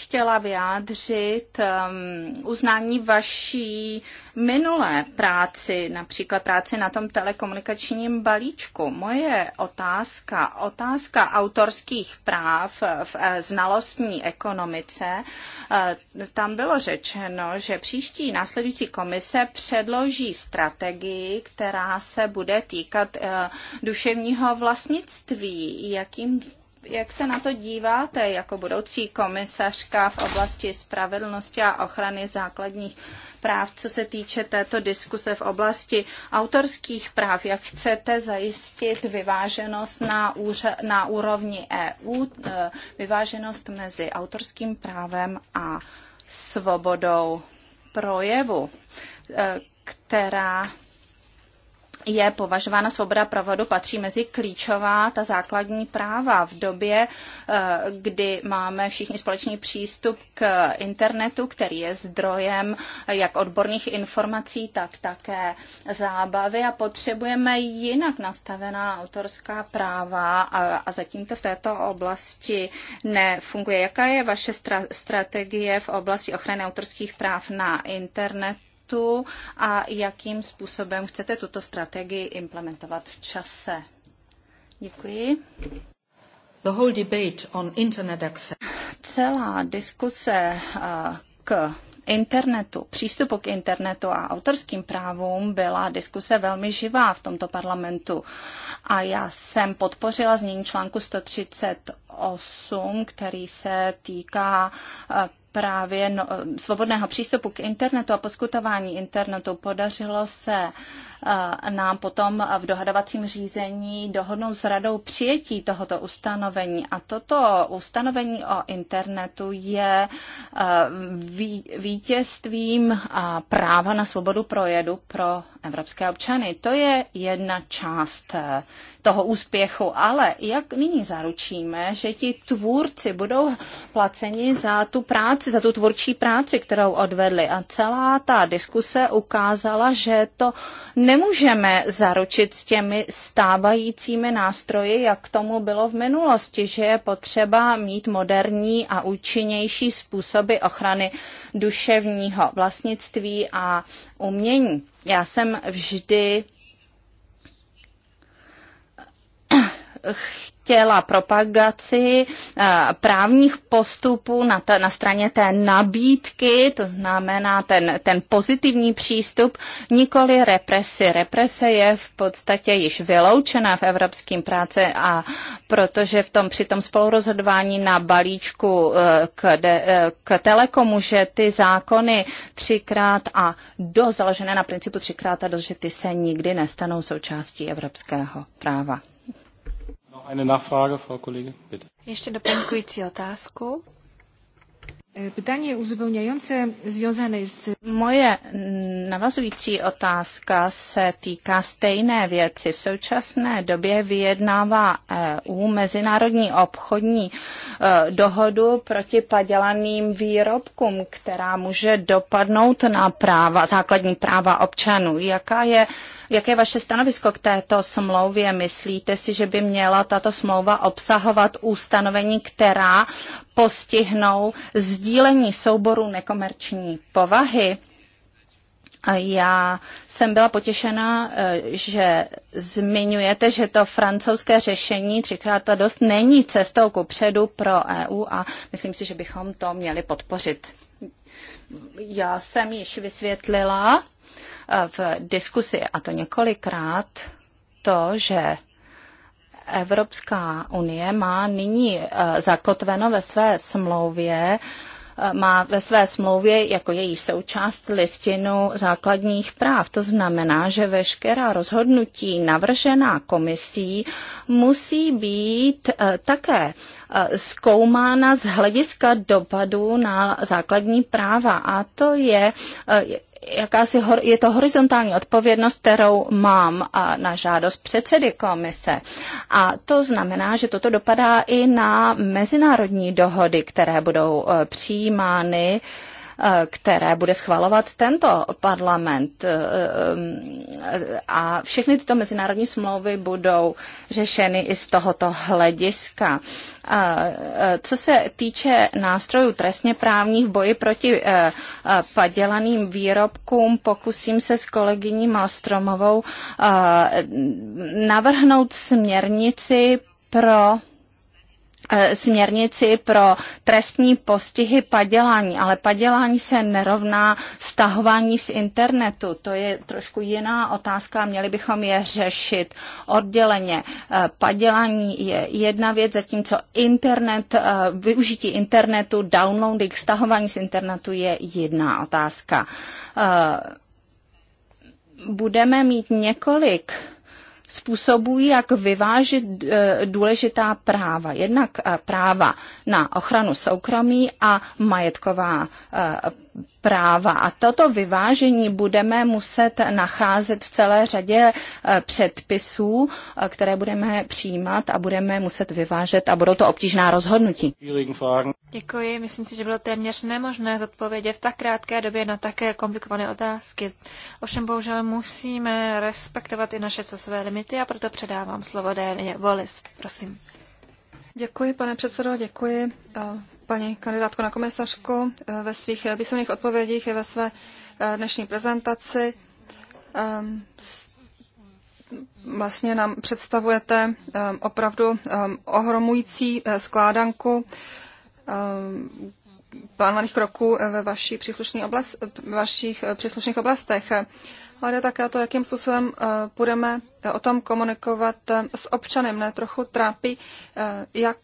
chtěla vyjádřit um, uznání vaší minulé práci, například práci na tom telekomunikačním balíčku. Moje otázka, otázka autorských práv v eh, znalostní ekonomice, eh, tam bylo řečeno, že příští následující komise předloží strategii, která se bude týkat eh, duševního vlastnictví. Jakým jak se na to díváte jako budoucí komisařka v oblasti spravedlnosti a ochrany základních práv, co se týče této diskuse v oblasti autorských práv? Jak chcete zajistit vyváženost na, úře, na úrovni EU, e, vyváženost mezi autorským právem a svobodou projevu, e, která je považována svoboda pravodu, patří mezi klíčová ta základní práva. V době, eh, kdy máme všichni společný přístup k internetu, který je zdrojem eh, jak odborných informací, tak také zábavy a potřebujeme jinak nastavená autorská práva a, a zatím to v této oblasti nefunguje. Jaká je vaše stra- strategie v oblasti ochrany autorských práv na internetu? projektu a jakým způsobem chcete tuto strategii implementovat v čase. Děkuji. The whole debate on internet access. Celá diskuse k internetu, přístupu k internetu a autorským právům byla diskuse velmi živá v tomto parlamentu. A já jsem podpořila znění článku 138, který se týká právě no, svobodného přístupu k internetu a poskutování internetu podařilo se nám potom v dohadovacím řízení dohodnou s radou přijetí tohoto ustanovení. A toto ustanovení o internetu je vítězstvím práva na svobodu projedu pro evropské občany. To je jedna část e, toho úspěchu, ale jak nyní zaručíme, že ti tvůrci budou placeni za tu práci, za tu tvůrčí práci, kterou odvedli. A celá ta diskuse ukázala, že to nemůžeme zaručit s těmi stávajícími nástroji, jak tomu bylo v minulosti, že je potřeba mít moderní a účinnější způsoby ochrany duševního vlastnictví a umění. Já jsem vždy chtěla propagaci eh, právních postupů na, ta, na straně té nabídky, to znamená ten, ten pozitivní přístup, nikoli represi. Represe je v podstatě již vyloučená v evropském práce a protože v tom, při tom spolurozhodování na balíčku eh, k, de, eh, k telekomu, že ty zákony třikrát a do, založené na principu třikrát a do, že ty se nikdy nestanou součástí evropského práva. Ještě doplňující otázku. E, pytanie uzupełniające związane jest... Moje navazující otázka se týká stejné věci. V současné době vyjednává EU mezinárodní obchodní e, dohodu proti padělaným výrobkům, která může dopadnout na práva, základní práva občanů. Jaká je, jaké je vaše stanovisko k této smlouvě? Myslíte si, že by měla tato smlouva obsahovat ustanovení, která postihnou sdílení souborů nekomerční povahy. A já jsem byla potěšena, e, že zmiňujete, že to francouzské řešení třikrát a dost není cestou ku předu pro EU a myslím si, že bychom to měli podpořit. Já jsem již vysvětlila e, v diskusi, a to několikrát, to, že Evropská unie má nyní eh, zakotveno ve své smlouvě eh, má ve své smlouvě jako její součást listinu základních práv. To znamená, že veškerá rozhodnutí navržená komisí musí být eh, také zkoumána z hlediska dopadu na základní práva. A to je jakási je to horizontální odpovědnost, kterou mám na žádost předsedy komise. A to znamená, že toto dopadá i na mezinárodní dohody, které budou eh, přijímány které bude schvalovat tento parlament. Eh, eh, A všechny tyto mezinárodní smlouvy budou řešeny i z tohoto hlediska. Eh, co se týče nástrojů trestně právních v boji proti padělaným výrobkům, pokusím se s kolegyní Malstromovou navrhnout směrnici pro Eh, směrnici pro trestní postihy padělání, ale padělání se nerovná stahování z internetu. To je trošku jiná otázka, měli bychom je řešit odděleně. Eh, padělání je jedna věc, zatímco internet, eh, využití internetu, downloading, stahování z internetu je jedna otázka. Budeme mít několik způsobů, jak vyvážit eh, důležitá práva. Jednak eh, práva na ochranu soukromí a majetková eh, práva. A toto vyvážení budeme muset nacházet v celé řadě eh, předpisů, eh, které budeme přijímat a budeme muset vyvážet a budou to obtížná rozhodnutí. Děkuji. Myslím si, že bylo téměř nemožné zodpovědět v tak krátké době na také komplikované otázky. Ovšem bohužel musíme respektovat i naše časové limity a proto předávám slovo Déně Volis. Prosím. Děkuji, pane předsedo, děkuji eh, paní kandidátko na komisařku eh, ve svých eh, písemných odpovědích i ve své eh, dnešní prezentaci. Ehm, vlastně nám představujete ehm, opravdu ehm, ohromující skládanku plánovaných kroků ve, vaší příslušný oblast, ve vašich příslušných oblastech. Ale jde také o to, jakým způsobem budeme o tom komunikovat s občanem. Mne trochu trápí, jak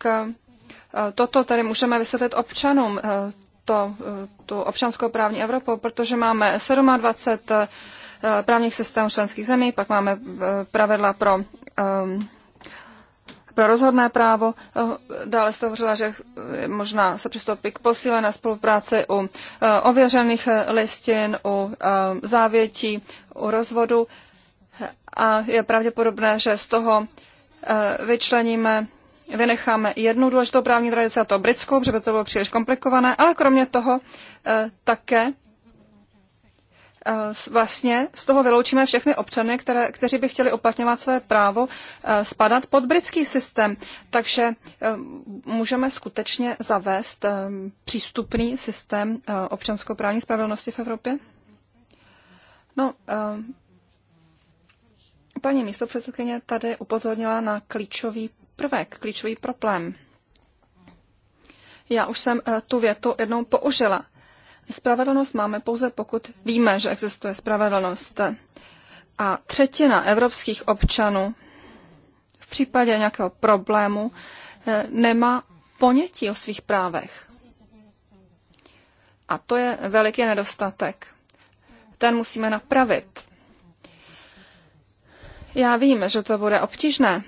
Eh, toto tady můžeme vysvětlit občanům, eh, to, eh, tu občanskou právní Evropu, protože máme 27 právních systémů členských zemí, pak máme pravidla pro, pro rozhodné právo. Dále jste hovořila, že možná se přistoupí k posílené spolupráci u ověřených listin, u závětí, u rozvodu a je pravděpodobné, že z toho vyčleníme vynecháme jednu důležitou právní tradici, a to britskou, protože by to bylo příliš komplikované, ale kromě toho eh, také eh, vlastně z toho vyloučíme všechny občany, které, kteří by chtěli uplatňovat své právo eh, spadat pod britský systém. Takže můžeme skutečně zavést přístupný systém občanskoprávní spravedlnosti v Evropě? No, paní místopředsedkyně tady upozornila na klíčový prvek, klíčový problém. Já už jsem eh, tu větu jednou použila. Spravedlnost máme pouze, pokud víme, že existuje spravedlnost. A třetina evropských občanů v případě nějakého problému eh, nemá ponětí o svých právech. A to je veliký nedostatek. Ten musíme napravit. Já vím, že to bude obtížné,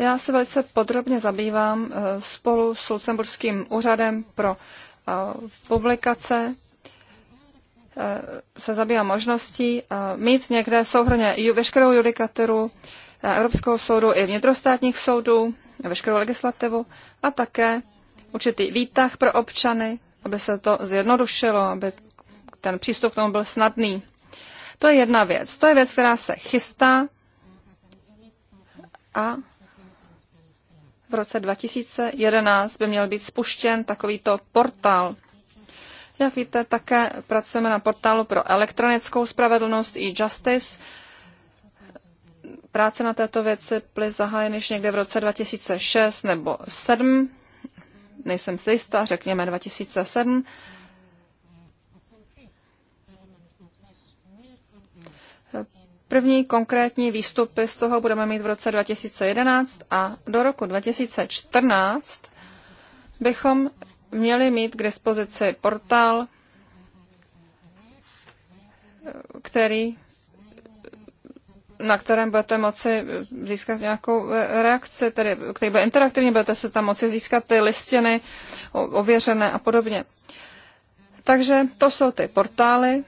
Já se velice podrobně zabývám eh, spolu s Lucemburským úřadem pro eh, publikace eh, se zabývám možností mít někde souhrně i veškerou judikaturu Evropského soudu i vnitrostátních soudů, veškerou legislativu a také určitý výtah pro občany, aby se to zjednodušilo, aby ten přístup k tomu byl snadný. To je jedna věc. To je věc, která se chystá a v roce 2011 by měl být spuštěn takovýto portál. Jak víte, také pracujeme na portálu pro elektronickou spravedlnost i e justice. Práce na této věci byly zahájeny již někde v roce 2006 nebo 7, nejsem si jistá, řekněme 2007. První konkrétní výstupy z toho budeme mít v roce 2011 a do roku 2014 bychom měli mít k dispozici portál, který, na kterém budete moci získat nějakou eh, reakci, tedy, který bude interaktivní, budete se tam moci získat ty listiny ověřené a podobně. Takže to jsou ty portály,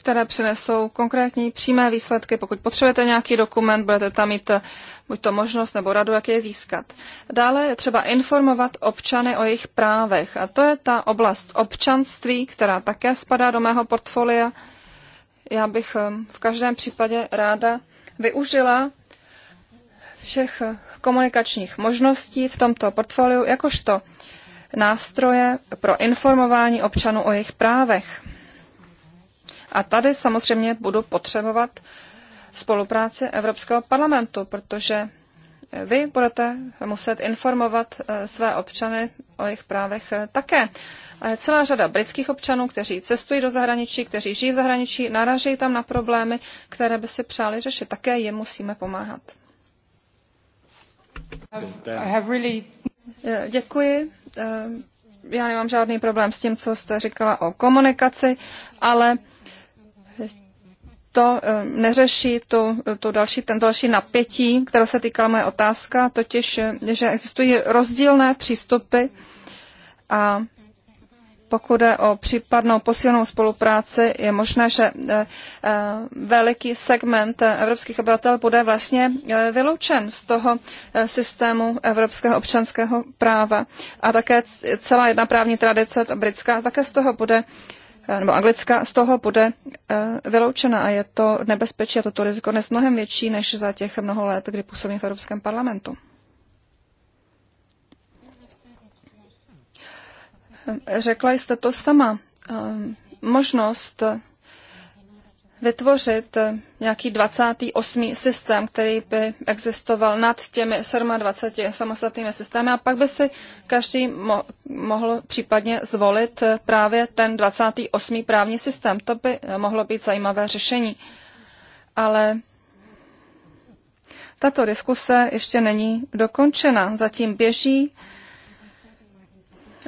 které přinesou konkrétní přímé výsledky. Pokud potřebujete nějaký dokument, budete tam mít eh, buď to možnost nebo radu, jak je získat. Dále je třeba informovat občany o jejich právech. A to je ta oblast občanství, která také spadá do mého portfolia. Já bych eh, v každém případě ráda využila všech eh, komunikačních možností v tomto portfoliu, jakožto nástroje pro informování občanů o jejich právech. A tady samozřejmě budu potřebovat spolupráci Evropského parlamentu, protože vy budete muset informovat eh, své občany o jejich právech eh, také. A je celá řada britských občanů, kteří cestují do zahraničí, kteří žijí v zahraničí, narážejí tam na problémy, které by si přáli řešit. Také je musíme pomáhat. Eh, děkuji. Já nemám žádný problém s tím, co jste říkala o komunikaci, ale to eh, neřeší tu, tu další, ten další napětí, které se týká moje otázka, totiž, eh, že existují rozdílné přístupy a pokud je o případnou posílenou spolupráci, je možné, že eh, veliký segment evropských obyvatel bude vlastně vyloučen z toho systému evropského občanského práva. A také celá jedna právní tradice, ta britská, také z toho bude Eh, nebo Anglicka z toho bude eh, vyloučena a je to nebezpečí a toto riziko dnes mnohem větší než za těch mnoho let, kdy působí v Evropském parlamentu. Eh, řekla jste to sama. Možnost vytvořit nějaký 28. systém, který by existoval nad těmi 27 samostatnými systémy a pak by si každý mo- mohl případně zvolit právě ten 28. právní systém. To by mohlo být zajímavé řešení. Ale tato diskuse ještě není dokončena, zatím běží.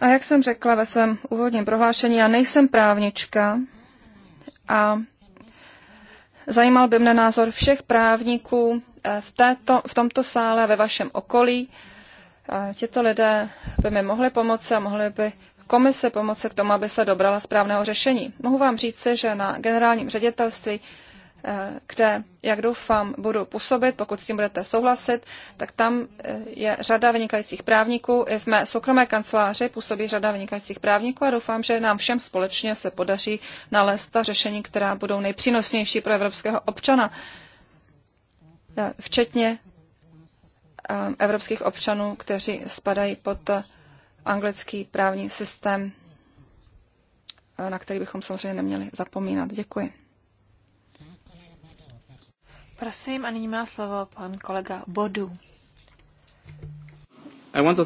A jak jsem řekla ve svém úvodním prohlášení, já nejsem právnička a Zajímal by mne názor všech právníků eh, v, této, v tomto sále a ve vašem okolí. Eh, Těto lidé by mi mohli pomoci a mohli by komise pomoci k tomu, aby se dobrala správného řešení. Mohu vám říci, že na generálním ředitelství Eh, kde, jak doufám, budu působit, pokud s tím budete souhlasit, tak tam eh, je řada vynikajících právníků. I v mé soukromé kanceláři působí řada vynikajících právníků a doufám, že nám všem společně se podaří nalézt ta řešení, která budou nejpřínosnější pro evropského občana, eh, včetně evropských občanů, kteří spadají pod anglický právní systém, na který bychom samozřejmě neměli zapomínat. Děkuji. Prosím, a nyní má slovo pan kolega Bodu. To...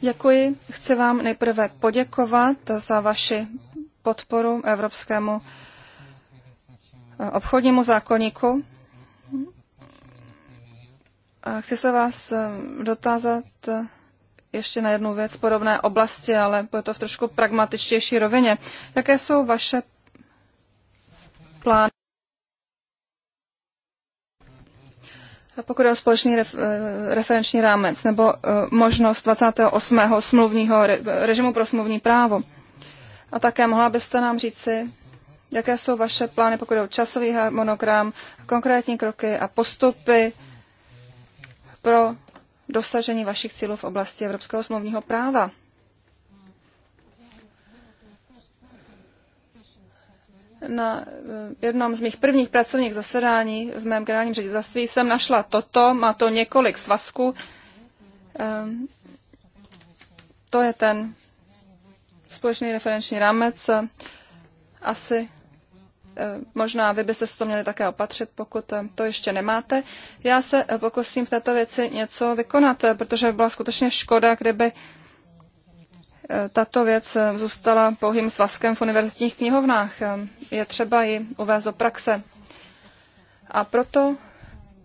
Děkuji. Chci vám nejprve poděkovat za vaši podporu Evropskému eh, obchodnímu zákonníku. A chci se vás eh, dotázat eh, ještě na jednu věc podobné oblasti, ale bude to v trošku pragmatičtější rovině. Jaké jsou vaše plány? Pokud je o společný ref, eh, referenční rámec nebo eh, možnost 28. smluvního režimu pro smluvní právo. A také mohla byste nám říci, jaké jsou vaše plány, pokud je o časový harmonogram, konkrétní kroky a postupy pro dosažení vašich cílů v oblasti evropského smluvního práva. na eh, jednom z mých prvních pracovních zasedání v mém generálním ředitelství jsem našla toto, má to několik svazků. Ehm, to je ten společný referenční rámec. Asi eh, možná vy byste si to měli také opatřit, pokud eh, to ještě nemáte. Já se pokusím v této věci něco vykonat, protože by byla skutečně škoda, kdyby tato věc zůstala pouhým svazkem v univerzitních knihovnách. Je třeba ji uvést do praxe. A proto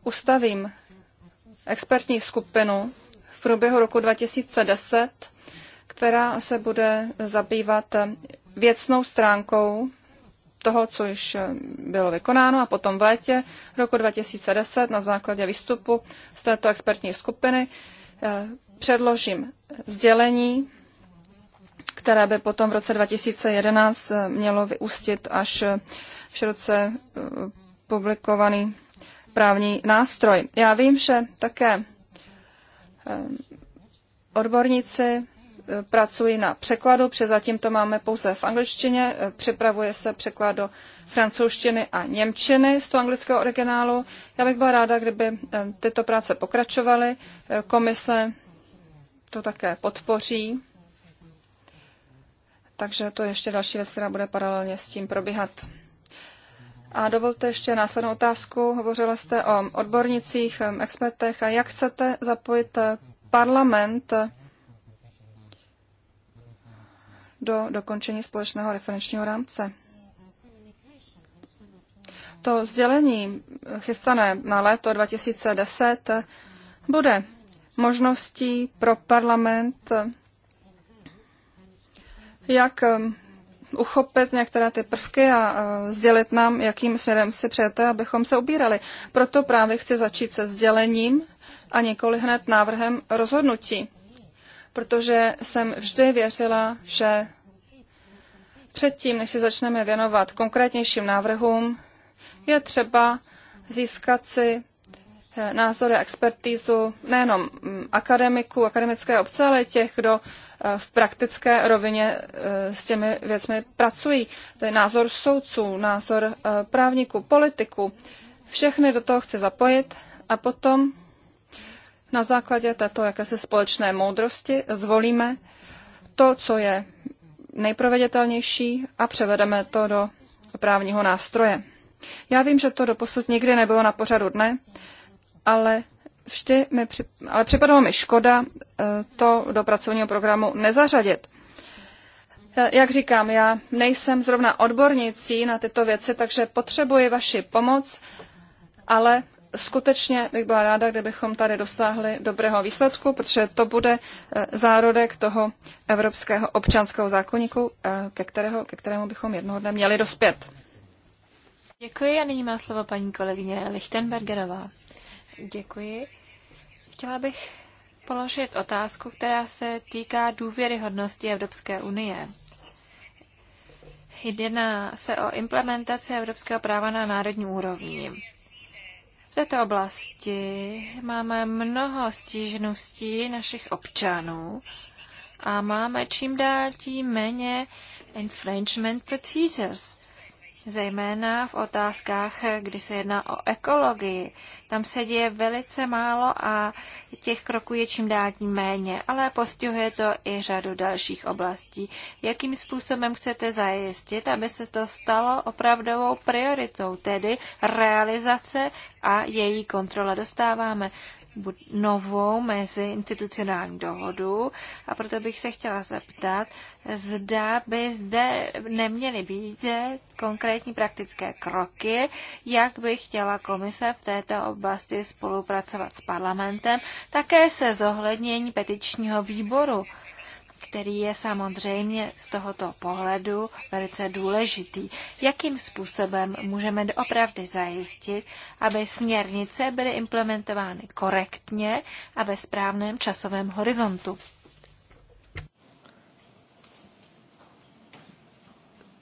ustavím expertní skupinu v průběhu roku 2010, která se bude zabývat věcnou stránkou toho, co již bylo vykonáno a potom v létě roku 2010 na základě výstupu z této expertní skupiny eh, předložím sdělení které by potom v roce 2011 eh, mělo vyústit až v eh, široce eh, publikovaný právní nástroj. Já vím, že také odborníci pracují na překladu, přezatím to máme pouze v angličtině, připravuje se překlad do francouzštiny a němčiny z toho anglického originálu. Já bych byla ráda, kdyby tyto práce pokračovaly. Komise to také podpoří. Takže to je ještě další věc, která bude paralelně s tím probíhat. A dovolte ještě následnou otázku. Hovořila jste o odbornicích, expertech a jak chcete zapojit eh, parlament eh, do dokončení společného referenčního rámce. To sdělení eh, chystané na léto 2010 bude možností pro parlament jak um, uchopit některé ty prvky a uh, sdělit nám, jakým směrem si přejete, abychom se ubírali. Proto právě chci začít se sdělením a nikoli hned návrhem rozhodnutí, protože jsem vždy věřila, že předtím, než se začneme věnovat konkrétnějším návrhům, je třeba získat si názory a expertízu nejenom mm, akademiků, akademické obce, ale těch, kdo eh, v praktické rovině eh, s těmi věcmi pracují. To je názor soudců, názor eh, právníků, politiků. Všechny do toho chci zapojit a potom na základě této jakési společné moudrosti zvolíme to, co je nejproveditelnější a převedeme to do právního nástroje. Já vím, že to doposud nikdy nebylo na pořadu dne, ale vždy mi při, ale připadalo mi škoda eh, to do pracovního programu nezařadit. Eh, jak říkám, já nejsem zrovna odbornicí na tyto věci, takže potřebuji vaši pomoc, ale skutečně bych byla ráda, kdybychom tady dosáhli dobrého výsledku, protože to bude eh, zárodek toho evropského občanského zákonníku, ke, kterého, ke kterému bychom jednoho dne měli dospět. Děkuji a nyní má slovo paní kolegyně Lichtenbergerová. Děkuji. Chtěla bych položit otázku, která se týká důvěryhodnosti Evropské unie. Jedná se o implementaci evropského práva na národní úrovni. V této oblasti máme mnoho stížností našich občanů a máme čím dál tím méně infringement procedures zejména v otázkách, kdy se jedná o ekologii. Tam se děje velice málo a těch kroků je čím dál tím méně, ale postihuje to i řadu dalších oblastí. Jakým způsobem chcete zajistit, aby se to stalo opravdovou prioritou, tedy realizace a její kontrola? Dostáváme novou meziinstitucionální dohodu a proto bych se chtěla zeptat, zda by zde neměly být konkrétní praktické kroky, jak by chtěla komise v této oblasti spolupracovat s parlamentem, také se zohlednění petičního výboru který je samozřejmě z tohoto pohledu velice důležitý. Jakým způsobem můžeme doopravdy zajistit, aby směrnice byly implementovány korektně a ve správném časovém horizontu?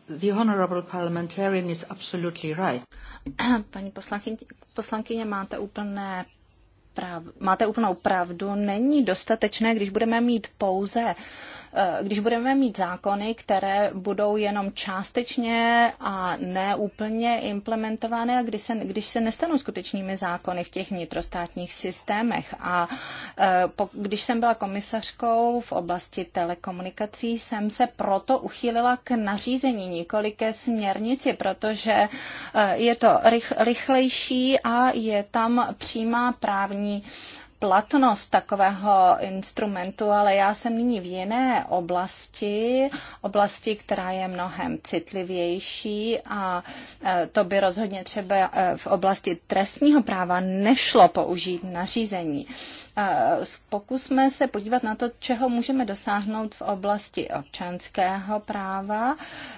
The honorable parliamentarian is absolutely right. Paní poslankyně, poslankyně, máte úplné prav, máte úplnou pravdu, není dostatečné, když budeme mít pouze Eh, když budeme mít zákony, které budou jenom částečně a neúplně implementované, když se, když se nestanou skutečnými zákony v těch vnitrostátních systémech. A eh, když jsem byla komisařkou v oblasti telekomunikací, jsem se proto uchýlila k nařízení, nikoli ke směrnici, protože eh, je to rychlejší a je tam přímá právní platnost takového instrumentu, ale já jsem nyní v jiné oblasti, oblasti, která je mnohem citlivější a e, to by rozhodně třeba e, v oblasti trestního práva nešlo použít nařízení. Pokusme se podívat na to, čeho můžeme dosáhnout v oblasti občanského práva.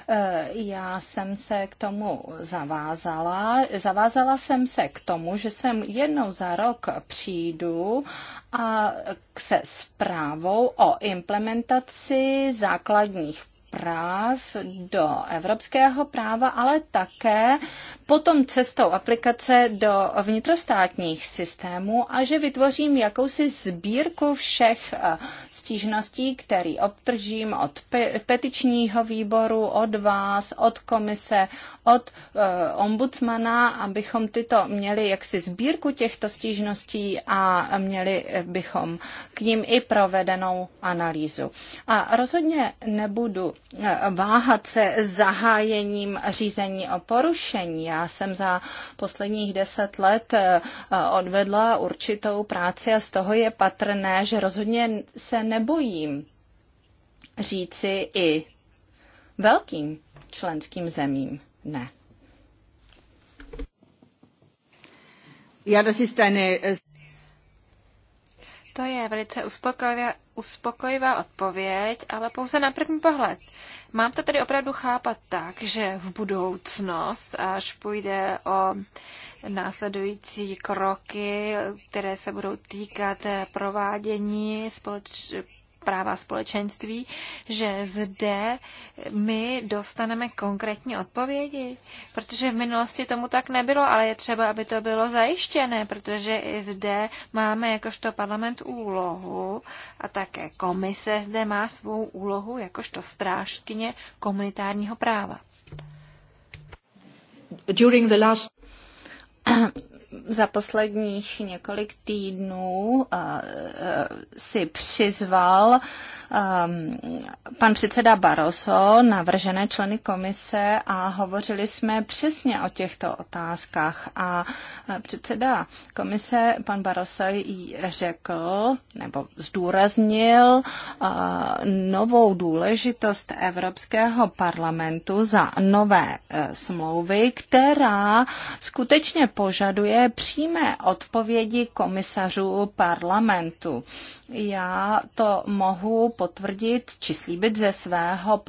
E, já jsem se k tomu zavázala. Zavázala jsem se k tomu, že jsem jednou za rok přijdu a se zprávou o implementaci základních práv do evropského práva, ale také potom cestou aplikace do vnitrostátních systémů a že vytvořím jakousi sbírku všech eh, stížností, které obtržím od petičního výboru, od vás, od komise, od eh, ombudsmana, abychom tyto měli jaksi sbírku těchto stížností a měli eh, bychom k ním i provedenou analýzu. A rozhodně nebudu eh, váhat se zahájením řízení o porušení. Já jsem za posledních deset let odvedla určitou práci a z toho je patrné, že rozhodně se nebojím říci i velkým členským zemím ne. Ja, das ist eine... Äh, to je velice uspokojivá, uspokojivá odpověď, ale pouze na první pohled. Mám to tedy opravdu chápat tak, že v budoucnost, až půjde o následující kroky, které se budou týkat provádění společ- práva společenství, že zde my dostaneme konkrétní odpovědi, protože v minulosti tomu tak nebylo, ale je třeba, aby to bylo zajištěné, protože i zde máme jakožto parlament úlohu a také komise zde má svou úlohu jakožto strážkyně komunitárního práva. During the last za posledních několik týdnů eh, eh, si přizval ehm, pan předseda Barroso, navržené členy komise a hovořili jsme přesně o těchto otázkách. A eh, předseda komise, pan Barroso, řekl nebo zdůraznil novou důležitost Evropského parlamentu za nové smlouvy, která skutečně požaduje je přímé odpovědi komisařů parlamentu. Já to mohu potvrdit či slíbit ze svého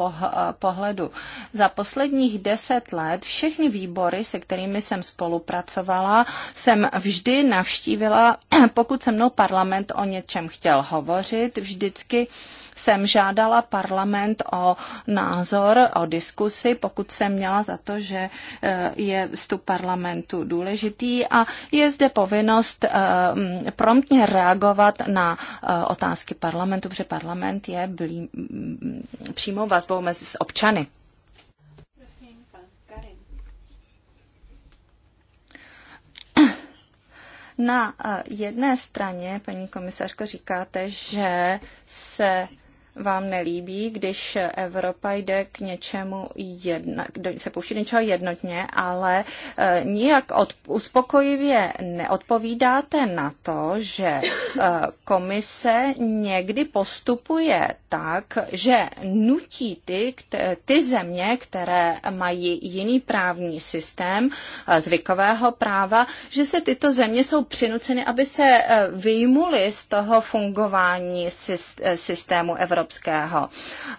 pohledu. Za posledních deset let všechny výbory, se kterými jsem spolupracovala, jsem vždy navštívila, pokud se mnou parlament o něčem chtěl hovořit, vždycky jsem žádala parlament o názor, o diskusi, pokud jsem měla za to, že e, je vstup parlamentu důležitý a je zde povinnost e, promptně reagovat na e, otázky parlamentu, protože parlament je blí, přímou vazbou mezi občany. Na jedné straně, paní komisařko, říkáte, že se vám nelíbí, když Evropa jde k něčemu jedna, se pouští něčeho jednotně, ale e, nijak od, uspokojivě neodpovídáte na to, že e, komise někdy postupuje tak, že nutí ty, ty země, které mají jiný právní systém e, zvykového práva, že se tyto země jsou přinuceny, aby se e, vyjmuly z toho fungování systému Evropy evropského.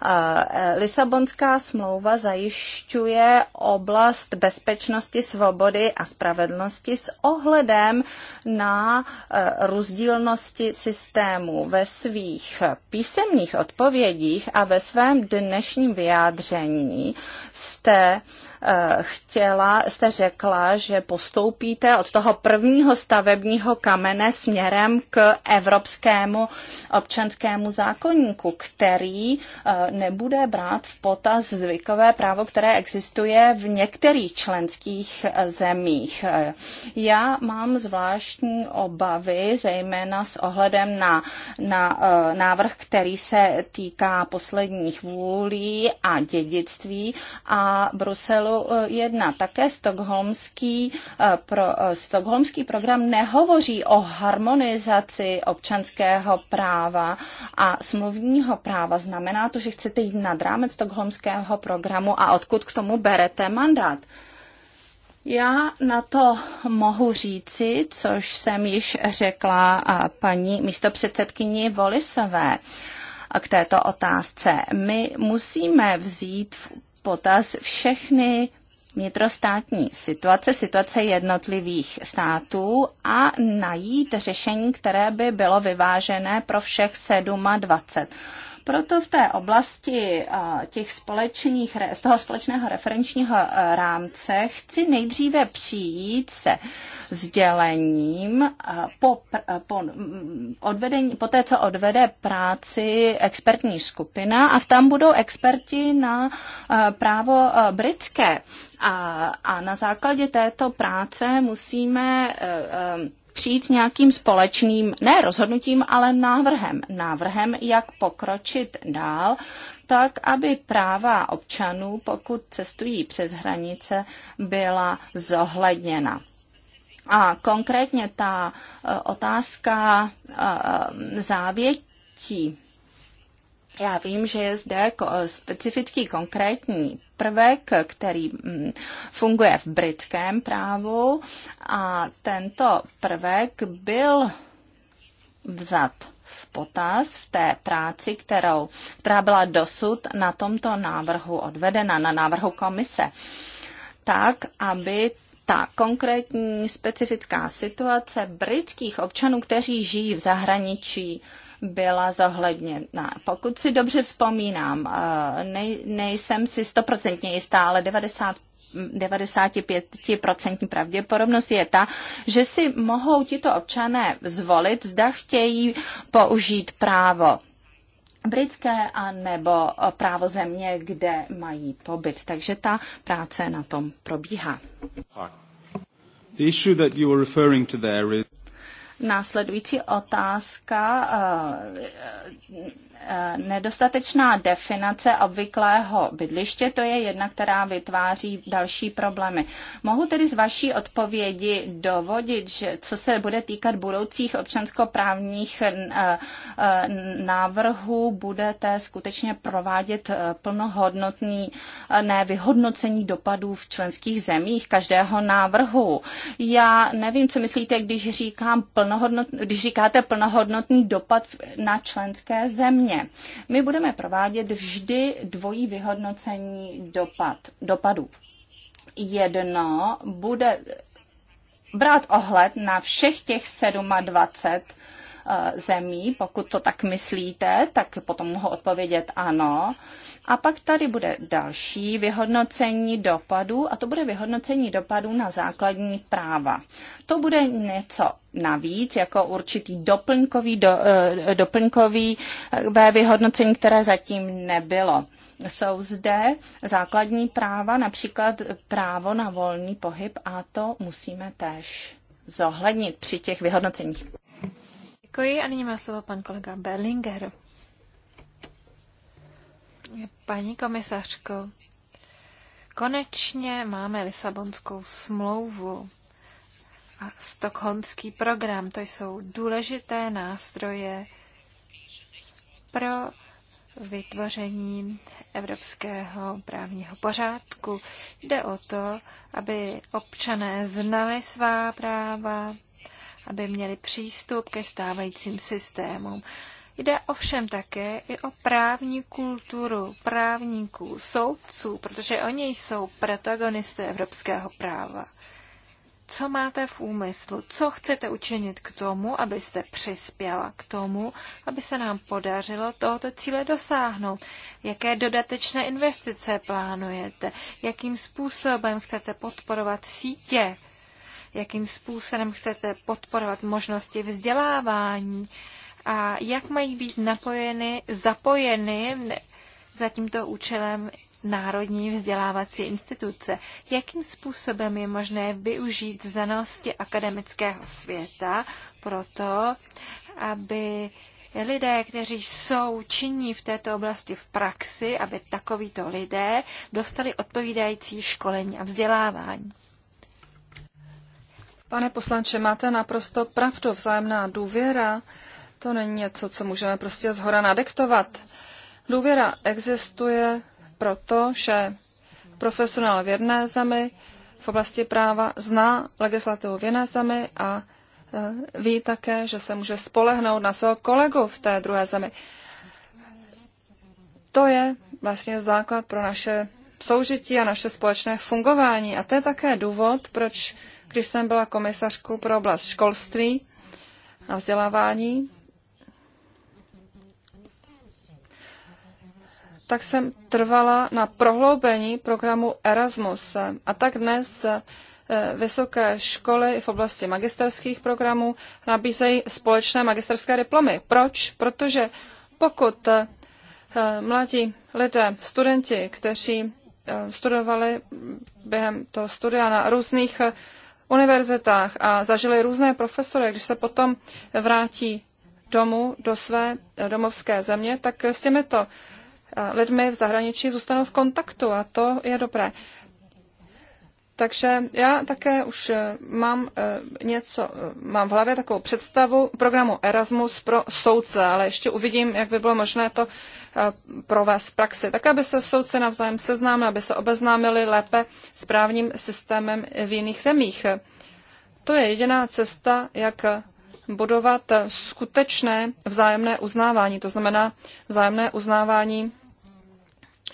Eh, Lisabonská smlouva zajišťuje oblast bezpečnosti, svobody a spravedlnosti s ohledem na eh, rozdílnosti systému. Ve svých písemných odpovědích a ve svém dnešním vyjádření jste uh, Eh, chtěla, jste řekla, že postoupíte od toho prvního stavebního kamene směrem k evropskému občanskému zákonníku, který eh, nebude brát v potaz zvykové právo, které existuje v některých členských eh, zemích. Já mám zvláštní obavy, zejména s ohledem na, na návrh, který se týká posledních vůlí a dědictví a Bruselu bodu Také stokholmský, eh, pro, eh, stokholmský program nehovoří o harmonizaci občanského práva a smluvního práva. Znamená to, že chcete jít nad rámec stokholmského programu a odkud k tomu berete mandát? Já na to mohu říci, což jsem již řekla eh, paní místopředsedkyni Volisové k této otázce. My musíme vzít v potaz všechny vnitrostátní situace, situace jednotlivých států a najít řešení, které by bylo vyvážené pro všech 27. Proto v té oblasti těch společných, z toho společného referenčního e, rámce chci nejdříve přijít se sdělením e, po, e, po, odvedení, po té, co odvede práci expertní skupina a tam budou experti na právo britské. A, a na základě této práce musíme přijít s nějakým společným, ne rozhodnutím, ale návrhem. Návrhem, jak pokročit dál, tak, aby práva občanů, pokud cestují přes hranice, byla zohledněna. A konkrétně ta e, otázka e, e, závětí já vím, že je zde specifický konkrétní prvek, který mm, funguje v britském právu a tento prvek byl vzat v potaz v té práci, kterou, která byla dosud na tomto návrhu odvedena, na návrhu komise, tak, aby ta konkrétní specifická situace britských občanů, kteří žijí v zahraničí, byla zohledněna. Pokud si dobře vzpomínám, eh, nej, nejsem si stoprocentně jistá, ale 90 95% pravděpodobnost je ta, že si mohou tito občané zvolit, zda chtějí použít právo britské a nebo právo země, kde mají pobyt. Takže ta práce na tom probíhá. The issue that you are referring to there is následující otázka eh, Eh, nedostatečná definace obvyklého bydliště, to je jedna, která vytváří další problémy. Mohu tedy z vaší odpovědi dovodit, že co se bude týkat budoucích občanskoprávních eh, eh, návrhů, budete skutečně provádět plnohodnotný nevyhodnocení dopadů v členských zemích každého návrhu. Já nevím, co myslíte, když, říkám plnohodnot, když říkáte plnohodnotný dopad na členské země země. My budeme provádět vždy dvojí vyhodnocení dopad, dopadů. Jedno bude brát ohled na všech těch 27 E, zemí, pokud to tak myslíte, tak potom mohu odpovědět ano. A pak tady bude další vyhodnocení dopadů a to bude vyhodnocení dopadů na základní práva. To bude něco navíc, jako určitý doplňkový, do, e, doplňkový e, vyhodnocení, které zatím nebylo jsou zde základní práva, například právo na volný pohyb a to musíme též zohlednit při těch vyhodnoceních. Děkuji a nyní má slovo pan kolega Berlinger. Paní komisařko, konečně máme Lisabonskou smlouvu a Stockholmský program. To jsou důležité nástroje pro vytvoření evropského právního pořádku. Jde o to, aby občané znali svá práva, aby měli přístup ke stávajícím systémům. Jde ovšem také i o právní kulturu právníků, soudců, protože oni jsou protagonisty evropského práva. Co máte v úmyslu? Co chcete učinit k tomu, abyste přispěla k tomu, aby se nám podařilo tohoto cíle dosáhnout? Jaké dodatečné investice plánujete? Jakým způsobem chcete podporovat sítě jakým způsobem chcete podporovat možnosti vzdělávání a jak mají být napojeny, zapojeny za tímto účelem národní vzdělávací instituce. Jakým způsobem je možné využít znalosti akademického světa pro to, aby lidé, kteří jsou činní v této oblasti v praxi, aby takovýto lidé dostali odpovídající školení a vzdělávání. Pane poslanče, máte naprosto pravdu. Vzájemná důvěra to není něco, co můžeme prostě zhora nadektovat. Důvěra existuje proto, že profesionál v jedné zemi v oblasti práva zná legislativu v jiné zemi a e, ví také, že se může spolehnout na svého kolegu v té druhé zemi. To je vlastně základ pro naše soužití a naše společné fungování. A to je také důvod, proč když jsem byla komisařkou pro oblast školství a vzdělávání, tak jsem trvala na prohloubení programu Erasmus. A tak dnes eh, vysoké školy v oblasti magisterských programů nabízejí společné magisterské diplomy. Proč? Protože pokud eh, mladí lidé, studenti, kteří eh, studovali během toho studia na různých univerzitách a zažili různé profesory, když se potom vrátí domů do své eh, domovské země, tak s těmito eh, lidmi v zahraničí zůstanou v kontaktu a to je dobré. Takže já také už eh, mám eh, něco, eh, mám v hlavě takovou představu programu Erasmus pro soudce, ale ještě uvidím, jak by bylo možné to provést v praxi, tak aby se soudci navzájem seznámili, aby se obeznámili lépe s právním systémem v jiných zemích. To je jediná cesta, jak budovat skutečné vzájemné uznávání, to znamená vzájemné uznávání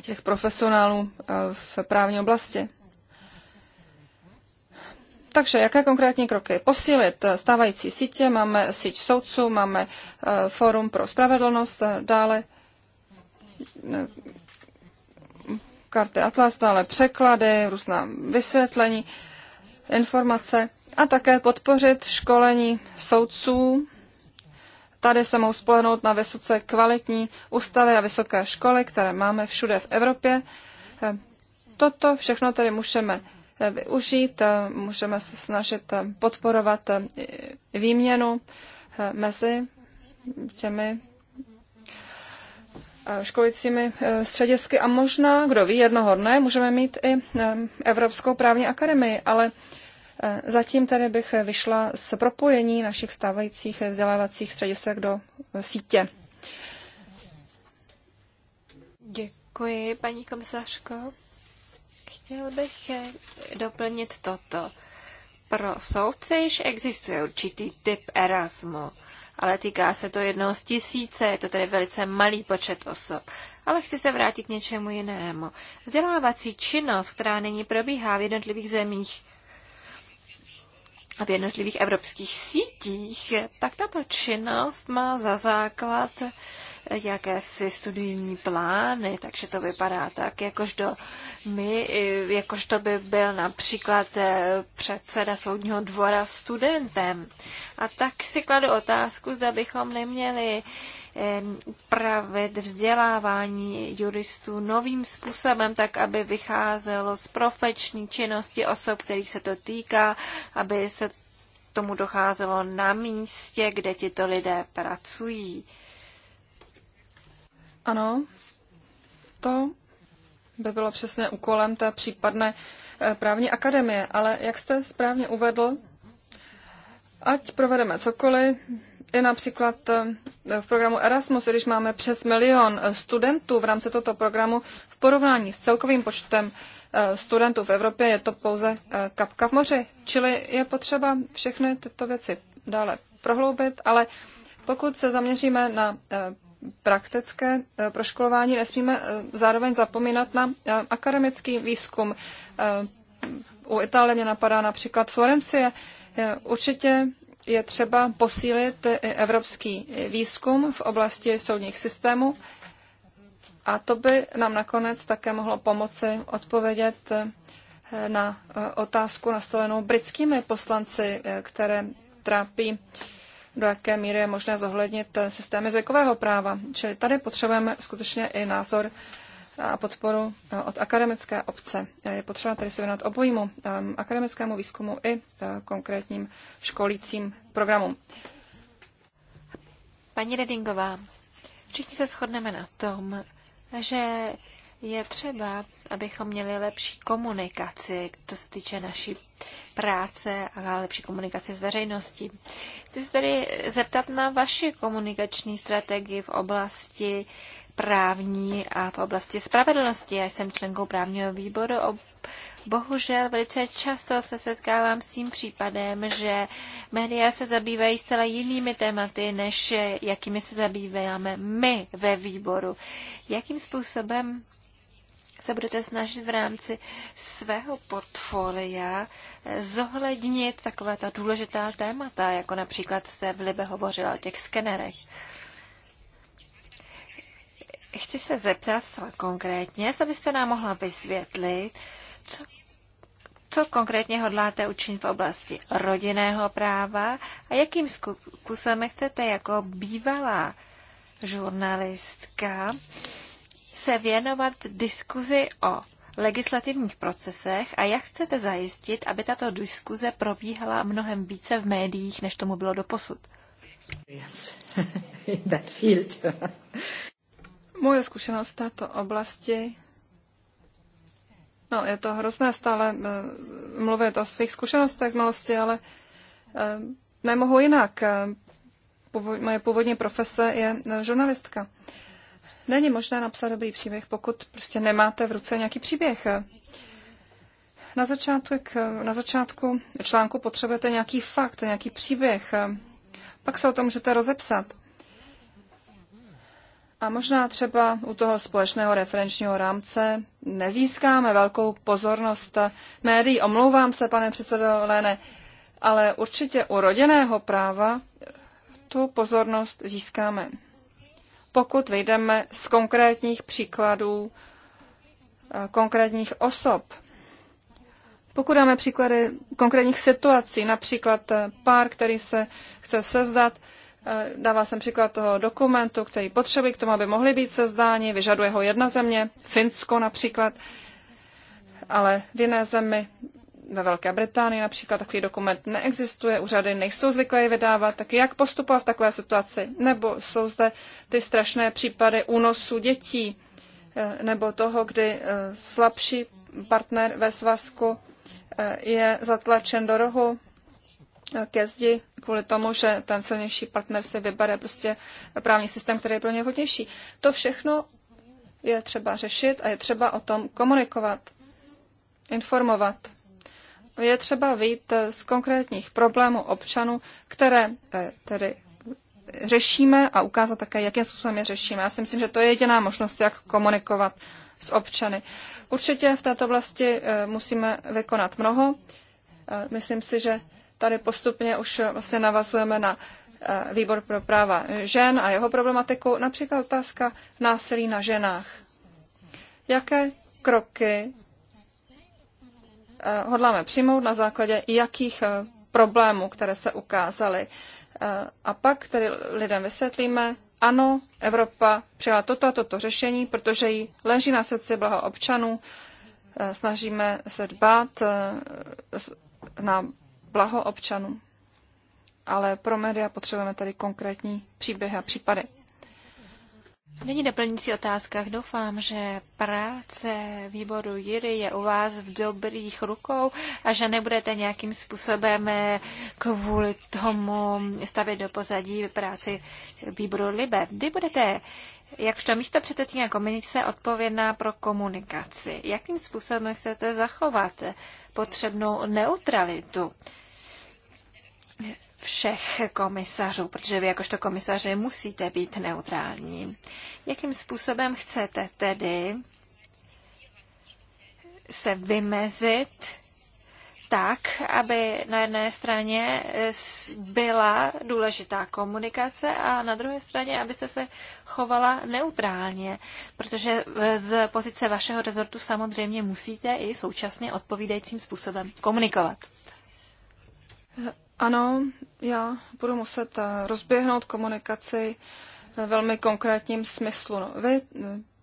těch profesionálů v právní oblasti. Takže jaké konkrétní kroky? Posílit eh, stávající sítě, máme síť soudců, máme eh, fórum pro spravedlnost, eh, dále karty Atlas, dále překlady, různá vysvětlení, informace a také podpořit školení soudců. Tady se mohou spolehnout na vysoce kvalitní ústavy a vysoké školy, které máme všude v Evropě. Toto všechno tedy můžeme využít. Můžeme se snažit podporovat výměnu mezi těmi školicími středisky a možná, kdo ví, jednoho dne můžeme mít i Evropskou právní akademii, ale zatím tedy bych vyšla z propojení našich stávajících vzdělávacích středisek do sítě. Děkuji, paní komisařko. Chtěl bych eh, doplnit toto. Pro soudce již existuje určitý typ Erasmu, ale týká se to jednoho z tisíce, je to tedy velice malý počet osob. Ale chci se vrátit k něčemu jinému. Vzdělávací činnost, která nyní probíhá v jednotlivých zemích a v jednotlivých evropských sítích, tak tato činnost má za základ jakési studijní plány, takže to vypadá tak, jakožto my, jakožto by byl například eh, předseda soudního dvora studentem. A tak si kladu otázku, zda bychom neměli eh, upravit vzdělávání juristů novým způsobem, tak aby vycházelo z profeční činnosti osob, kterých se to týká, aby se tomu docházelo na místě, kde tito lidé pracují. Ano, to by bylo přesně úkolem té případné eh, právní akademie, ale jak jste správně uvedl, ať provedeme cokoliv, i například eh, v programu Erasmus, když máme přes milion eh, studentů v rámci tohoto programu, v porovnání s celkovým počtem studentů v Evropě je to pouze kapka v moři. Čili je potřeba všechny tyto věci dále prohloubit, ale pokud se zaměříme na praktické eh, proškolování, nesmíme eh, zároveň zapomínat na eh, akademický výzkum. U Itálie mě napadá například Florencie. Určitě je třeba posílit evropský výzkum v oblasti soudních systémů a to by nám nakonec také mohlo pomoci odpovědět na otázku nastolenou britskými poslanci, které trápí do jaké míry je možné zohlednit systémy zvykového práva. Čili tady potřebujeme skutečně i názor a podporu eh, od akademické obce. Eh, je potřeba tady se věnovat obojímu eh, akademickému výzkumu i konkrétním školícím programům. Paní Redingová, všichni se shodneme na tom, že je třeba, abychom měli lepší komunikaci, co se týče naší práce a lepší komunikaci s veřejností. Chci se tedy zeptat na vaši komunikační strategii v oblasti právní a v oblasti spravedlnosti. Já jsem členkou právního výboru. Bohužel velice často se setkávám s tím případem, že média se zabývají zcela jinými tématy, než jakými se zabýváme my ve výboru. Jakým způsobem se budete snažit v rámci svého portfolia eh, zohlednit taková ta důležitá témata, jako například jste v Libe hovořila o těch skenerech. Chci se zeptat konkrétně, abyste nám mohla vysvětlit, co co konkrétně hodláte učinit v oblasti rodinného práva a jakým způsobem chcete jako bývalá žurnalistka se věnovat diskuzi o legislativních procesech a jak chcete zajistit, aby tato diskuze probíhala mnohem více v médiích, než tomu bylo doposud? Moje zkušenost v této oblasti No, je to hrozné stále eh, mluvit o svých zkušenostech z malosti, ale eh, nemohu jinak. Eh, moje původní profese je žurnalistka. Není možné napsat dobrý příběh, pokud prostě nemáte v ruce nějaký příběh. Na začátku, na začátku článku potřebujete nějaký fakt, nějaký příběh. Pak se o tom můžete rozepsat. A možná třeba u toho společného referenčního rámce nezískáme velkou pozornost médií. Omlouvám se, pane předsedo Lene, ale určitě u rodinného práva tu pozornost získáme pokud vyjdeme z konkrétních příkladů eh, konkrétních osob. Pokud dáme příklady konkrétních situací, například eh, pár, který se chce sezdat, eh, dává jsem příklad toho dokumentu, který potřebuje k tomu, aby mohli být sezdáni, vyžaduje ho jedna země, Finsko například, ale v jiné zemi ve Velké Británii například takový dokument neexistuje, úřady nejsou zvyklé je vydávat, tak jak postupovat v takové situaci? Nebo jsou zde ty strašné případy únosu dětí, eh, nebo toho, kdy eh, slabší partner ve svazku eh, je zatlačen do rohu ke zdi kvůli tomu, že ten silnější partner si vybere prostě právní systém, který je pro ně vhodnější. To všechno je třeba řešit a je třeba o tom komunikovat, informovat je třeba vyjít z konkrétních problémů občanů, které eh, tedy řešíme a ukázat také, jakým způsobem je řešíme. Já si myslím, že to je jediná možnost, jak komunikovat s občany. Určitě v této oblasti eh, musíme vykonat mnoho. Eh, myslím si, že tady postupně už vlastně navazujeme na výbor pro práva žen a jeho problematiku, například otázka násilí na ženách. Jaké kroky Eh, hodláme přijmout na základě jakých eh, problémů, které se ukázaly. Eh, a pak tedy lidem vysvětlíme, ano, Evropa přijala toto a toto řešení, protože jí leží na srdci blaho občanů. Snažíme se dbát na blaho občanů. Ale pro média potřebujeme tady konkrétní příběhy a případy. Není doplňující otázka. Doufám, že práce výboru Jiry je u vás v dobrých rukou a že nebudete nějakým způsobem eh, kvůli tomu stavět do pozadí práci výboru Libe. Kdy budete Jakžto místo předsedkyně komise odpovědná pro komunikaci, jakým způsobem chcete zachovat potřebnou neutralitu? všech komisařů, protože vy jakožto komisaři musíte být neutrální. Jakým způsobem chcete tedy se vymezit tak, aby na jedné straně eh, byla důležitá komunikace a na druhé straně, abyste se chovala neutrálně, protože eh, z pozice vašeho rezortu samozřejmě musíte i současně odpovídajícím způsobem komunikovat. Ano, já budu muset eh, rozběhnout komunikaci eh, ve velmi konkrétním smyslu. No, vy eh,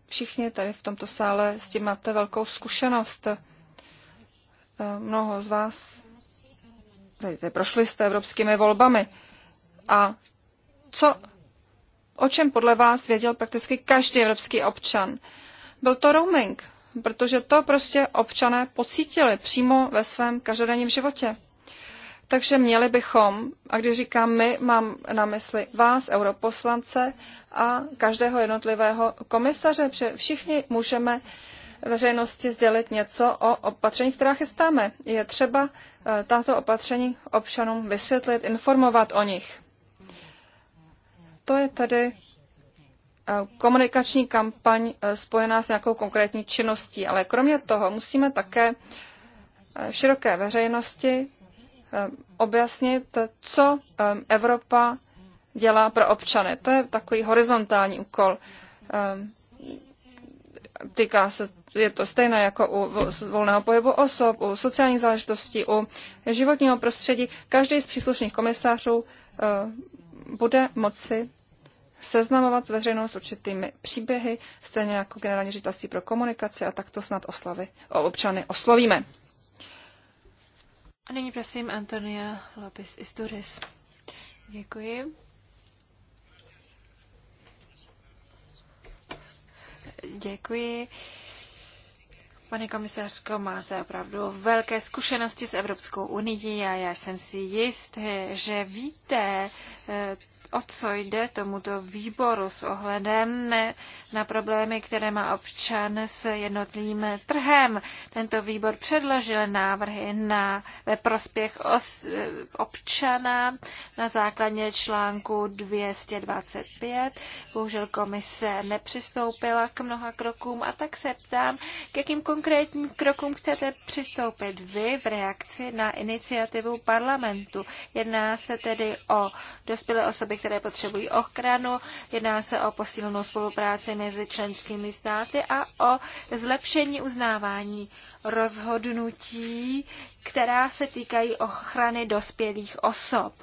všichni tady v tomto sále s tím máte velkou zkušenost. Mnoho z vás tady prošli jste evropskými volbami. A co, o čem podle vás věděl prakticky každý evropský občan? Byl to roaming, protože to prostě občané pocítili přímo ve svém každodenním životě. Takže měli bychom, a když říkám my, mám na mysli vás, europoslance a každého jednotlivého komisaře, protože všichni můžeme veřejnosti sdělit něco o opatření, která chystáme. Je třeba eh, tato opatření občanům vysvětlit, informovat o nich. To je tedy eh, komunikační kampaň eh, spojená s nějakou konkrétní činností, ale kromě toho musíme také široké veřejnosti Eh, objasnit, co eh, Evropa dělá pro občany. To je takový horizontální úkol. Eh, týká se, je to stejné jako u volného pohybu osob, u sociálních záležitostí, u životního prostředí. Každý z příslušných komisářů bude moci seznamovat s veřejnou s určitými příběhy, stejně jako generální ředitelství pro komunikaci a takto snad oslavy občany oslovíme. A nyní prosím Antonia Lopis Isturis. Děkuji. Děkuji. Pane komisařko, máte opravdu velké zkušenosti s Evropskou unii a já jsem si jist, že víte, eh, o co jde tomuto výboru s ohledem na problémy, které má občan s jednotlivým trhem. Tento výbor předložil návrhy na, ve prospěch os, občana na základě článku 225. Bohužel komise nepřistoupila k mnoha krokům a tak se ptám, k jakým konkrétním krokům chcete přistoupit vy v reakci na iniciativu parlamentu. Jedná se tedy o dospělé osoby osoby, které potřebují ochranu. Jedná se o posílenou spolupráci mezi členskými státy a o zlepšení uznávání rozhodnutí, která se týkají ochrany dospělých osob.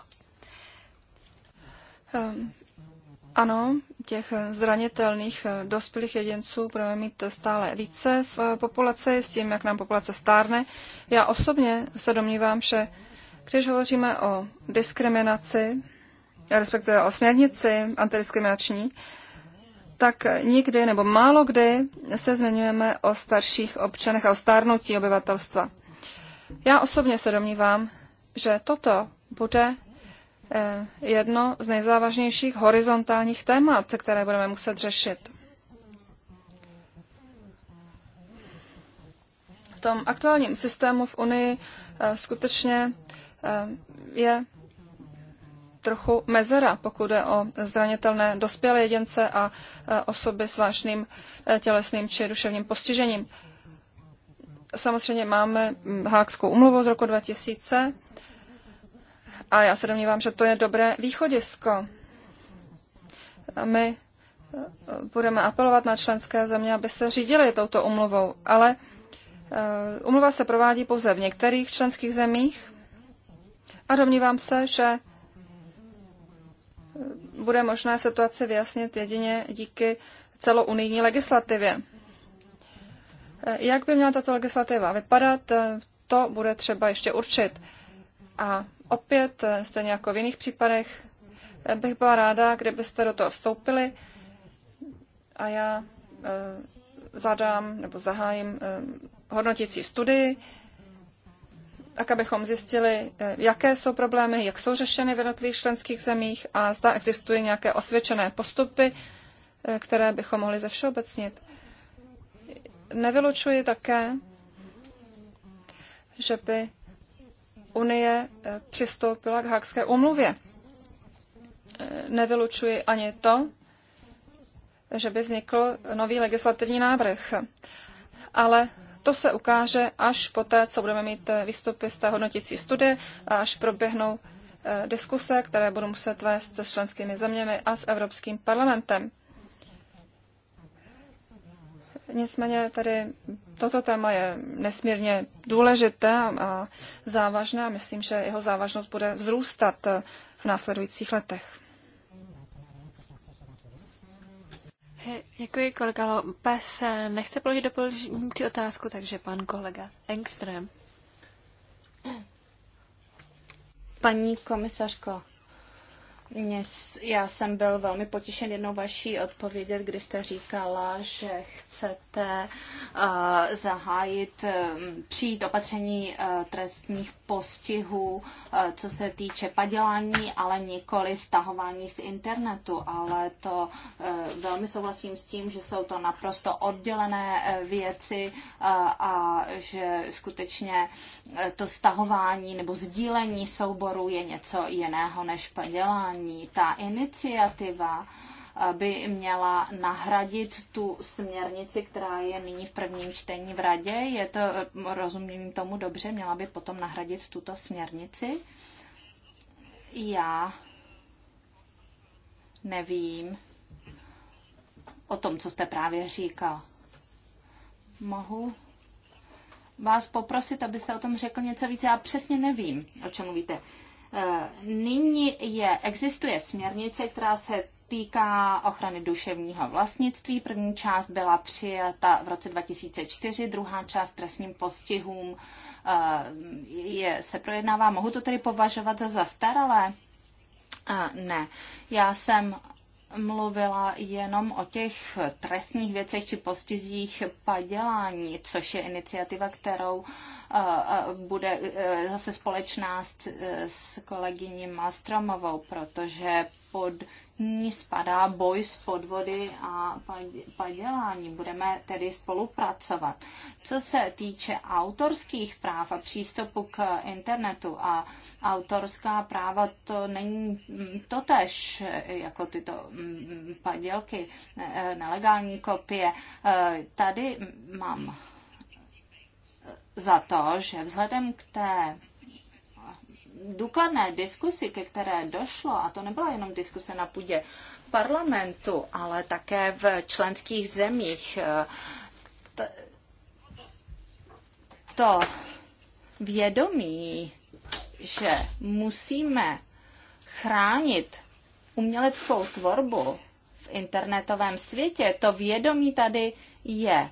Um. Ano, těch zranitelných eh, dospělých jedinců budeme mít stále více v eh, populaci s tím, jak nám populace stárne. Já osobně se domnívám, že když hovoříme o diskriminaci, respektive o směrnici antidiskriminační, tak nikdy nebo málo kdy se zmiňujeme o starších občanech a o stárnutí obyvatelstva. Já osobně se domnívám, že toto bude eh, jedno z nejzávažnějších horizontálních témat, které budeme muset řešit. V tom aktuálním systému v Unii eh, skutečně eh, je trochu mezera, pokud je o zranitelné dospělé jedince a e, osoby s vážným e, tělesným či duševním postižením. Samozřejmě máme Hákskou umluvu z roku 2000 a já se domnívám, že to je dobré východisko. My e, budeme apelovat na členské země, aby se řídili touto umluvou, ale umluva se provádí pouze v některých členských zemích a domnívám se, že bude možné situaci vyjasnit jedině díky celounijní legislativě. Jak by měla tato legislativa vypadat, to bude třeba ještě určit. A opět, stejně jako v jiných případech, bych byla ráda, kdybyste do toho vstoupili a já eh, zadám nebo zahájím eh, hodnotící studii, tak abychom zjistili, eh, jaké jsou problémy, jak jsou řešeny v jednotlivých členských zemích a zda existují nějaké osvědčené postupy, eh, které bychom mohli ze všeobecnit. Nevylučuji také, že by Unie eh, přistoupila k Hákské úmluvě. Nevylučuji ani to, že by vznikl nový legislativní návrh. Ale to se ukáže až poté, co budeme mít eh, výstupy z té hodnotící studie a až proběhnou eh, diskuse, které budou muset vést se členskými zeměmi a s Evropským parlamentem. Nicméně tady toto téma je nesmírně důležité a závažné a myslím, že jeho závažnost bude vzrůstat eh, v následujících letech. Děkuji, kolega Lopes. Nechce položit doplňující otázku, takže pan kolega Engström. Paní komisařko, mě, já jsem byl velmi potěšen jednou vaší odpovědět, kdy jste říkala, že chcete chcete eh, zahájit, eh, přijít opatření eh, trestních postihů, co se týče padělání, ale nikoli stahování z internetu. Ale to velmi souhlasím s tím, že jsou to naprosto oddělené věci a že skutečně to stahování nebo sdílení souborů je něco jiného než padělání. Ta iniciativa, by měla nahradit tu směrnici, která je nyní v prvním čtení v radě. Je to, eh, rozumím tomu dobře, měla by potom nahradit tuto směrnici? Já nevím o tom, co jste právě říkal. Mohu vás poprosit, abyste o tom řekl něco více. Já přesně nevím, o čem mluvíte. Eh, nyní je, existuje směrnice, která se týká ochrany duševního vlastnictví. První část byla přijata v roce 2004, druhá část trestním postihům eh, je, se projednává. Mohu to tedy považovat za zastaralé? Eh, ne. Já jsem mluvila jenom o těch trestních věcech či postizích padělání, což je iniciativa, kterou eh, bude zase společná s, s kolegyní Mastromovou, protože pod ní spadá boj s podvody a padělání. Budeme tedy spolupracovat. Co se týče autorských práv a přístupu k internetu a autorská práva, to není totež jako tyto mm, padělky, eh, nelegální kopie. Eh, tady mám za to, že vzhledem k té důkladné diskusi, ke které došlo, a to nebyla jenom diskuse na půdě parlamentu, ale také v členských zemích, eh, to vědomí, že musíme chránit uměleckou tvorbu v internetovém světě, to vědomí tady je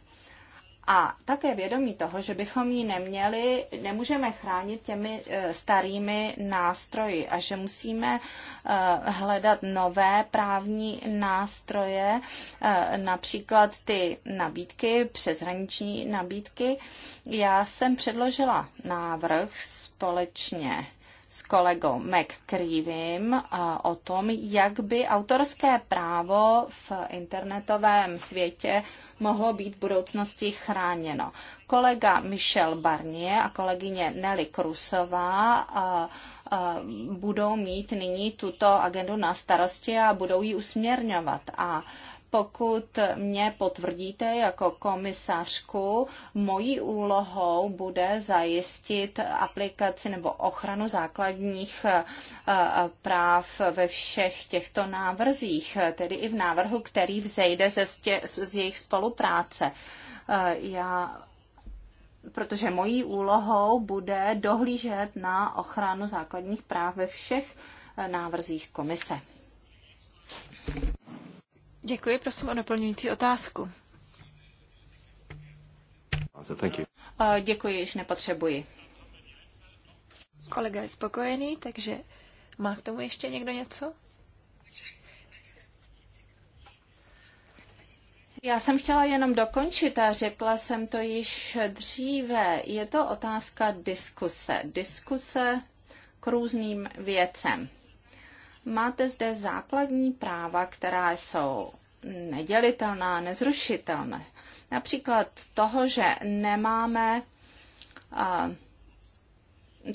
a také vědomí toho, že bychom ji neměli, nemůžeme chránit těmi eh, starými nástroji a že musíme eh, hledat nové právní nástroje, eh, například ty nabídky, přeshraniční nabídky. Já jsem předložila návrh společně s kolegou McCreevym o tom, jak by autorské právo v internetovém světě mohlo být v budoucnosti chráněno. Kolega Michel Barnier a kolegyně Nelly Krusová budou mít nyní tuto agendu na starosti a budou ji usměrňovat. A pokud mě potvrdíte jako komisařku, mojí úlohou bude zajistit aplikaci nebo ochranu základních eh, eh, práv ve všech těchto návrzích, tedy i v návrhu, který vzejde ze stě, z jejich spolupráce. Eh, já protože mojí úlohou bude dohlížet na ochranu základních práv ve všech návrzích komise. Děkuji, prosím o doplňující otázku. Děkuji, již nepotřebuji. Kolega je spokojený, takže má k tomu ještě někdo něco? Já jsem chtěla jenom dokončit a řekla jsem to již dříve. Je to otázka diskuse. Diskuse k různým věcem. Máte zde základní práva, která jsou nedělitelná, nezrušitelné. Například toho, že nemáme a,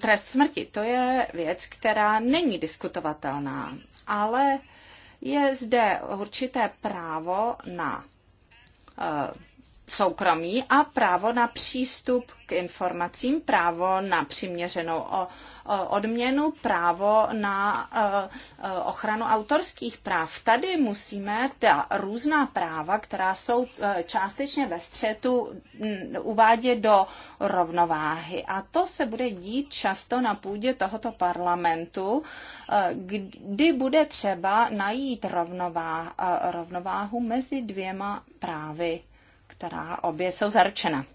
trest smrti. To je věc, která není diskutovatelná, ale je zde určité právo na a, soukromí a právo na přístup k informacím, právo na přiměřenou odměnu, právo na e, e, ochranu autorských práv. Tady musíme ta různá práva, která jsou e, částečně ve střetu, uvádět do rovnováhy. A to se bude dít často na půdě tohoto parlamentu, kdy bude třeba najít rovnováhu mezi dvěma právy která obě jsou zaručena.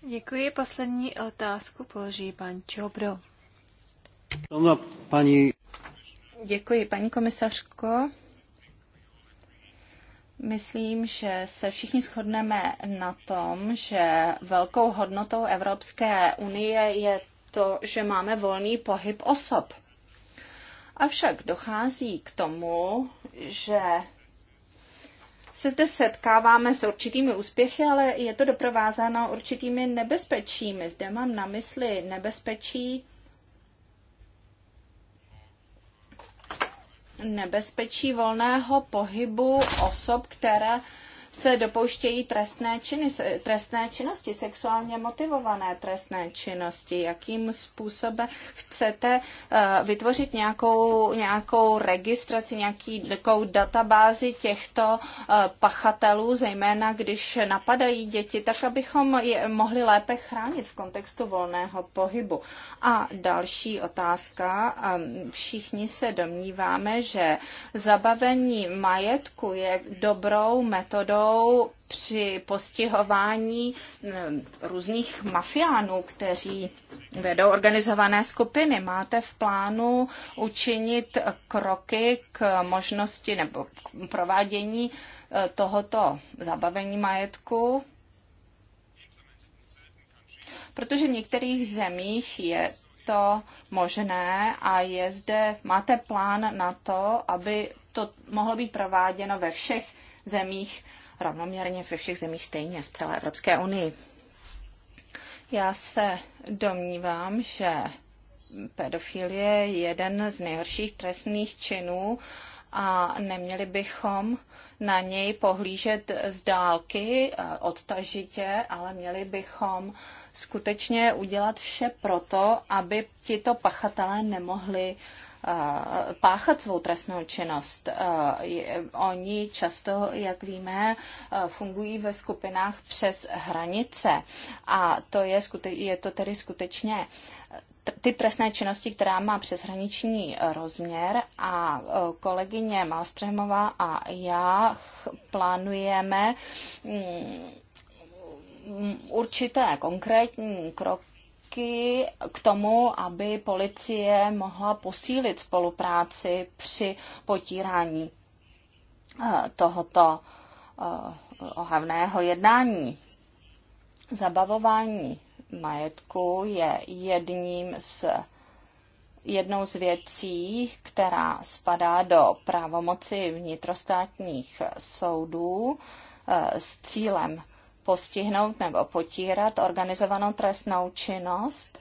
Děkuji. Poslední otázku položí pan Čobro. Paní... Děkuji, paní komisařko. Myslím, že se všichni shodneme na tom, že velkou hodnotou Evropské unie je to, že máme volný pohyb osob. Avšak dochází k tomu, že se zde setkáváme s určitými úspěchy, ale je to doprovázáno určitými nebezpečími. Zde mám na mysli nebezpečí nebezpečí volného pohybu osob, které se dopouštějí trestné, činy, trestné činnosti, sexuálně motivované trestné činnosti, jakým způsobem chcete eh, vytvořit nějakou, nějakou registraci, nějaký, nějakou databázi těchto eh, pachatelů, zejména když napadají děti, tak abychom je mohli lépe chránit v kontextu volného pohybu. A další otázka. Ehm, všichni se domníváme, že zabavení majetku je dobrou metodou, jsou při postihování mm, různých mafiánů, kteří vedou organizované skupiny. Máte v plánu učinit kroky k možnosti nebo k provádění eh, tohoto zabavení majetku? Protože v některých zemích je to možné a je zde, máte plán na to, aby to mohlo být prováděno ve všech zemích rovnoměrně ve všech zemích stejně v celé Evropské unii. Já se domnívám, že pedofilie je jeden z nejhorších trestných činů a neměli bychom na něj pohlížet z dálky, eh, odtažitě, ale měli bychom skutečně udělat vše proto, aby tito pachatelé nemohli Eh, páchat svou trestnou činnost. Eh, oni často, jak víme, eh, fungují ve skupinách přes hranice a to je, je to tedy skutečně ty trestné činnosti, která má přeshraniční rozměr a kolegyně Malstrémová a já plánujeme mm, mm, určité konkrétní kroky, kroky k tomu, aby policie mohla posílit spolupráci při potírání eh, tohoto eh, ohavného jednání. Zabavování majetku je jedním z jednou z věcí, která spadá do právomoci vnitrostátních soudů eh, s cílem postihnout nebo potírat organizovanou trestnou činnost.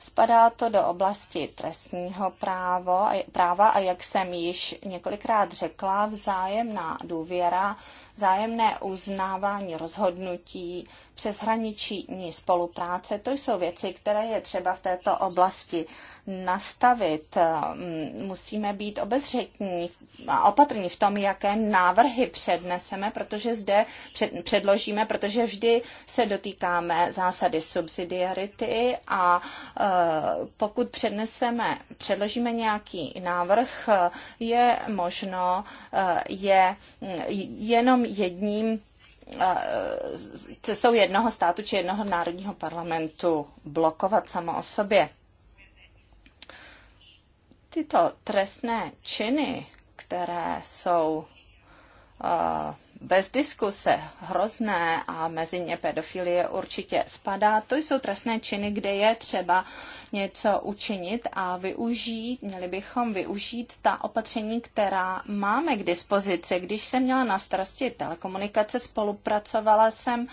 Spadá to do oblasti trestního právo, práva a jak jsem již několikrát řekla, vzájemná důvěra, vzájemné uznávání rozhodnutí přeshraniční spolupráce. To jsou věci, které je třeba v této oblasti nastavit. Mm, musíme být obezřetní a opatrní v tom, jaké návrhy předneseme, protože zde předložíme, protože vždy se dotýkáme zásady subsidiarity a e, pokud předneseme, předložíme nějaký návrh, e, je možno e, je mm, jenom jedním E, cestou jednoho státu či jednoho národního parlamentu blokovat samo o sobě. Tyto trestné činy, které jsou e, bez diskuse hrozné a mezi ně pedofilie určitě spadá. To jsou trestné činy, kde je třeba něco učinit a využít, měli bychom využít ta opatření, která máme k dispozici. Když jsem měla na starosti telekomunikace, spolupracovala jsem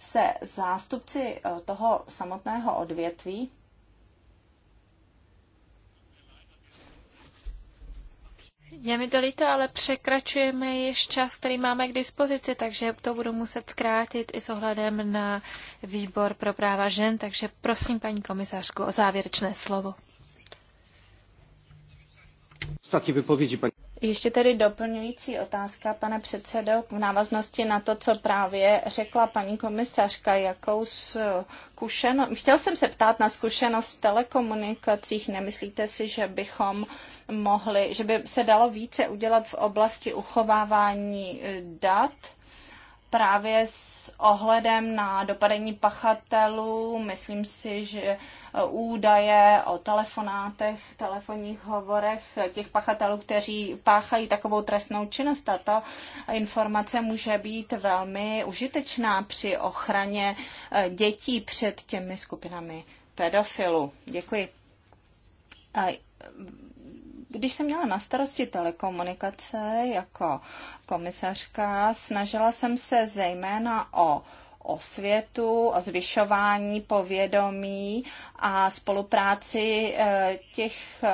se zástupci eh, toho samotného odvětví, Je mi to líto, ale překračujeme již čas, který máme k dispozici, takže to budu muset zkrátit i s ohledem na výbor pro práva žen, takže prosím paní komisařku o závěrečné slovo. Ostatní vypovědi paní ještě tedy doplňující otázka, pane předsedo, v návaznosti na to, co právě řekla paní komisařka, jakou zkušenost... Chtěl jsem se ptát na zkušenost v telekomunikacích. Nemyslíte si, že bychom mohli, že by se dalo více udělat v oblasti uchovávání dat? právě s ohledem na dopadení pachatelů, myslím si, že e, údaje o telefonátech, telefonních hovorech těch pachatelů, kteří páchají takovou trestnou činnost. Tato informace může být velmi užitečná při ochraně e, dětí před těmi skupinami pedofilů. Děkuji. Když jsem měla na starosti telekomunikace jako komisařka, snažila jsem se zejména o osvětu, o zvyšování povědomí a spolupráci eh, těch,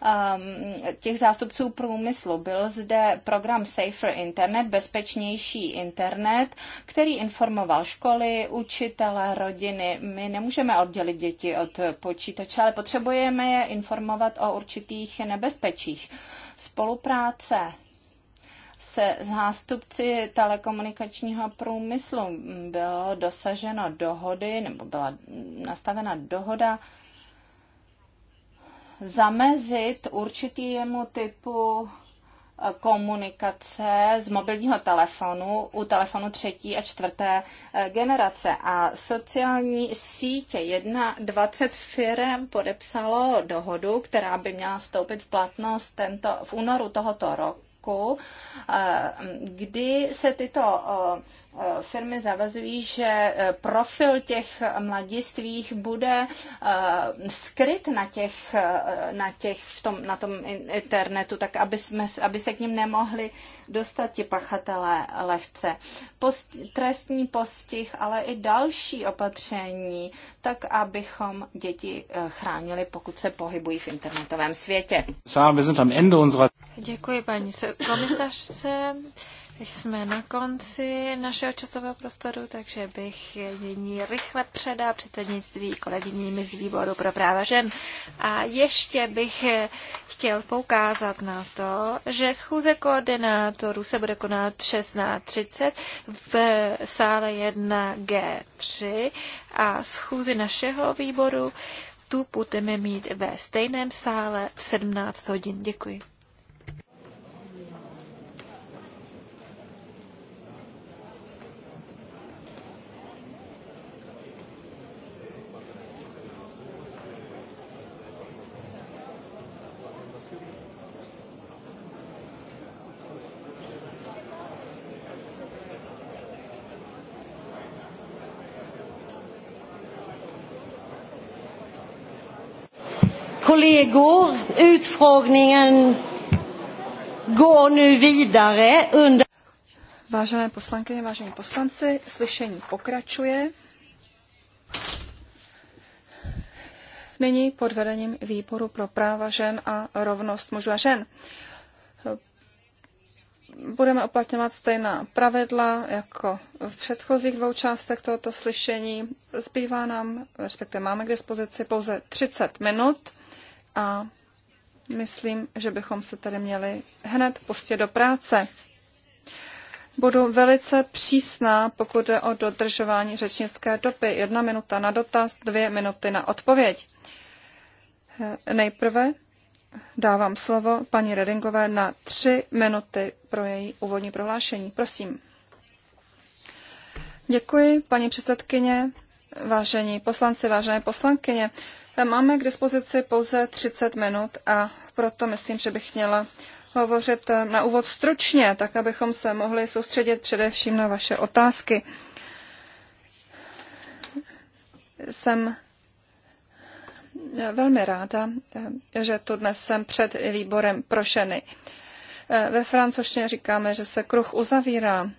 ehm, těch zástupců průmyslu. Byl zde program Safer Internet, bezpečnější internet, který informoval školy, učitele, rodiny. My nemůžeme oddělit děti od počítače, ale potřebujeme je informovat o určitých nebezpečích. Spolupráce se zástupci telekomunikačního průmyslu. Bylo dosaženo dohody, nebo byla nastavena dohoda zamezit určitýmu typu eh, komunikace z mobilního telefonu u telefonu třetí a čtvrté eh, generace. A sociální sítě 21 firm podepsalo dohodu, která by měla vstoupit v platnost tento, v únoru tohoto roku Eh, kdy se tyto eh, Eh, firmy zavazují, že eh, profil těch mladistvých bude eh, skryt na těch, na těch v tom, na tom internetu, tak aby, jsme, aby se k ním nemohli dostat ti pachatelé lehce. Post, trestní postih, ale i další opatření, tak abychom děti chránili, pokud se pohybují v internetovém světě. Děkuji paní komisařce. Jsme na konci našeho časového prostoru, takže bych nyní rychle předal předsednictví kolegyním z výboru pro práva žen. A ještě bych chtěl poukázat na to, že schůze koordinátorů se bude konat 16.30 v sále 1G3 a schůzi našeho výboru tu budeme mít ve stejném sále v 17 hodin. Děkuji. Kollegor, utfrågningen går nu vidare under... Vážené poslankyně, vážení poslanci, slyšení pokračuje. Nyní pod vedením Výboru pro práva žen a rovnost mužů a žen. Budeme uplatňovat stejná pravidla jako v předchozích dvou částech tohoto slyšení. Zbývá nám, respektive máme k dispozici pouze 30 minut a myslím, že bychom se tady měli hned pustit do práce. Budu velice přísná, pokud jde o dodržování řečnické doby. Jedna minuta na dotaz, dvě minuty na odpověď. Nejprve dávám slovo paní Redingové na tři minuty pro její úvodní prohlášení. Prosím. Děkuji, paní předsedkyně, vážení poslanci, vážené poslankyně. Máme k dispozici pouze 30 minut a proto myslím, že bych měla hovořit eh, na úvod stručně, tak abychom se mohli soustředit především na vaše otázky. Jsem eh, velmi ráda, eh, že tu dnes jsem před výborem pro ženy. Ve francouzštině říkáme, že se kruh uzavírá.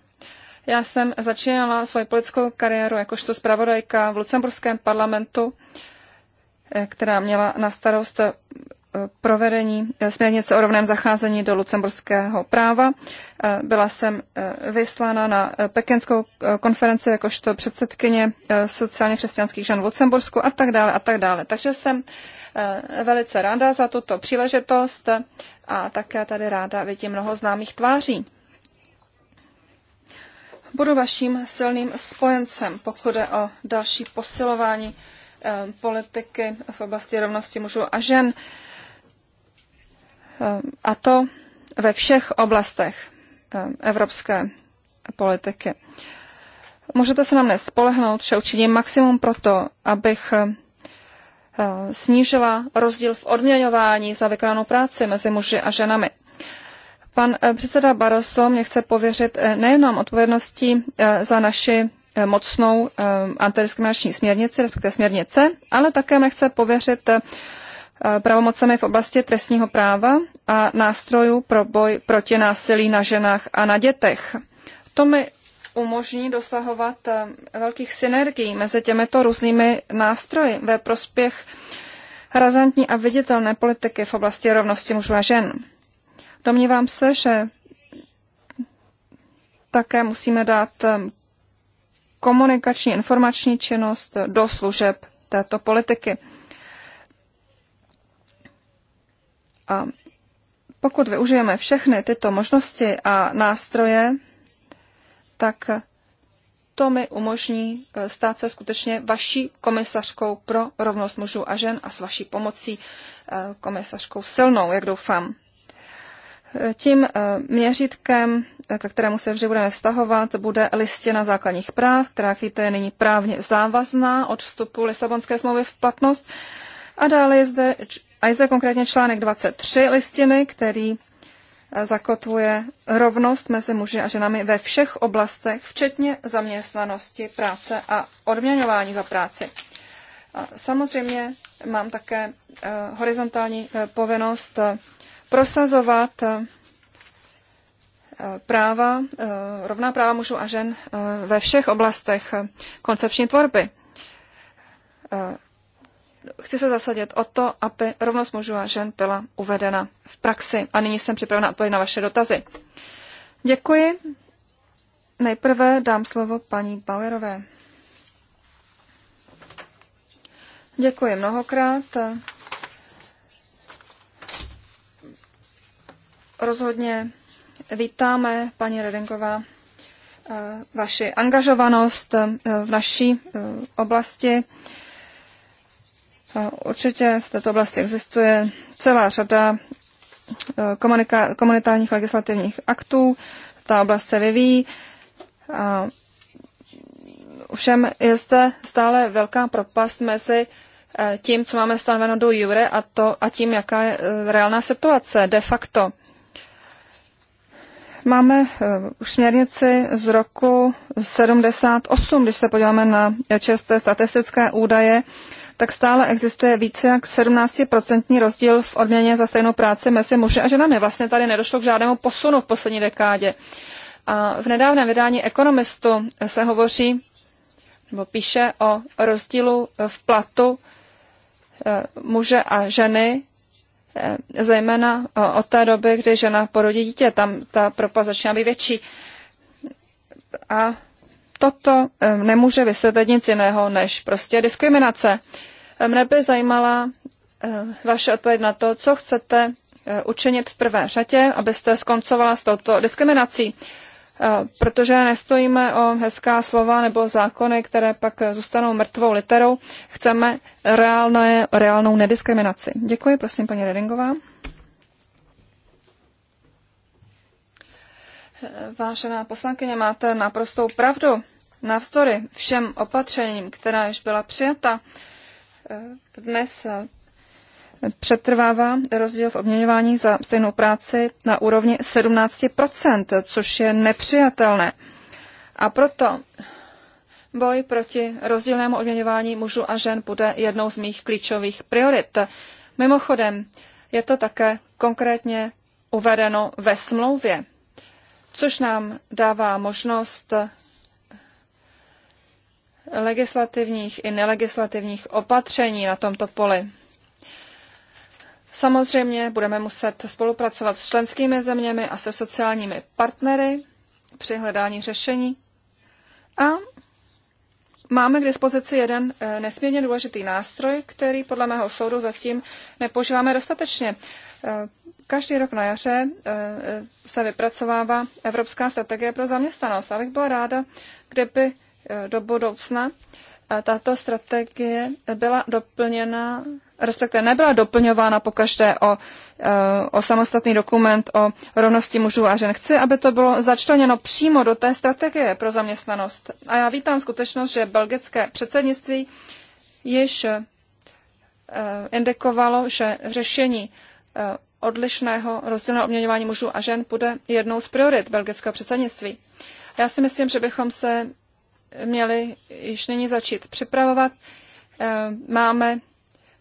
Já jsem začínala svoji politickou kariéru jakožto zpravodajka v Lucemburském parlamentu Eh, která měla na starost eh, provedení eh, směrnice o rovném zacházení do lucemburského práva. Byla jsem vyslána na pekinskou konferenci jakožto předsedkyně sociálně křesťanských žen v Lucembursku a tak dále a tak dále. Takže jsem velice ráda za tuto příležitost a také tady ráda vidím mnoho známých tváří. Budu vaším silným spojencem, pokud je o další posilování Eh, politiky v oblasti rovnosti mužů a žen. Eh, a to ve všech oblastech eh, evropské politiky. Můžete se na mě spolehnout, že učiním maximum pro to, abych snížila rozdíl v odměňování za vykonanou práci mezi muži a ženami. Pan předseda Barroso mě chce pověřit nejenom odpovědností za naši Eh, mocnou eh, antidiskriminační směrnici, respektive směrnice, ale také nechce pověřit eh, pravomocemi v oblasti trestního práva a nástrojů pro boj proti násilí na ženách a na dětech. To mi umožní dosahovat velkých synergií mezi těmito různými nástroji ve prospěch razantní a viditelné politiky v oblasti rovnosti mužů a žen. Domnívám se, že také musíme dát komunikační informační činnost do služeb této politiky. A pokud využijeme všechny tyto možnosti a nástroje, tak to mi umožní eh, stát se skutečně vaší komisařkou pro rovnost mužů a žen a s vaší pomocí eh, komisařkou silnou, jak doufám. Eh, Tím měřítkem ke kterému se vždy budeme vztahovat, bude listina základních práv, která, jak víte, je nyní právně závazná od vstupu Lisabonské smlouvy v platnost. A dále je zde, a je zde konkrétně článek 23 listiny, který eh, zakotvuje rovnost mezi muži a ženami ve všech oblastech, včetně zaměstnanosti, práce a odměňování za práci. A samozřejmě mám také eh, horizontální eh, povinnost prosazovat práva, eh, rovná práva mužů a žen eh, ve všech oblastech eh, koncepční tvorby. Chci se zasadit o to, aby rovnost mužů a žen byla uvedena v praxi. A nyní jsem připravena odpovědět na vaše dotazy. Děkuji. Nejprve dám slovo paní Bauerové. Děkuji mnohokrát. Rozhodně Vítáme, paní Redenková, eh, vaši angažovanost eh, v naší eh, oblasti. Určitě v této oblasti existuje celá řada komunitárních legislativních aktů. Ta oblast se vyvíjí. A ovšem je zde stále velká propast mezi tím, co máme stanoveno do jure a, to, a tím, jaká je reálná situace de facto. Máme eh, už směrnici z roku 78, když se podíváme na čerstvé statistické údaje, tak stále existuje více jak 17% rozdíl v odměně za stejnou práci mezi muži a ženami. Vlastně tady nedošlo k žádnému posunu v poslední dekádě. A v nedávném vydání Ekonomistu se hovoří nebo píše o rozdílu v platu eh, muže a ženy Eh, zejména eh, od té doby, kdy žena porodí dítě, tam ta propa začíná být větší. A toto eh, nemůže vysvětlit nic jiného než prostě diskriminace. Mne by zajímala vaše odpověď na to, co chcete učinit v prvé řadě, abyste skoncovala s touto diskriminací. Eh, protože nestojíme o hezká slova nebo zákony, které pak zůstanou mrtvou literou. Chceme reálné, reálnou nediskriminaci. Děkuji, prosím, paní Redingová. Eh, vážená poslankyně, máte naprostou pravdu. Navzdory všem opatřením, která již byla přijata, eh, dnes přetrvává rozdíl v obměňování za stejnou práci na úrovni 17%, což je nepřijatelné. A proto boj proti rozdílnému odměňování mužů a žen bude jednou z mých klíčových priorit. Mimochodem, je to také konkrétně uvedeno ve smlouvě, což nám dává možnost legislativních i nelegislativních opatření na tomto poli. Samozřejmě budeme muset spolupracovat s členskými zeměmi a se sociálními partnery při hledání řešení. A máme k dispozici jeden eh, nesmírně důležitý nástroj, který podle mého soudu zatím nepoužíváme dostatečně. Eh, každý rok na jaře eh, se vypracovává Evropská strategie pro zaměstnanost. a bych byla ráda, kdyby do budoucna tato strategie byla doplněna respektive nebyla doplňována pokaždé o, eh, o samostatný dokument o rovnosti mužů a žen. Chci, aby to bylo začleněno přímo do té strategie pro zaměstnanost. A já vítám skutečnost, že belgické předsednictví již eh, indikovalo, že řešení eh, odlišného rozdílného odměňování mužů a žen bude jednou z priorit belgického předsednictví. Já si myslím, že bychom se měli již nyní začít připravovat. Máme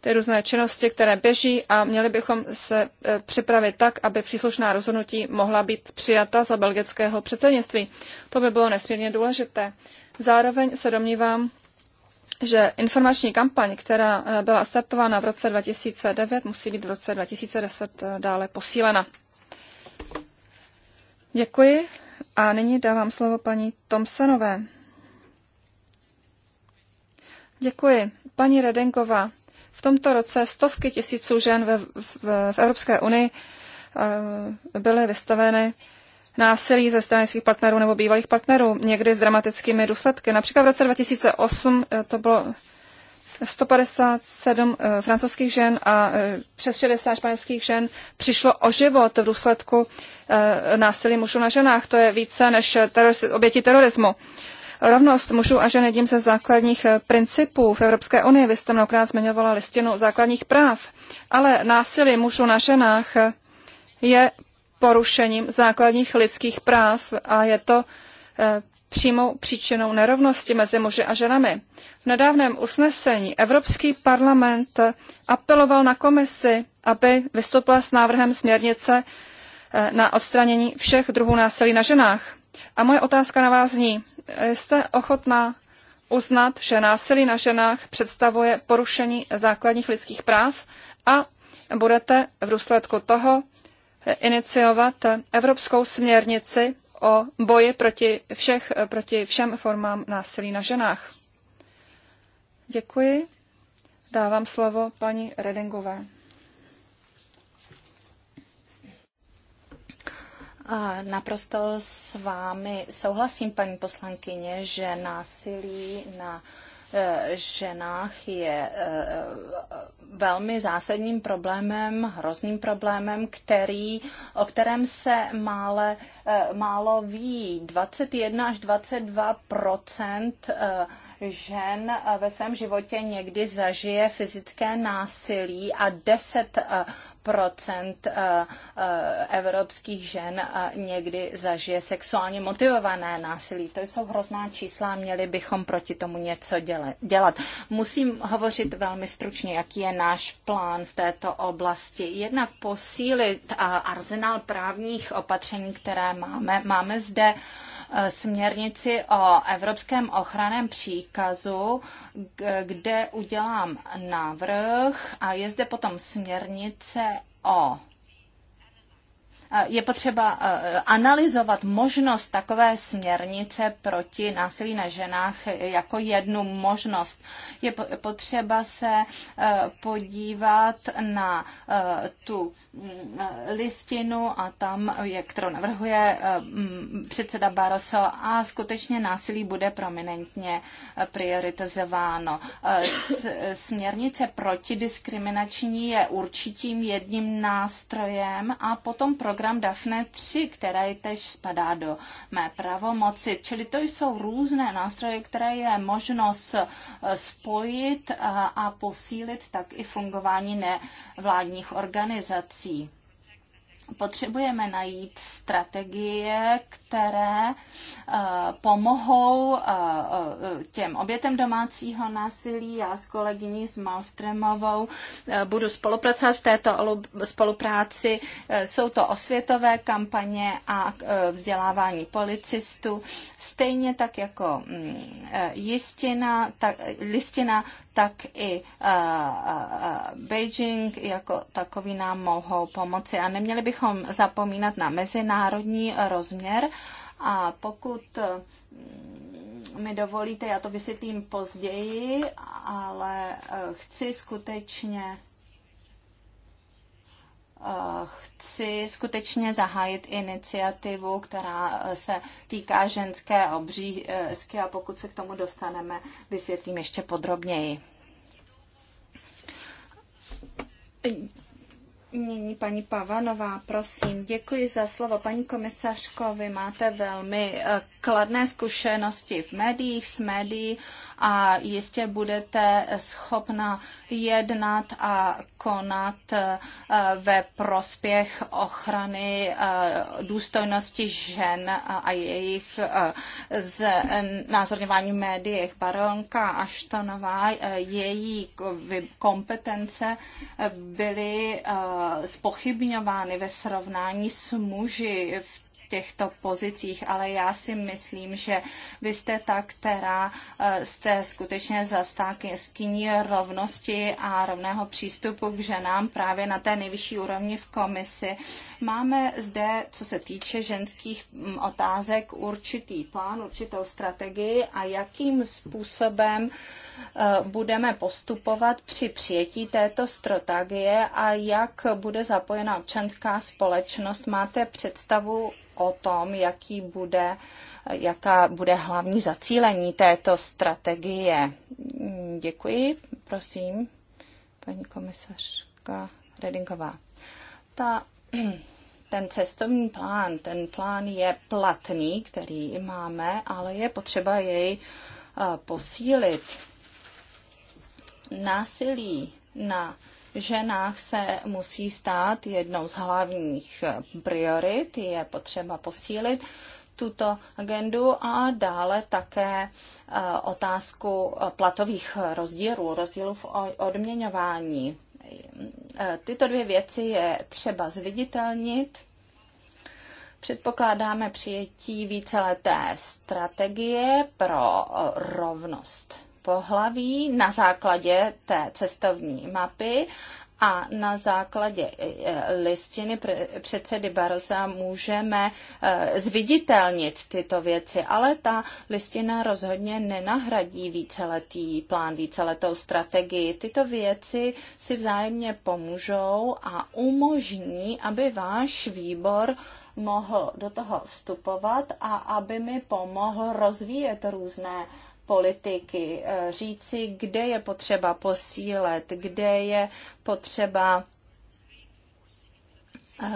ty různé činnosti, které běží a měli bychom se e, připravit tak, aby příslušná rozhodnutí mohla být přijata za belgického předsednictví. To by bylo nesmírně důležité. Zároveň se domnívám, že informační kampaň, která e, byla startována v roce 2009, musí být v roce 2010 e, dále posílena. Děkuji a nyní dávám slovo paní Tomsenové. Děkuji. Paní Redenková, v tomto roce stovky tisíců žen ve, v, v Evropské unii eh, byly vystaveny násilí ze strany svých partnerů nebo bývalých partnerů, někdy s dramatickými důsledky. Například v roce 2008 eh, to bylo 157 eh, francouzských žen a přes 60 španělských žen přišlo o život v důsledku násilí mužů na ženách. To je více než terorist, oběti terorismu rovnost mužů a žen jedním ze základních eh, principů v Evropské unii. Vy jste mnohokrát zmiňovala listinu základních práv, ale násilí mužů na ženách eh, je porušením základních lidských práv a je to eh, přímou příčinou nerovnosti mezi muži a ženami. V nedávném usnesení Evropský parlament apeloval na komisi, aby vystoupila s návrhem směrnice na odstranění všech druhů násilí na ženách. A moje otázka na vás zní, jste ochotná uznat, že násilí na ženách představuje porušení základních lidských práv a budete v důsledku toho iniciovat evropskou směrnici o boji proti, všech, proti všem formám násilí na ženách. Děkuji. Dávám slovo paní Redingové. A naprosto s vámi souhlasím, paní poslankyně, že násilí na e, ženách je e, velmi zásadním problémem, hrozným problémem, který, o kterém se mále, e, málo ví. 21 až 22 žen ve svém životě někdy zažije fyzické násilí a 10 procent eh, eh, evropských žen eh, někdy zažije sexuálně motivované násilí. To jsou hrozná čísla a měli bychom proti tomu něco dělat. Musím hovořit velmi stručně, jaký je náš plán v této oblasti. Jednak posílit arzenál právních opatření, které máme. Máme zde uh, směrnici o Evropském ochraném příkazu, kde udělám návrh a je zde potom směrnice o Eh, je potřeba eh, analyzovat možnost takové směrnice proti násilí na ženách jako jednu možnost. Je potřeba se eh, podívat na tu mm, listinu a tam, jak kterou navrhuje mm, předseda Barroso a skutečně násilí bude prominentně prioritizováno. Směrnice protidiskriminační je určitým jedním nástrojem a potom program program Daphne 3, který tež spadá do mé pravomoci. Čili to jsou různé nástroje, které je možnost eh, spojit eh, a posílit tak i fungování nevládních organizací potřebujeme najít strategie, které eh, pomohou eh, eh, těm obětem domácího násilí. Já s kolegyní s Malstremovou budu spolupracovat v této spolupráci. Jsou to osvětové kampaně a vzdělávání policistů. Stejně tak jako mm, jistina, tak, listina tak i eh, eh, Beijing jako takový nám mohou pomoci. A neměli bychom zapomínat na mezinárodní rozměr. A pokud mm, mi dovolíte, já to vysvětlím později, ale eh, chci skutečně chci skutečně zahájit iniciativu, která se týká ženské obřízky a pokud se k tomu dostaneme, vysvětlím ještě podrobněji. Nyní paní Pavanová, prosím. Děkuji za slovo. Paní komisařko, vy máte velmi eh, kladné zkušenosti v médiích, s médií a jistě budete schopna jednat a konat eh, ve prospěch ochrany eh, důstojnosti žen a jejich eh, z názorňování médiích. Baronka Aštonová, její kompetence byly spochybňovány ve srovnání s muži v těchto pozicích, ale já si myslím, že vy jste ta, která eh, jste skutečně zastánkyní rovnosti a rovného přístupu k ženám právě na té nejvyšší úrovni v komisi. Máme zde, co se týče ženských mm, otázek, určitý plán, určitou strategii a jakým způsobem uh, Eh, budeme postupovat při přijetí této strategie a jak bude zapojena občanská společnost. Máte představu o tom, jaký bude, eh, jaká bude hlavní zacílení této strategie? Děkuji, prosím, paní komisařka Redinková. Ta ten cestovní plán, ten plán je platný, který máme, ale je potřeba jej eh, posílit. Násilí na ženách se musí stát jednou z hlavních eh, priorit, je potřeba posílit tuto agendu a dále také eh, otázku eh, platových rozdílů, rozdílů v odměňování. Tyto dvě věci je třeba zviditelnit. Předpokládáme přijetí víceleté strategie pro rovnost pohlaví na základě té cestovní mapy a na základě e, e, listiny předsedy Barosa můžeme e, zviditelnit tyto věci, ale ta listina rozhodně nenahradí víceletý plán, víceletou strategii. Tyto věci si vzájemně pomůžou a umožní, aby váš výbor mohl do toho vstupovat a aby mi pomohl rozvíjet různé politiky, eh, říci, kde je potřeba posílet, kde je potřeba eh,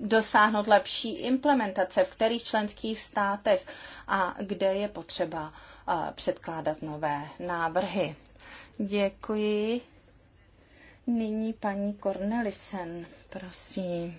dosáhnout lepší implementace, v kterých členských státech a kde je potřeba eh, předkládat nové návrhy. Děkuji. Nyní paní Cornelissen, prosím.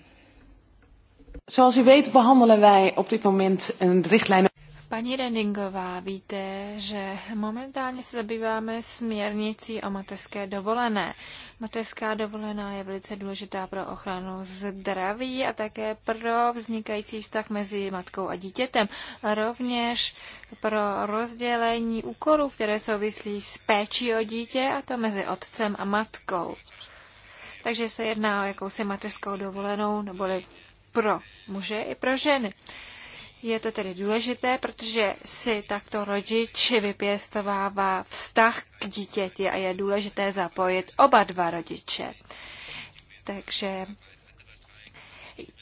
Zoals u weet behandelen wij op dit moment een richtlijn. Paní Reningová, víte, že momentálně se zabýváme směrnicí o mateřské dovolené. Mateřská dovolená je velice důležitá pro ochranu zdraví a také pro vznikající vztah mezi matkou a dítětem. A rovněž pro rozdělení úkolů, které souvislí s péčí o dítě a to mezi otcem a matkou. Takže se jedná o jakousi mateřskou dovolenou neboli pro muže i pro ženy. Je to tedy důležité, protože si takto rodič vypěstovává vztah k dítěti a je důležité zapojit oba dva rodiče. Takže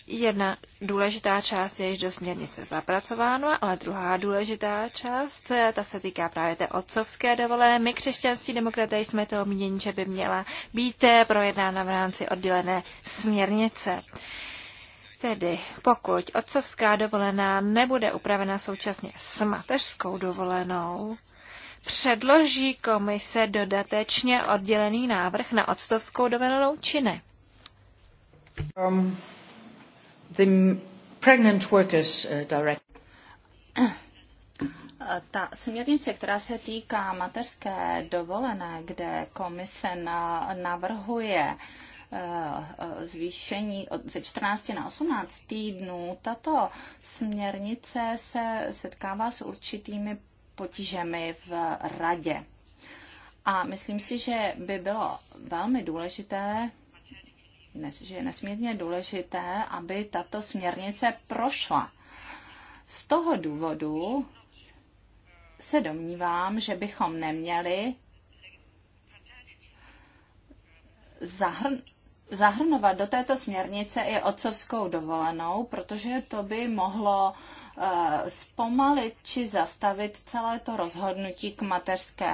jedna důležitá část je již do směrnice zapracována, ale druhá důležitá část, ta se týká právě té otcovské dovolené. My, křesťanství demokraté, jsme toho mínění, že by měla být projednána v rámci oddělené směrnice. Tedy pokud otcovská dovolená nebude upravena současně s mateřskou dovolenou, předloží komise dodatečně oddělený návrh na otcovskou dovolenou či ne? Um, the pregnant workers, uh, direct... Ta směrnice, která se týká mateřské dovolené, kde komise na, navrhuje uh, Eh, zvýšení ze 14 na 18 týdnů, tato směrnice se setkává s určitými potížemi v radě. A myslím si, že by bylo velmi důležité že je nesmírně důležité, aby tato směrnice prošla. Z toho důvodu se domnívám, že bychom neměli zahrn- zahrnovat do této směrnice i otcovskou dovolenou, protože to by mohlo eh, zpomalit či zastavit celé to rozhodnutí k mateřské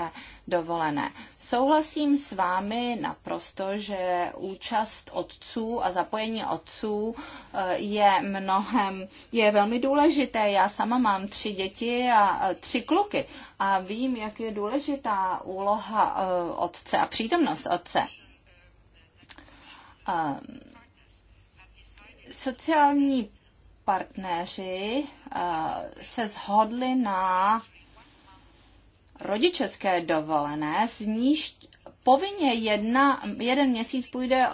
dovolené. Souhlasím s vámi naprosto, že účast otců a zapojení otců eh, je mnohem, je velmi důležité. Já sama mám tři děti a eh, tři kluky a vím, jak je důležitá úloha otce a přítomnost otce. Ehm, sociální partnéři eh, se shodli na rodičovské dovolené, z níž povinně jedna, jeden měsíc půjde, eh,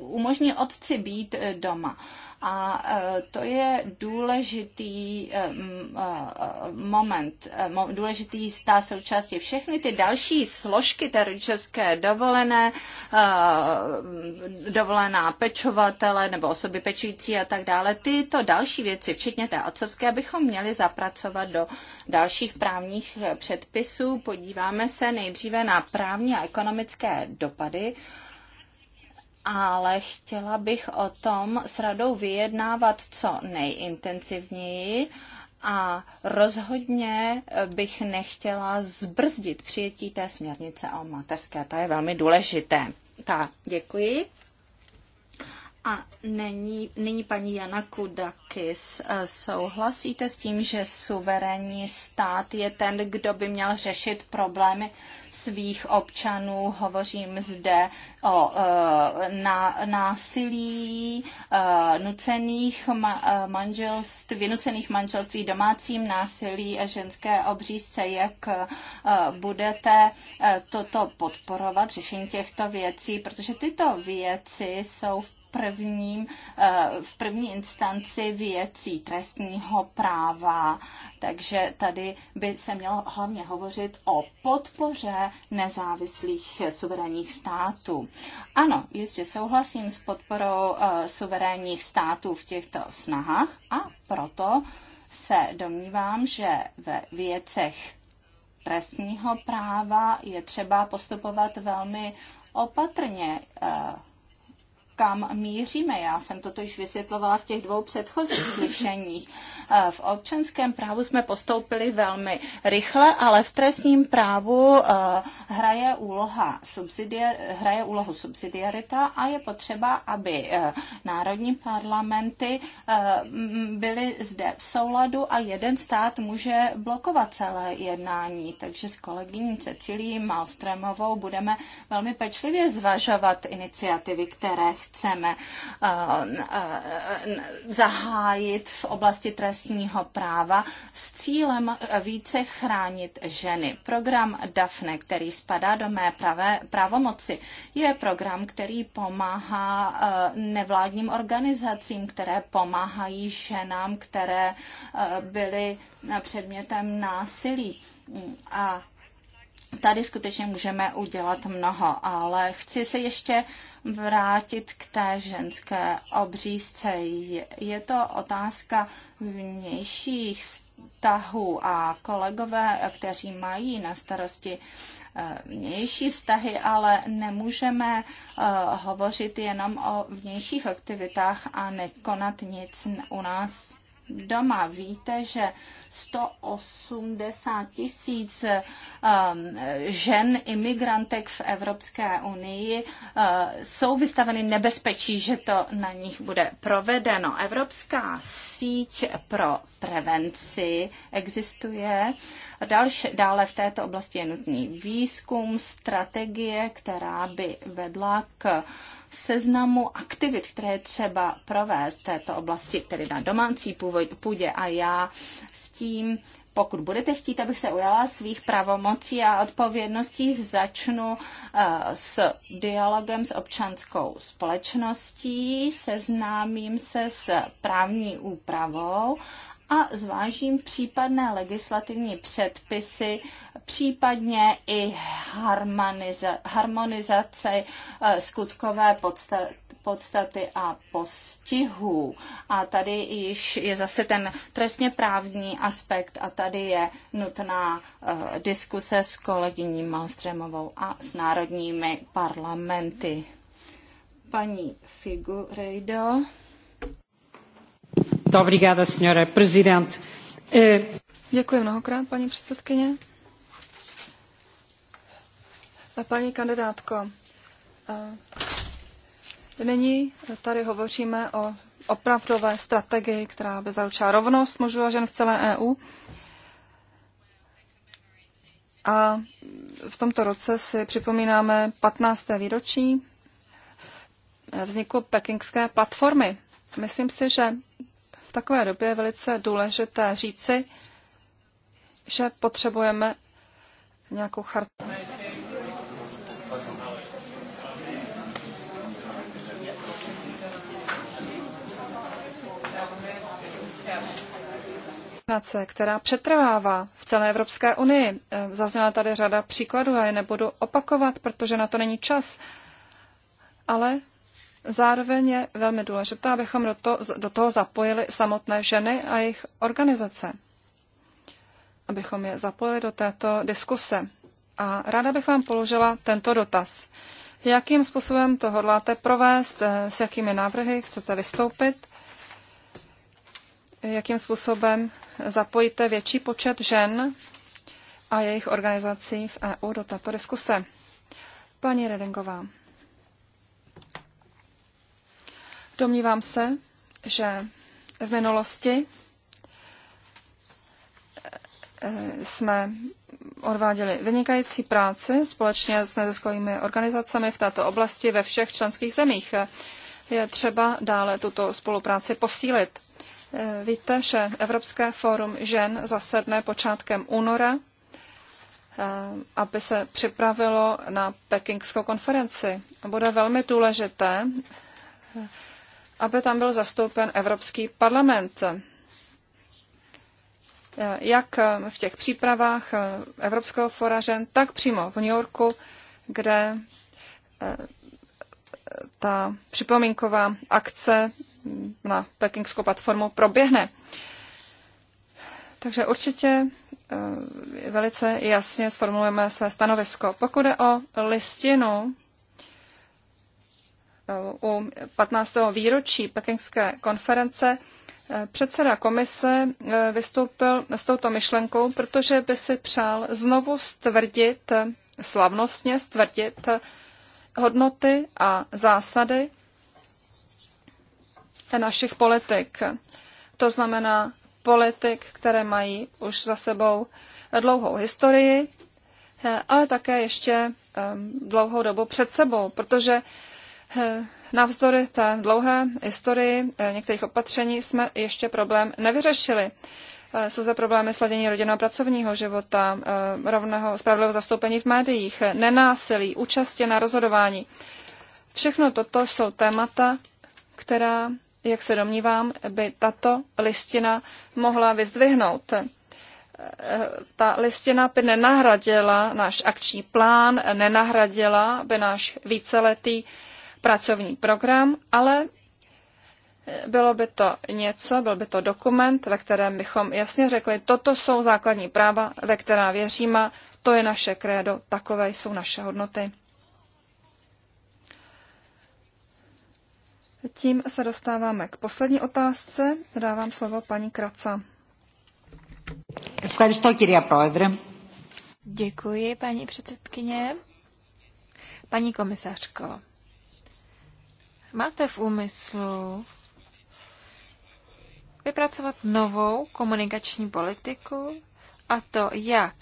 umožní otci být doma. A e, to je důležitý e, e, moment, důležitý stá součástí. Všechny ty další složky té rodičovské dovolené, dovolená pečovatele nebo osoby pečující a tak dále, tyto další věci, včetně té otcovské, bychom měli zapracovat do dalších právních předpisů. Podíváme se nejdříve na právní a ekonomické dopady ale chtěla bych o tom s radou vyjednávat co nejintenzivněji a rozhodně eh, bych nechtěla zbrzdit přijetí té směrnice o mateřské. Ta je velmi důležité. Tak, děkuji. A není, nyní paní Jana Kudakis. Eh, souhlasíte s tím, že suverénní stát je ten, kdo by měl řešit problémy svých občanů? Hovořím zde o eh, na, násilí, eh, nucených ma, manželství, vynucených manželství, domácím násilí a ženské obřízce. Jak budete toto podporovat, řešení těchto věcí? Protože tyto věci jsou v prvním, eh, v první instanci věcí trestního práva. Takže tady by se mělo hlavně hovořit o podpoře nezávislých suverénních států. Ano, jistě souhlasím s podporou eh, suverénních států v těchto snahách a proto se domnívám, že ve věcech trestního práva je třeba postupovat velmi opatrně. Eh, kam míříme. Já jsem to již vysvětlovala v těch dvou předchozích slyšeních. Eh, v občanském právu jsme postoupili velmi rychle, ale v trestním právu eh, hraje, úloha hraje úlohu subsidiarita a je potřeba, aby eh, národní parlamenty byly zde v souladu a jeden stát může blokovat celé jednání. Takže s kolegyní Cecilí Malstremovou budeme velmi pečlivě zvažovat iniciativy, které chceme zahájit v oblasti trestního trestního práva s cílem více chránit ženy. Program DAFNE, který spadá do mé pravé, pravomoci, je program, který pomáhá eh, nevládním organizacím, které pomáhají ženám, které eh, byly eh, předmětem násilí. A tady skutečně můžeme udělat mnoho, ale chci se ještě vrátit k té ženské obřízce. Je to otázka vnějších vztahů a kolegové, kteří mají na starosti eh, vnější vztahy, ale nemůžeme eh, hovořit jenom o vnějších aktivitách a nekonat nic u nás doma. Víte, že 180 tisíc um, žen imigrantek v Evropské unii uh, jsou vystaveny nebezpečí, že to na nich bude provedeno. Evropská síť pro prevenci existuje. Další, dále v této oblasti je nutný výzkum, strategie, která by vedla k uh, seznamu aktivit, které je třeba provést v této oblasti, tedy na domácí půdě a já s tím pokud budete chtít, abych se ujala svých pravomocí a odpovědností, začnu eh, s dialogem s občanskou společností, seznámím se s právní úpravou a zvážím případné legislativní předpisy, případně i harmoniza- harmonizace eh, skutkové podstaty podstaty a postihů. A tady již je zase ten trestně právní aspekt a tady je nutná uh, diskuse s kolegyní Malstremovou a s národními parlamenty. Paní Figurejdo. Eh, Děkuji mnohokrát, paní předsedkyně. A eh, paní kandidátko, eh, nyní tady hovoříme o opravdové strategii, která by zaručila rovnost mužů a žen v celé EU. A v tomto roce si připomínáme 15. výročí vzniku pekingské platformy. Myslím si, že v takové době velice důležité říci, že potřebujeme nějakou chartu. která přetrvává v celé Evropské unii. Eh, zazněla tady řada příkladů a je nebudu opakovat, protože na to není čas. Ale Zároveň je velmi důležité, abychom do, to, do toho zapojili samotné ženy a jejich organizace, abychom je zapojili do této diskuse. A ráda bych vám položila tento dotaz. Jakým způsobem to hodláte provést, eh, s jakými návrhy chcete vystoupit, jakým způsobem zapojíte větší počet žen a jejich organizací v EU do této diskuse. Paní Redingová. Domnívám se, že v minulosti eh, jsme odváděli vynikající práci společně s neziskovými organizacemi v této oblasti ve všech členských zemích. Je třeba dále tuto spolupráci posílit. Eh, víte, že Evropské fórum žen zasedne počátkem února, eh, aby se připravilo na pekingskou konferenci. Bude velmi důležité aby tam byl zastoupen Evropský parlament. Jak v těch přípravách Evropského foražen, tak přímo v New Yorku, kde eh, ta připomínková akce na pekingskou platformu proběhne. Takže určitě eh, velice jasně sformulujeme své stanovisko. Pokud je o listinu u 15. výročí pekingské konference eh, předseda komise eh, vystoupil s touto myšlenkou, protože by si přál znovu stvrdit, slavnostně stvrdit hodnoty a zásady našich politik. To znamená politik, které mají už za sebou dlouhou historii, eh, ale také ještě dlouhou dobu před sebou, protože Eh, navzdory té dlouhé historii eh, některých opatření jsme ještě problém nevyřešili. Eh, jsou zde problémy sladění rodinného a pracovního života, rovného spravedlivého zastoupení v médiích, nenásilí, účastě na rozhodování. Všechno toto jsou témata, která, jak se domnívám, by tato listina mohla vyzdvihnout ta listina by nenahradila náš akční plán, nenahradila by náš víceletý pracovní program, ale eh, bylo by to něco, byl by to dokument, ve kterém bychom jasně řekli, toto jsou základní práva, ve která věříme, to je naše krédo, takové jsou naše hodnoty. Tím se dostáváme k poslední otázce. Dávám slovo paní Kraca. Děkuji, paní předsedkyně. Paní komisařko, Máte v úmyslu vypracovat novou komunikační politiku a to jak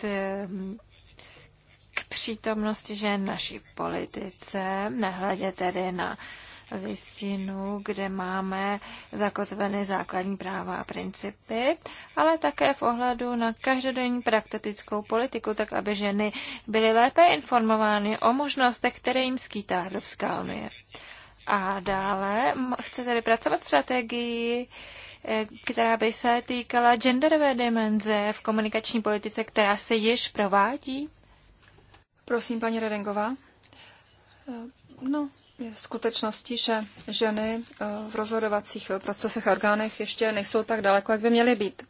t, k přítomnosti žen naší politice, nehledě tedy na listinu, kde máme zakotveny základní práva a principy, ale také v ohledu na každodenní praktickou politiku, tak aby ženy byly lépe informovány o možnostech, které jim skýtá Evropská unie. A dále chce tedy pracovat strategii, eh, která by se týkala genderové dimenze v komunikační politice, která se již provádí? Prosím, paní Redengová. Eh, no, skutečnosti, že ženy eh, v rozhodovacích eh, procesech a orgánech ještě nejsou tak daleko, jak by měly být.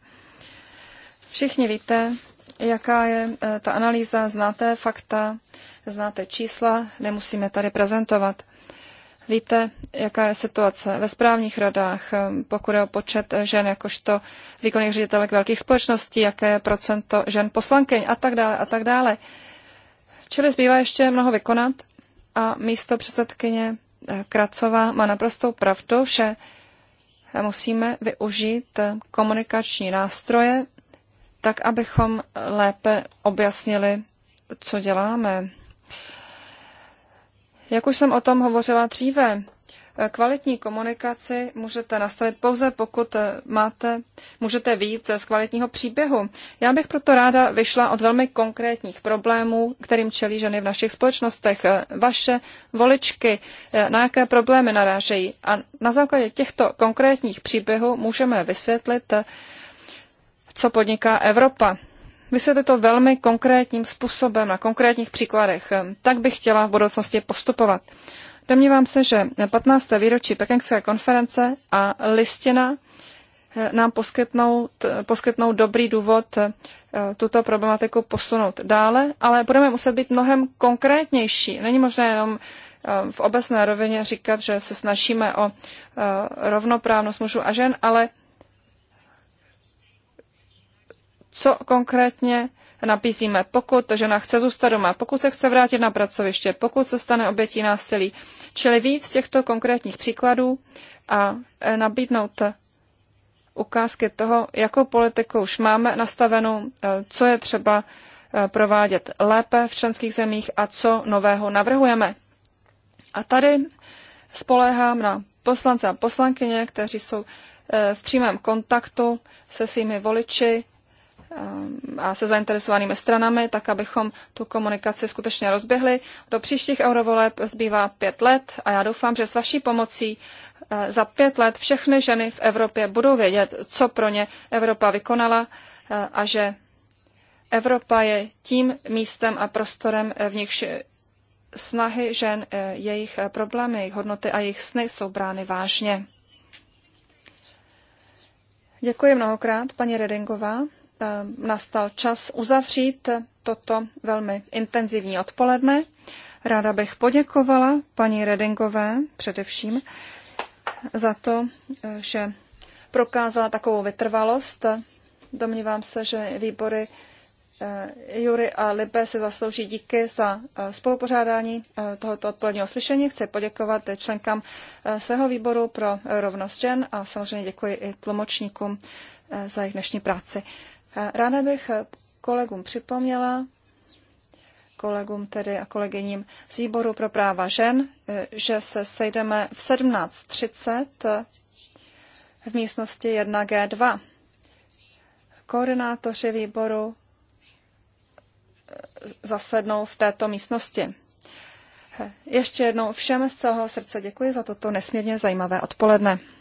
Všichni víte, jaká je eh, ta analýza, znáte fakta, znáte čísla, nemusíme tady prezentovat. Víte, jaká je situace ve správních radách, pokud je o počet žen jakožto výkonných ředitelek velkých společností, jaké je procento žen poslankyň a tak dále a tak dále. Čili zbývá ještě mnoho vykonat a místo předsedkyně eh, Kracová má naprostou pravdu, že eh, musíme využít eh, komunikační nástroje, tak abychom lépe objasnili, co děláme. Jak už jsem o tom hovořila dříve, Kvalitní komunikaci můžete nastavit pouze, pokud eh, máte, můžete víc z kvalitního příběhu. Já bych proto ráda vyšla od velmi konkrétních problémů, kterým čelí ženy v našich společnostech. Eh, Vaše voličky, eh, na jaké problémy narážejí. A na základě těchto konkrétních příběhů můžeme vysvětlit, co podniká Evropa. Vysvětlit to velmi konkrétním způsobem, na konkrétních příkladech. Tak bych chtěla v budoucnosti postupovat. Domnívám se, že 15. výročí Pekingské konference a listina eh, nám poskytnou, poskytnou dobrý důvod eh, tuto problematiku posunout dále, ale budeme muset být mnohem konkrétnější. Není možné jenom eh, v obecné rovině říkat, že se snažíme o rovnoprávnost mužů a žen, ale co konkrétně nabízíme, pokud žena chce zůstat doma, pokud se chce vrátit na pracoviště, pokud se stane obětí násilí. Čili víc těchto konkrétních příkladů a eh, nabídnout eh, ukázky toho, jakou politiku už máme nastavenou, eh, co je třeba provádět lépe v členských zemích a co nového navrhujeme. A tady spoléhám na poslance a poslankyně, kteří jsou v přímém kontaktu se svými voliči, Um, a se zainteresovanými stranami, tak abychom tu komunikaci skutečně rozběhli. Do příštích eurovoleb zbývá pět let a já doufám, že s vaší pomocí eh, za pět let všechny ženy v Evropě budou vědět, co pro ně Evropa vykonala eh, a že Evropa je tím místem a prostorem, eh, v nichž snahy žen, jejich problémy, jejich hodnoty a jejich sny jsou brány vážně. Děkuji mnohokrát, paní Redingová. Eh, nastal čas uzavřít toto velmi intenzivní odpoledne. Ráda bych poděkovala paní Redingové především za to, eh, že prokázala takovou vytrvalost. Domnívám se, že výbory eh, Jury a Libe se zaslouží díky za spolupořádání tohoto odpoledního slyšení. Chci poděkovat členkám svého výboru pro rovnost žen a samozřejmě děkuji i tlumočníkům za jejich dnešní práci. Ráda bych kolegům připomněla, kolegům tedy a kolegyním z výboru pro práva žen, e, že se sejdeme v 17.30 v místnosti 1G2. Koordinátoři výboru e, zasednou v této místnosti. Ještě jednou všem z celého srdce děkuji za toto nesmírně zajímavé odpoledne.